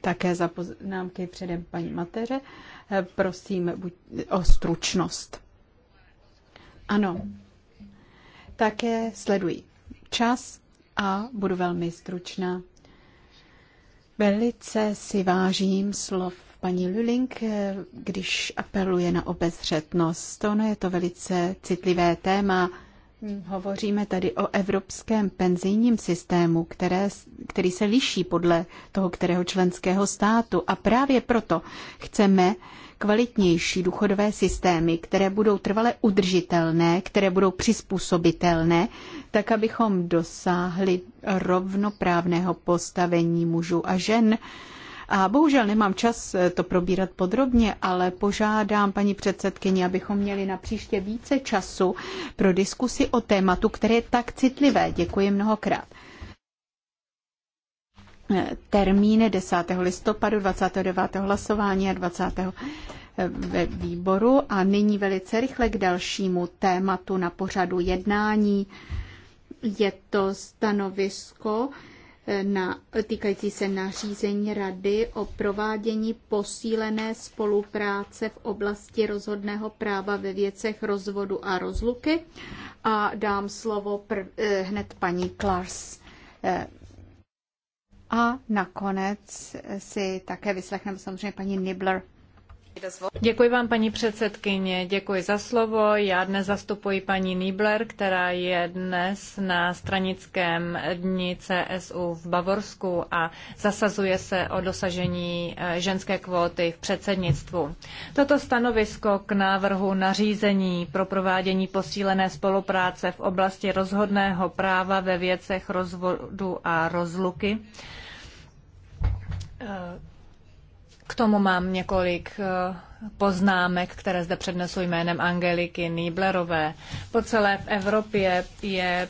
také za poznámky předem paní Mateře. Prosím buď o stručnost. Ano, také sleduji čas a budu velmi stručná. Velice si vážím slov paní Luling, když apeluje na obezřetnost. Ono je to velice citlivé téma Hovoříme tady o evropském penzijním systému, které, který se liší podle toho, kterého členského státu. A právě proto chceme kvalitnější důchodové systémy, které budou trvale udržitelné, které budou přizpůsobitelné, tak abychom dosáhli rovnoprávného postavení mužů a žen a bohužel nemám čas eh, to probírat podrobně, ale požádám paní předsedkyni, abychom měli na příště více času pro diskusi o tématu, které je tak citlivé. Děkuji mnohokrát eh, termíny 10. listopadu, 29. hlasování a 20. Eh, ve výboru. A nyní velice rychle k dalšímu tématu na pořadu jednání. Je to stanovisko na, týkající se nařízení Rady o provádění posílené spolupráce v oblasti rozhodného práva ve věcech rozvodu a rozluky. A dám slovo prv, eh, hned paní Klars. Eh, a nakonec si také vyslechneme samozřejmě paní Nibler. Děkuji vám, paní předsedkyně, děkuji za slovo. Já dnes zastupuji paní Niebler, která je dnes na stranickém dni CSU v Bavorsku a zasazuje se o dosažení eh, ženské kvóty v předsednictvu. Toto stanovisko k návrhu nařízení pro provádění posílené spolupráce v oblasti rozhodného práva ve věcech rozvodu a rozluky eh, k tomu mám několik eh, poznámek, které zde přednesu jménem Angeliky Nýblerové. Po celé v Evropě je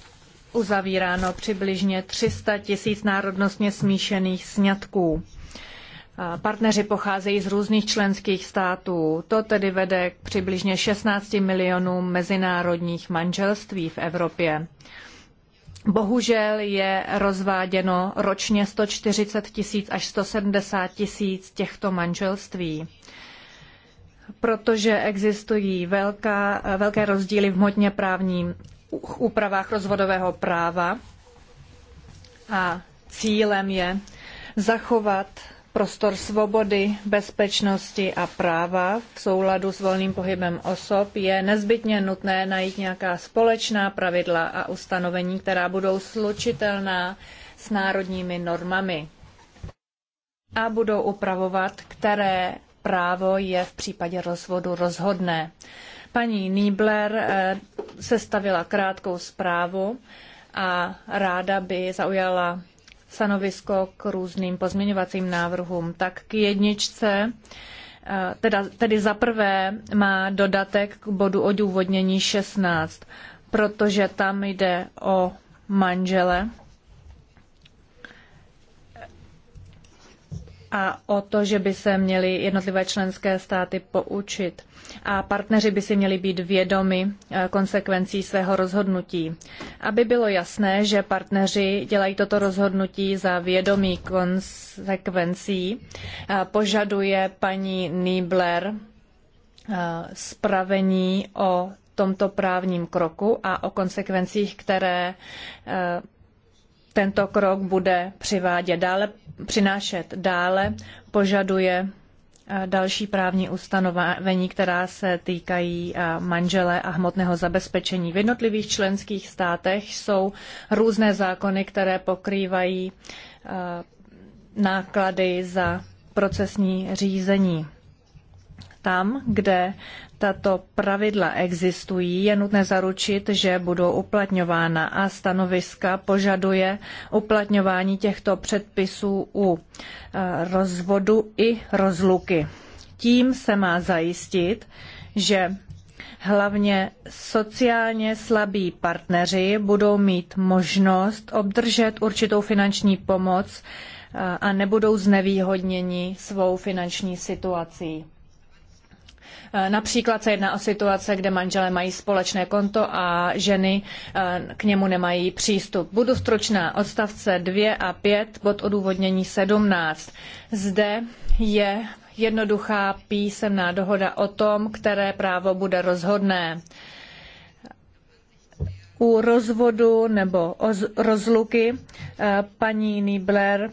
uzavíráno přibližně 300 tisíc národnostně smíšených sňatků. Partneři pocházejí z různých členských států. To tedy vede k přibližně 16 milionům mezinárodních manželství v Evropě. Bohužel je rozváděno ročně 140 tisíc až 170 tisíc těchto manželství protože existují velká, velké rozdíly v hmotně právním úpravách rozvodového práva a cílem je zachovat prostor svobody, bezpečnosti a práva v souladu s volným pohybem osob, je nezbytně nutné najít nějaká společná pravidla a ustanovení, která budou slučitelná s národními normami a budou upravovat, které právo je v případě rozvodu rozhodné. Paní Niebler eh, sestavila krátkou zprávu a ráda by zaujala stanovisko k různým pozměňovacím návrhům. Tak k jedničce, teda, tedy za prvé má dodatek k bodu odůvodnění 16, protože tam jde o manžele a o to, že by se měly jednotlivé členské státy poučit a partneři by si měli být vědomi e, konsekvencí svého rozhodnutí. Aby bylo jasné, že partneři dělají toto rozhodnutí za vědomí konsekvencí, e, požaduje paní Niebler e, spravení o tomto právním kroku a o konsekvencích, které tento krok bude přivádět dále, přinášet dále, požaduje eh, další právní ustanovení, která se týkají eh, manžele a hmotného zabezpečení. V jednotlivých členských státech jsou různé zákony, které pokrývají eh, náklady za procesní řízení. Tam, kde tato pravidla existují, je nutné zaručit, že budou uplatňována a stanoviska požaduje uplatňování těchto předpisů u eh, rozvodu i rozluky. Tím se má zajistit, že hlavně sociálně slabí partneři budou mít možnost obdržet určitou finanční pomoc eh, a nebudou znevýhodněni svou finanční situací. Eh, například se jedná o situace, kde manželé mají společné konto a ženy eh, k němu nemají přístup. Budu stručná. Odstavce 2 a 5, bod odůvodnění 17. Zde je jednoduchá písemná dohoda o tom, které právo bude rozhodné. U rozvodu nebo rozluky eh, paní Nibler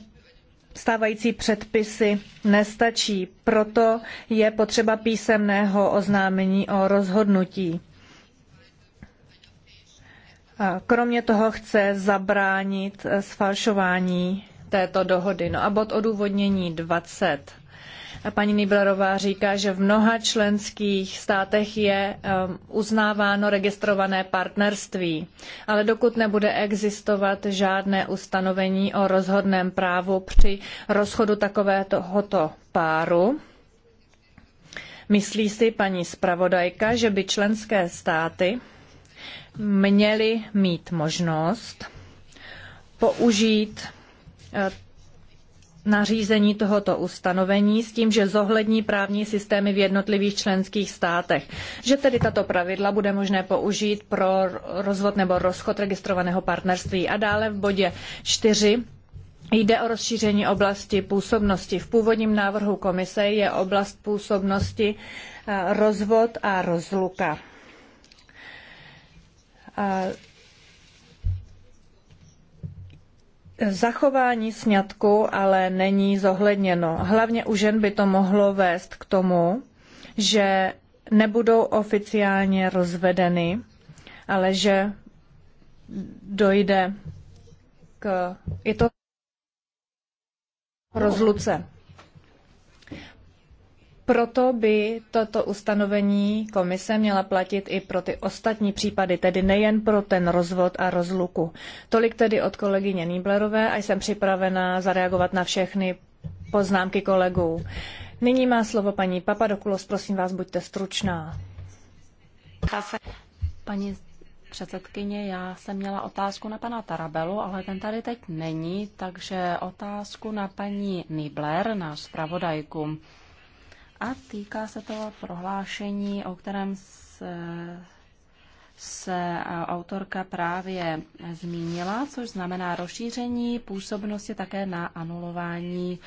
stávající předpisy nestačí, proto je potřeba písemného oznámení o rozhodnutí. kromě toho chce zabránit sfalšování této dohody. No a bod odůvodnění 20. Paní Niblerová říká, že v mnoha členských státech je um, uznáváno registrované partnerství, ale dokud nebude existovat žádné ustanovení o rozhodném právu při rozchodu takovéhoto páru, Myslí si paní zpravodajka, že by členské státy měly mít možnost použít eh, nařízení tohoto ustanovení s tím, že zohlední právní systémy v jednotlivých členských státech. Že tedy tato pravidla bude možné použít pro rozvod nebo rozchod registrovaného partnerství. A dále v bodě 4 Jde o rozšíření oblasti působnosti. V původním návrhu komise je oblast působnosti eh, rozvod a rozluka. Zachování sňatku ale není zohledněno. Hlavně u žen by to mohlo vést k tomu, že nebudou oficiálně rozvedeny, ale že dojde k... Je to rozluce. Proto by toto ustanovení komise měla platit i pro ty ostatní případy, tedy nejen pro ten rozvod a rozluku. Tolik tedy od kolegyně Nýblerové a jsem připravena zareagovat na všechny poznámky kolegů. Nyní má slovo paní Papadokulos, prosím vás, buďte stručná. Paní předsedkyně, já jsem měla otázku na pana Tarabelu, ale ten tady teď není, takže otázku na paní Nibler, na zpravodajku a týká se toho prohlášení, o kterém se, se autorka právě zmínila, což znamená rozšíření působnosti také na anulování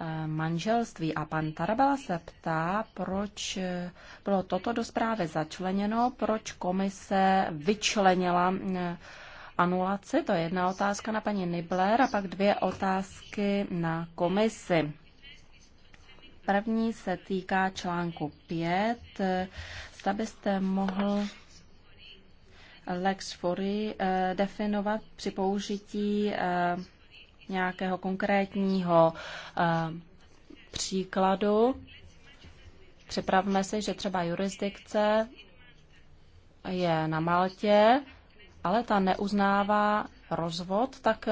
eh, manželství. A pan Tarabela se ptá, proč bylo toto do zprávy začleněno, proč komise vyčlenila eh, anulaci, to je jedna otázka na paní Nibler a pak dvě otázky na komisi. První se týká článku 5. Zda byste mohl Lex Fory eh, definovat při použití eh, nějakého konkrétního eh, příkladu. Připravme si, že třeba jurisdikce je na Maltě, ale ta neuznává rozvod, tak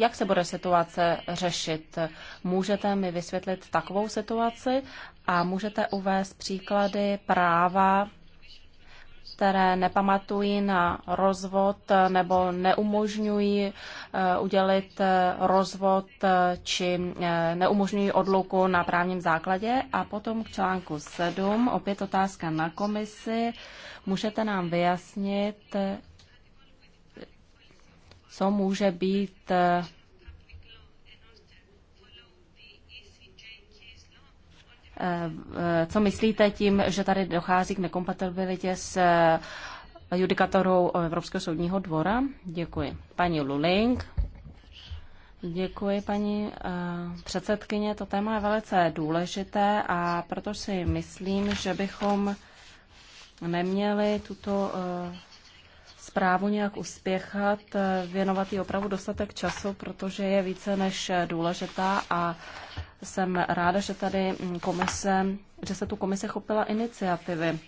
jak se bude situace řešit. Můžete mi vysvětlit takovou situaci a můžete uvést příklady práva, které nepamatují na rozvod nebo neumožňují eh, udělit eh, rozvod eh, či neumožňují odluku na právním základě. A potom k článku 7, opět otázka na komisi. Můžete nám vyjasnit, co může být eh, eh, co myslíte tím, že tady dochází k nekompatibilitě s eh, judikatorou Evropského soudního dvora? Děkuji. Paní Luling. Děkuji, paní předsedkyně. To téma je velice důležité a proto si myslím, že bychom neměli tuto zprávu nějak uspěchat, eh, věnovat jí opravdu dostatek času, protože je více než důležitá a jsem ráda, že tady komise, že se tu komise chopila iniciativy.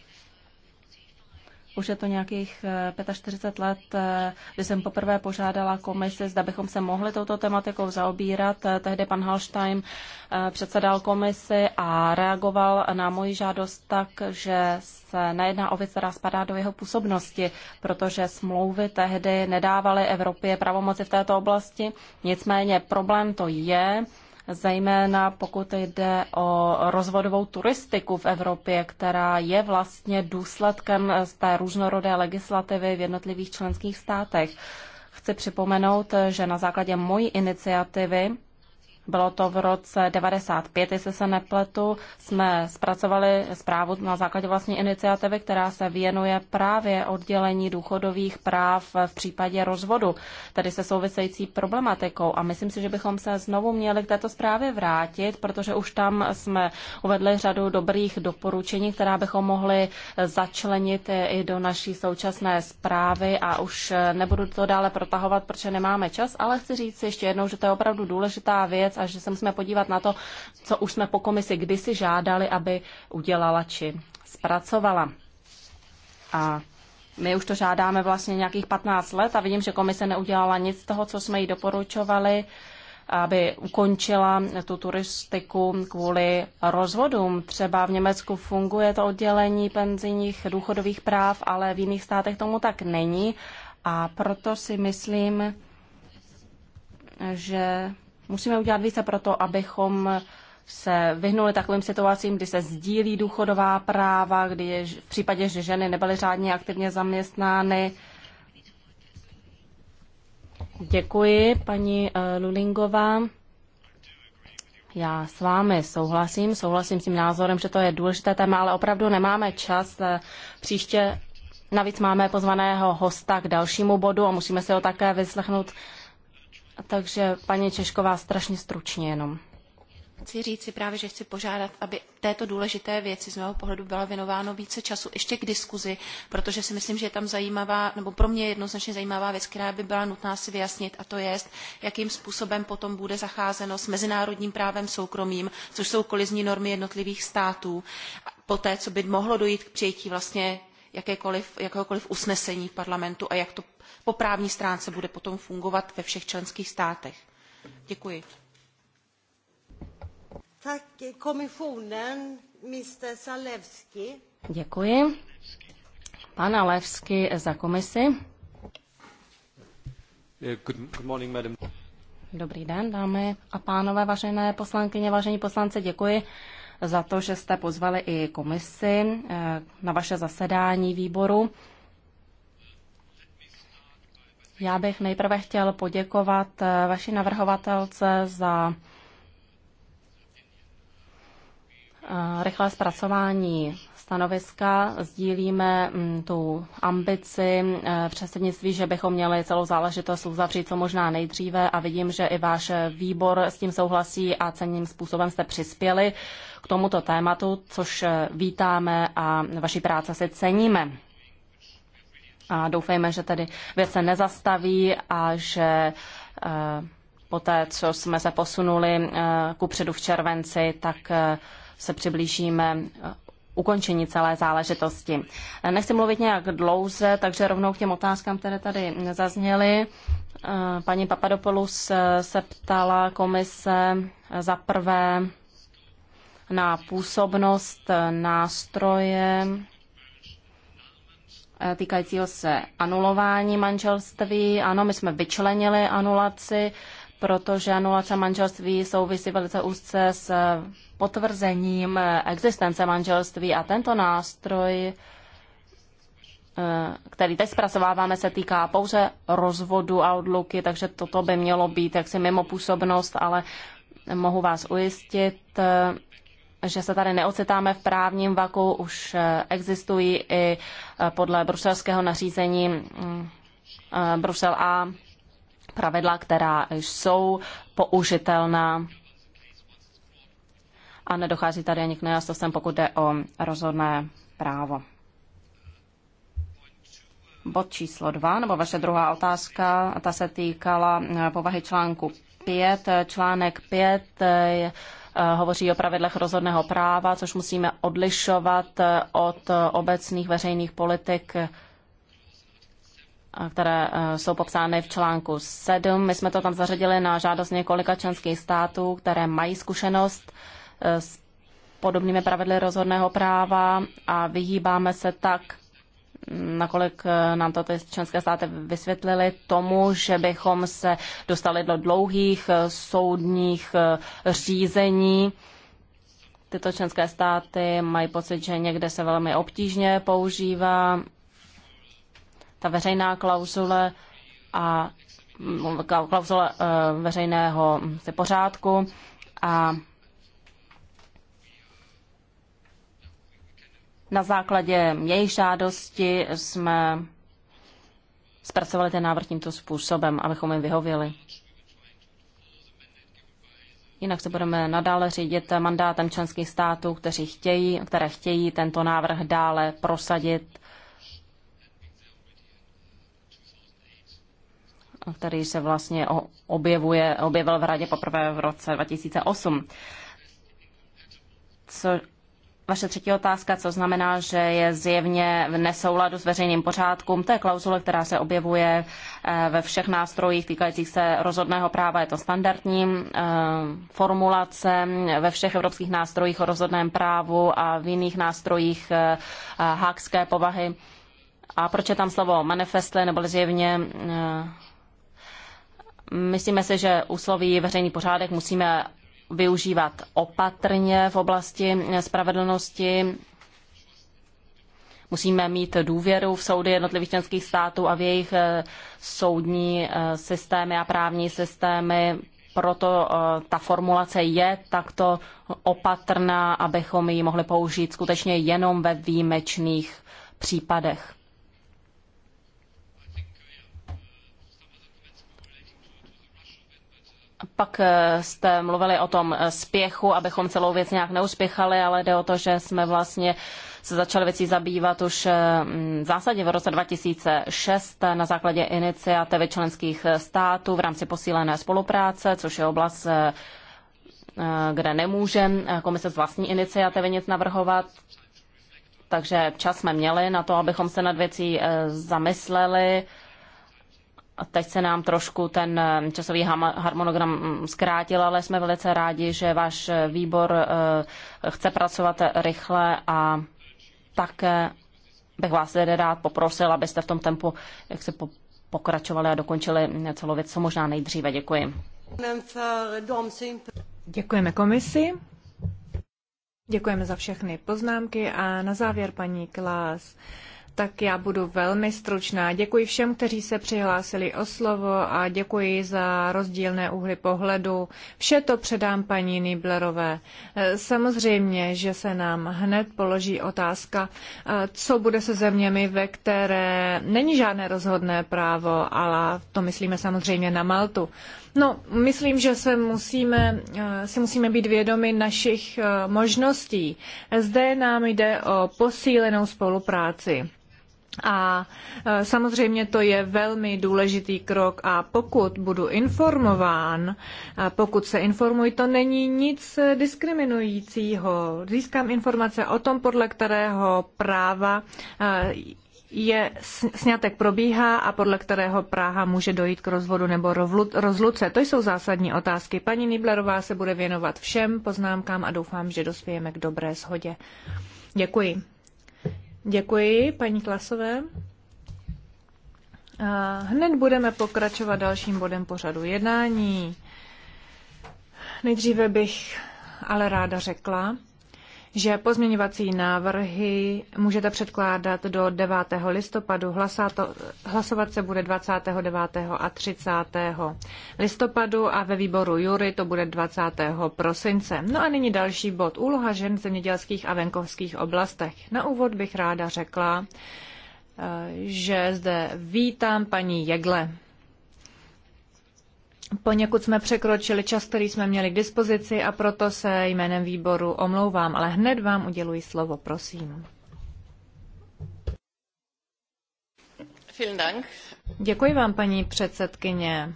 Už je to nějakých 45 eh, let, eh, kdy jsem poprvé požádala komisi, zda bychom se mohli touto tematikou zaobírat. Eh, tehdy pan Halstein předsedal komisi a reagoval na moji žádost tak, že se nejedná o věc, která spadá do jeho působnosti, protože smlouvy tehdy nedávaly Evropě pravomoci v této oblasti. Nicméně problém to je zejména pokud jde o rozvodovou turistiku v Evropě, která je vlastně důsledkem z té různorodé legislativy v jednotlivých členských státech. Chci připomenout, že na základě mojí iniciativy bylo to v roce 95, jestli se nepletu, jsme zpracovali zprávu na základě vlastní iniciativy, která se věnuje právě oddělení důchodových práv v případě rozvodu, tedy se související problematikou. A myslím si, že bychom se znovu měli k této zprávě vrátit, protože už tam jsme uvedli řadu dobrých doporučení, která bychom mohli začlenit i do naší současné zprávy a už nebudu to dále protahovat, protože nemáme čas, ale chci říct ještě jednou, že to je opravdu důležitá věc, věc a že se musíme podívat na to, co už jsme po komisi kdysi žádali, aby udělala či zpracovala. A my už to žádáme vlastně nějakých 15 let a vidím, že komise neudělala nic z toho, co jsme jí doporučovali, aby ukončila tu turistiku kvůli rozvodům. Třeba v Německu funguje to oddělení penzijních důchodových práv, ale v jiných státech tomu tak není. A proto si myslím, že Musíme udělat více pro to, abychom se vyhnuli takovým situacím, kdy se sdílí důchodová práva, kdy je, v případě, že ženy nebyly řádně aktivně zaměstnány. Děkuji, paní eh, Lulingová. Já s vámi souhlasím, souhlasím s tím názorem, že to je důležité téma, ale opravdu nemáme čas. Eh, příště navíc máme pozvaného hosta k dalšímu bodu a musíme se ho také vyslechnout takže paní Češková, strašně stručně jenom. Chci říct si právě, že chci požádat, aby této důležité věci z mého pohledu byla věnováno více času ještě k diskuzi, protože si myslím, že je tam zajímavá, nebo pro mě jednoznačně zajímavá věc, která by byla nutná si vyjasnit, a to je, jakým způsobem potom bude zacházeno s mezinárodním právem soukromým, což jsou kolizní normy jednotlivých států, poté, co by mohlo dojít k přijetí vlastně jakékoliv, jakéhokoliv usnesení v parlamentu a jak to po právní stránce bude potom fungovat ve všech členských státech. Děkuji. Tak eh, komisunen, Mr. Salevsky. Děkuji. Pan Alevsky za komisi. Eh, Dobrý den, dámy a pánové, vážené poslankyně, vážení poslanci, děkuji za to, že jste pozvali i komisi eh, na vaše zasedání výboru. Já bych nejprve chtěl poděkovat eh, vaší navrhovatelce za eh, rychlé zpracování stanoviska. Sdílíme mm, tu ambici eh, předsednictví, že bychom měli celou záležitost uzavřít co možná nejdříve a vidím, že i váš výbor s tím souhlasí a cením způsobem jste přispěli k tomuto tématu, což vítáme a vaší práce si ceníme. A doufejme, že tedy věc se nezastaví a že eh, poté, co jsme se posunuli eh, ku předu v červenci, tak eh, se přiblížíme ukončení celé záležitosti. Nechci mluvit nějak dlouze, takže rovnou k těm otázkám, které tady zazněly. Paní Papadopoulos se ptala komise za prvé na působnost nástroje týkajícího se anulování manželství. Ano, my jsme vyčlenili anulaci, protože anulace manželství souvisí velice úzce s potvrzením existence manželství a tento nástroj eh, který teď zpracováváme, se týká pouze rozvodu a odluky, takže toto by mělo být jaksi mimo působnost, ale mohu vás ujistit, že se tady neocitáme v právním vaku, už eh, existují i eh, podle bruselského nařízení mm, eh, Brusel A pravidla, která jsou použitelná a nedochází tady ani k nejasnostem, pokud jde o rozhodné právo. Bod číslo dva, nebo vaše druhá otázka, ta se týkala povahy článku 5. Článek 5 je Eh, hovoří o pravidlech rozhodného práva, což musíme odlišovat eh, od obecných veřejných politik eh, které jsou popsány v článku 7. My jsme to tam zařadili na žádost několika členských států, které mají zkušenost s podobnými pravidly rozhodného práva a vyhýbáme se tak nakolik eh, nám to ty členské státy vysvětlili tomu, že bychom se dostali do dlouhých eh, soudních eh, řízení. Tyto členské státy mají pocit, že někde se velmi obtížně používá ta veřejná klauzule a mm, klauzule veřejného hm, pořádku a Na základě jejich žádosti jsme zpracovali ten návrh tímto způsobem, abychom jim vyhověli. Jinak se budeme nadále řídit mandátem členských států, kteří chtějí, které chtějí tento návrh dále prosadit, který se vlastně objevuje, objevil v Radě poprvé v roce 2008. Co vaše třetí otázka, co znamená, že je zjevně v nesouladu s veřejným pořádkem. To je klauzule, která se objevuje eh, ve všech nástrojích týkajících se rozhodného práva. Je to standardní eh, formulace ve všech evropských nástrojích o rozhodném právu a v jiných nástrojích eh, hákské povahy. A proč je tam slovo manifestle nebo zjevně Myslíme si, že úsloví veřejný pořádek musíme využívat opatrně v oblasti spravedlnosti. Musíme mít důvěru v soudy jednotlivých členských států a v jejich eh, soudní eh, systémy a právní systémy. Proto eh, ta formulace je takto opatrná, abychom ji mohli použít skutečně jenom ve výjimečných případech. Pak eh, jste mluvili o tom eh, spěchu, abychom celou věc nějak neuspěchali, ale jde o to, že jsme vlastně se začali věcí zabývat už eh, mm, v zásadě v roce 2006 na základě iniciativy členských států v rámci posílené spolupráce, což je oblast, kde nemůže komise z vlastní iniciativy nic navrhovat. Takže čas jsme měli na to, abychom se nad věcí zamysleli a teď se nám trošku ten eh, časový harmonogram mm, zkrátil, ale jsme velice rádi, že váš eh, výbor eh, chce pracovat rychle a také bych vás tedy rád poprosil, abyste v tom tempu jak se pokračovali a dokončili celou věc co možná nejdříve. Děkuji. Děkujeme komisi. Děkujeme za všechny poznámky a na závěr paní Klas tak já budu velmi stručná. Děkuji všem, kteří se přihlásili o slovo a děkuji za rozdílné úhly pohledu. Vše to předám paní Niblerové. Eh, samozřejmě, že se nám hned položí otázka, eh, co bude se zeměmi, ve které není žádné rozhodné právo, ale to myslíme samozřejmě na Maltu. No, myslím, že se musíme, eh, si musíme být vědomi našich eh, možností. Zde nám jde o posílenou spolupráci. A eh, samozřejmě to je velmi důležitý krok a pokud budu informován, a pokud se informuji, to není nic diskriminujícího. Získám informace o tom, podle kterého práva je sňatek probíhá a podle kterého Praha může dojít k rozvodu nebo rozluce. To jsou zásadní otázky. Paní Niblerová se bude věnovat všem poznámkám a doufám, že dospějeme k dobré shodě. Děkuji. Děkuji, paní Klasové. A hned budeme pokračovat dalším bodem pořadu jednání. Nejdříve bych ale ráda řekla, že pozměňovací návrhy můžete předkládat do 9. listopadu. Hlasato, hlasovat se bude 29. a 30. listopadu a ve výboru Jury to bude 20. prosince. No a nyní další bod. Úloha žen v zemědělských a venkovských oblastech. Na úvod bych ráda řekla, eh, že zde vítám paní Jegle. Poněkud jsme překročili čas, který jsme měli k dispozici a proto se jménem výboru omlouvám, ale hned vám uděluji slovo, prosím. Děkuji vám, paní předsedkyně.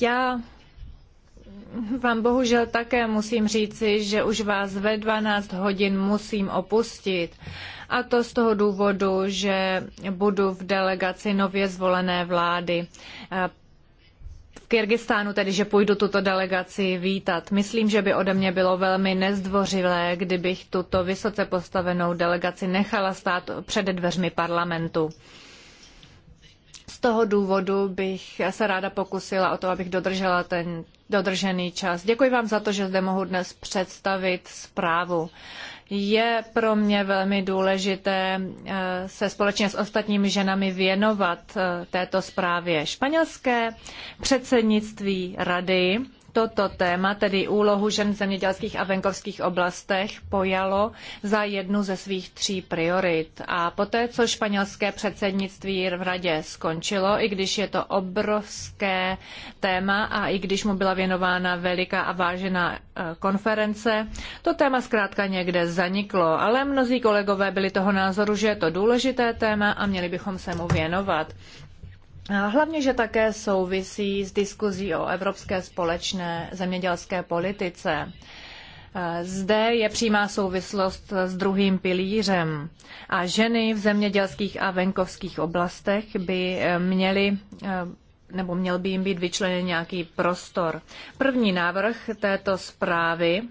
Já vám bohužel také musím říci, že už vás ve 12 hodin musím opustit. A to z toho důvodu, že budu v delegaci nově zvolené vlády. Kyrgyzstánu, tedy že půjdu tuto delegaci vítat. Myslím, že by ode mě bylo velmi nezdvořilé, kdybych tuto vysoce postavenou delegaci nechala stát před dveřmi parlamentu. Z toho důvodu bych se ráda pokusila o to, abych dodržela ten dodržený čas. Děkuji vám za to, že zde mohu dnes představit zprávu je pro mě velmi důležité eh, se společně s ostatními ženami věnovat eh, této zprávě. Španělské předsednictví rady toto téma, tedy úlohu žen v zemědělských a venkovských oblastech, pojalo za jednu ze svých tří priorit. A poté, co španělské předsednictví v radě skončilo, i když je to obrovské téma a i když mu byla věnována veliká a vážená e, konference, to téma zkrátka někde zaniklo. Ale mnozí kolegové byli toho názoru, že je to důležité téma a měli bychom se mu věnovat hlavně, že také souvisí s diskuzí o evropské společné zemědělské politice. E, zde je přímá souvislost s druhým pilířem a ženy v zemědělských a venkovských oblastech by e, měly e, nebo měl by jim být vyčleněn nějaký prostor. První návrh této zprávy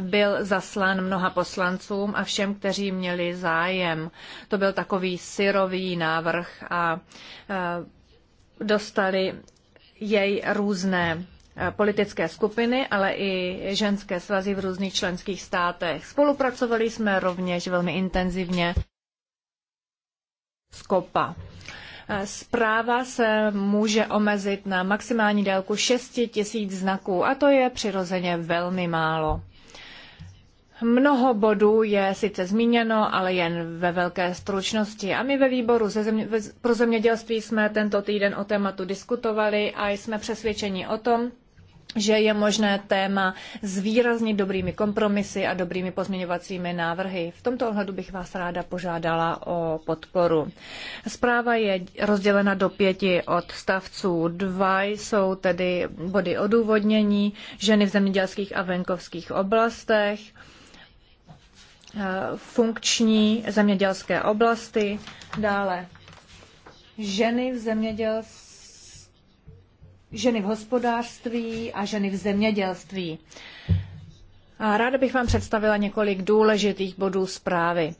byl zaslán mnoha poslancům a všem, kteří měli zájem. To byl takový syrový návrh a dostali jej různé politické skupiny, ale i ženské svazy v různých členských státech. Spolupracovali jsme rovněž velmi intenzivně s COPA. Zpráva se může omezit na maximální délku 6 tisíc znaků a to je přirozeně velmi málo. Mnoho bodů je sice zmíněno, ale jen ve velké stručnosti. A my ve výboru země, pro zemědělství jsme tento týden o tématu diskutovali a jsme přesvědčeni o tom, že je možné téma zvýraznit dobrými kompromisy a dobrými pozměňovacími návrhy. V tomto ohledu bych vás ráda požádala o podporu. Zpráva je rozdělena do pěti odstavců. Dva jsou tedy body odůvodnění, ženy v zemědělských a venkovských oblastech, funkční zemědělské oblasti, dále ženy v zemědělství, ženy v hospodářství a ženy v zemědělství. A ráda bych vám představila několik důležitých bodů zprávy.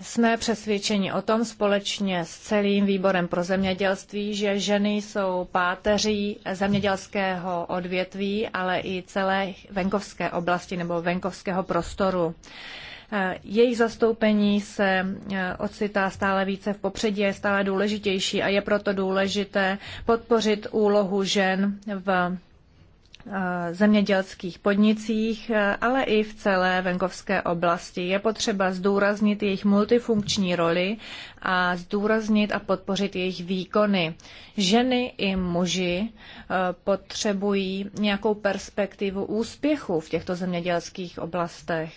Jsme přesvědčeni o tom společně s celým výborem pro zemědělství, že ženy jsou páteří zemědělského odvětví, ale i celé venkovské oblasti nebo venkovského prostoru. Eh, jejich zastoupení se eh, ocitá stále více v popředí, je stále důležitější a je proto důležité podpořit úlohu žen v eh, zemědělských podnicích, ale i v celé venkovské oblasti. Je potřeba zdůraznit jejich multifunkční roli a zdůraznit a podpořit jejich výkony. Ženy i muži potřebují nějakou perspektivu úspěchu v těchto zemědělských oblastech.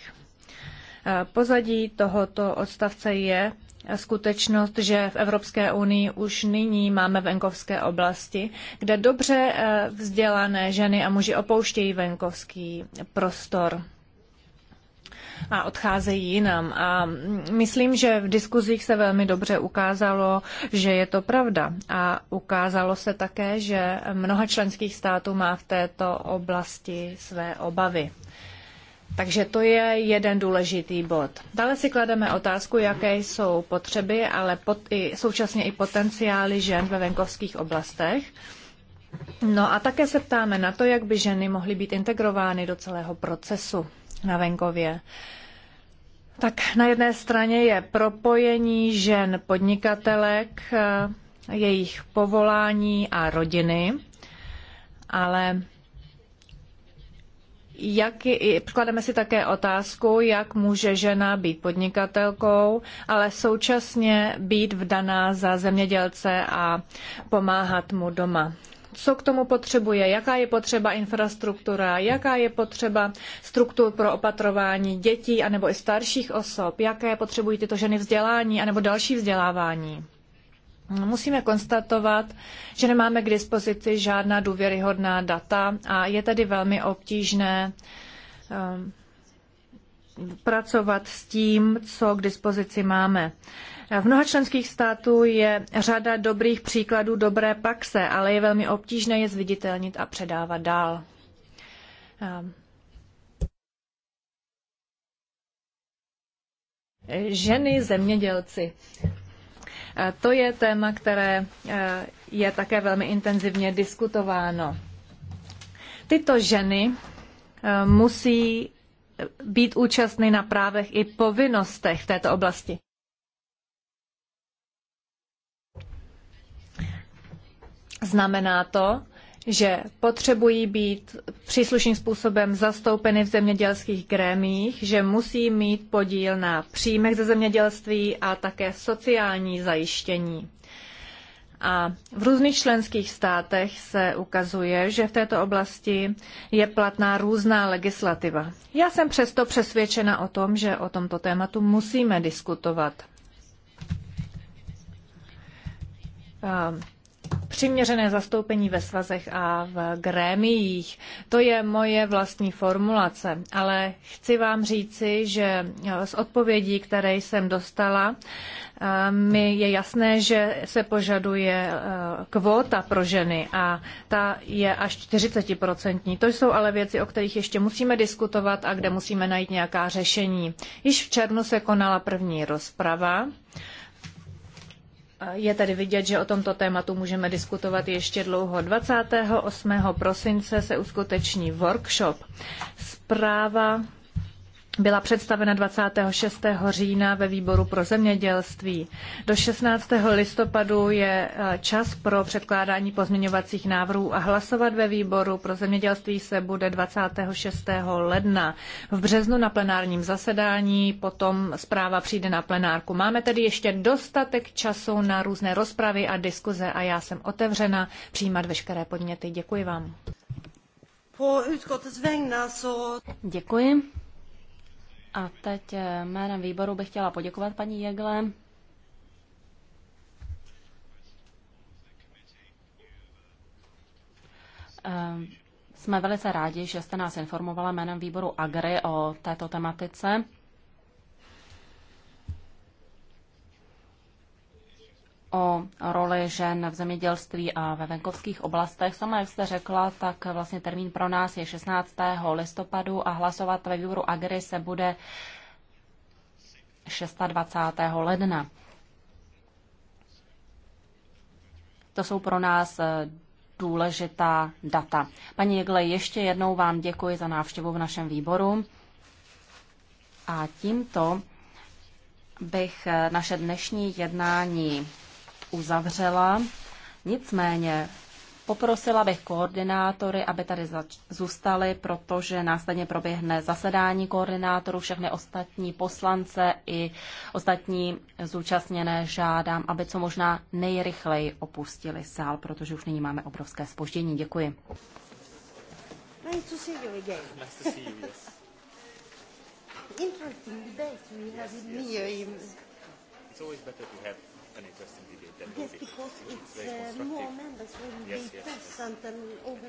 Pozadí tohoto odstavce je skutečnost, že v Evropské unii už nyní máme venkovské oblasti, kde dobře eh, vzdělané ženy a muži opouštějí venkovský prostor a odcházejí jinam. A myslím, že v diskuzích se velmi dobře ukázalo, že je to pravda. A ukázalo se také, že mnoha členských států má v této oblasti své obavy. Takže to je jeden důležitý bod. Dále si klademe otázku, jaké jsou potřeby, ale pot, i, současně i potenciály žen ve venkovských oblastech. No a také se ptáme na to, jak by ženy mohly být integrovány do celého procesu na venkově. Tak na jedné straně je propojení žen podnikatelek, eh, jejich povolání a rodiny, ale jak, klademe si také otázku, jak může žena být podnikatelkou, ale současně být vdaná za zemědělce a pomáhat mu doma co k tomu potřebuje, jaká je potřeba infrastruktura, jaká je potřeba struktur pro opatrování dětí anebo i starších osob, jaké potřebují tyto ženy vzdělání anebo další vzdělávání. Musíme konstatovat, že nemáme k dispozici žádná důvěryhodná data a je tedy velmi obtížné ehm, pracovat s tím, co k dispozici máme. V mnoha členských států je řada dobrých příkladů dobré praxe, ale je velmi obtížné je zviditelnit a předávat dál. Ehm. Ženy zemědělci. To je téma, které e, je také velmi intenzivně diskutováno. Tyto ženy e, musí být účastny na právech i povinnostech v této oblasti. Znamená to, že potřebují být příslušným způsobem zastoupeny v zemědělských grémích, že musí mít podíl na příjmech ze zemědělství a také sociální zajištění. A v různých členských státech se ukazuje, že v této oblasti je platná různá legislativa. Já jsem přesto přesvědčena o tom, že o tomto tématu musíme diskutovat přiměřené zastoupení ve svazech a v grémiích. To je moje vlastní formulace, ale chci vám říci, že eh, z odpovědí, které jsem dostala, eh, mi je jasné, že se požaduje eh, kvóta pro ženy a ta je až 40%. To jsou ale věci, o kterých ještě musíme diskutovat a kde musíme najít nějaká řešení. Již v červnu se konala první rozprava. Je tady vidět, že o tomto tématu můžeme diskutovat ještě dlouho. 28. prosince se uskuteční workshop. Zpráva byla představena 26. října ve výboru pro zemědělství. Do 16. listopadu je eh, čas pro předkládání pozměňovacích návrhů a hlasovat ve výboru pro zemědělství se bude 26. ledna. V březnu na plenárním zasedání potom zpráva přijde na plenárku. Máme tedy ještě dostatek času na různé rozpravy a diskuze a já jsem otevřena přijímat veškeré podněty. Děkuji vám. Děkuji. A teď eh, jménem výboru bych chtěla poděkovat paní Jegle. Eh, jsme velice rádi, že jste nás informovala jménem výboru AGRI o této tematice. o roli žen v zemědělství a ve venkovských oblastech. Sama, jak jste řekla, tak vlastně termín pro nás je 16. listopadu a hlasovat ve výboru Agri se bude 26. ledna. To jsou pro nás eh, důležitá data. Paní Jegle, ještě jednou vám děkuji za návštěvu v našem výboru a tímto bych eh, naše dnešní jednání uzavřela. Nicméně poprosila bych koordinátory, aby tady zůstali, protože následně proběhne zasedání koordinátorů. Všechny ostatní poslance i ostatní zúčastněné žádám, aby co možná nejrychleji opustili sál, protože už nyní máme obrovské spoždění. Děkuji. Interesting debate we have in yes. here. It's always better to have an interesting debate. Eh, no, yes, because it's uh, more members when yes, they yes, press yes. and over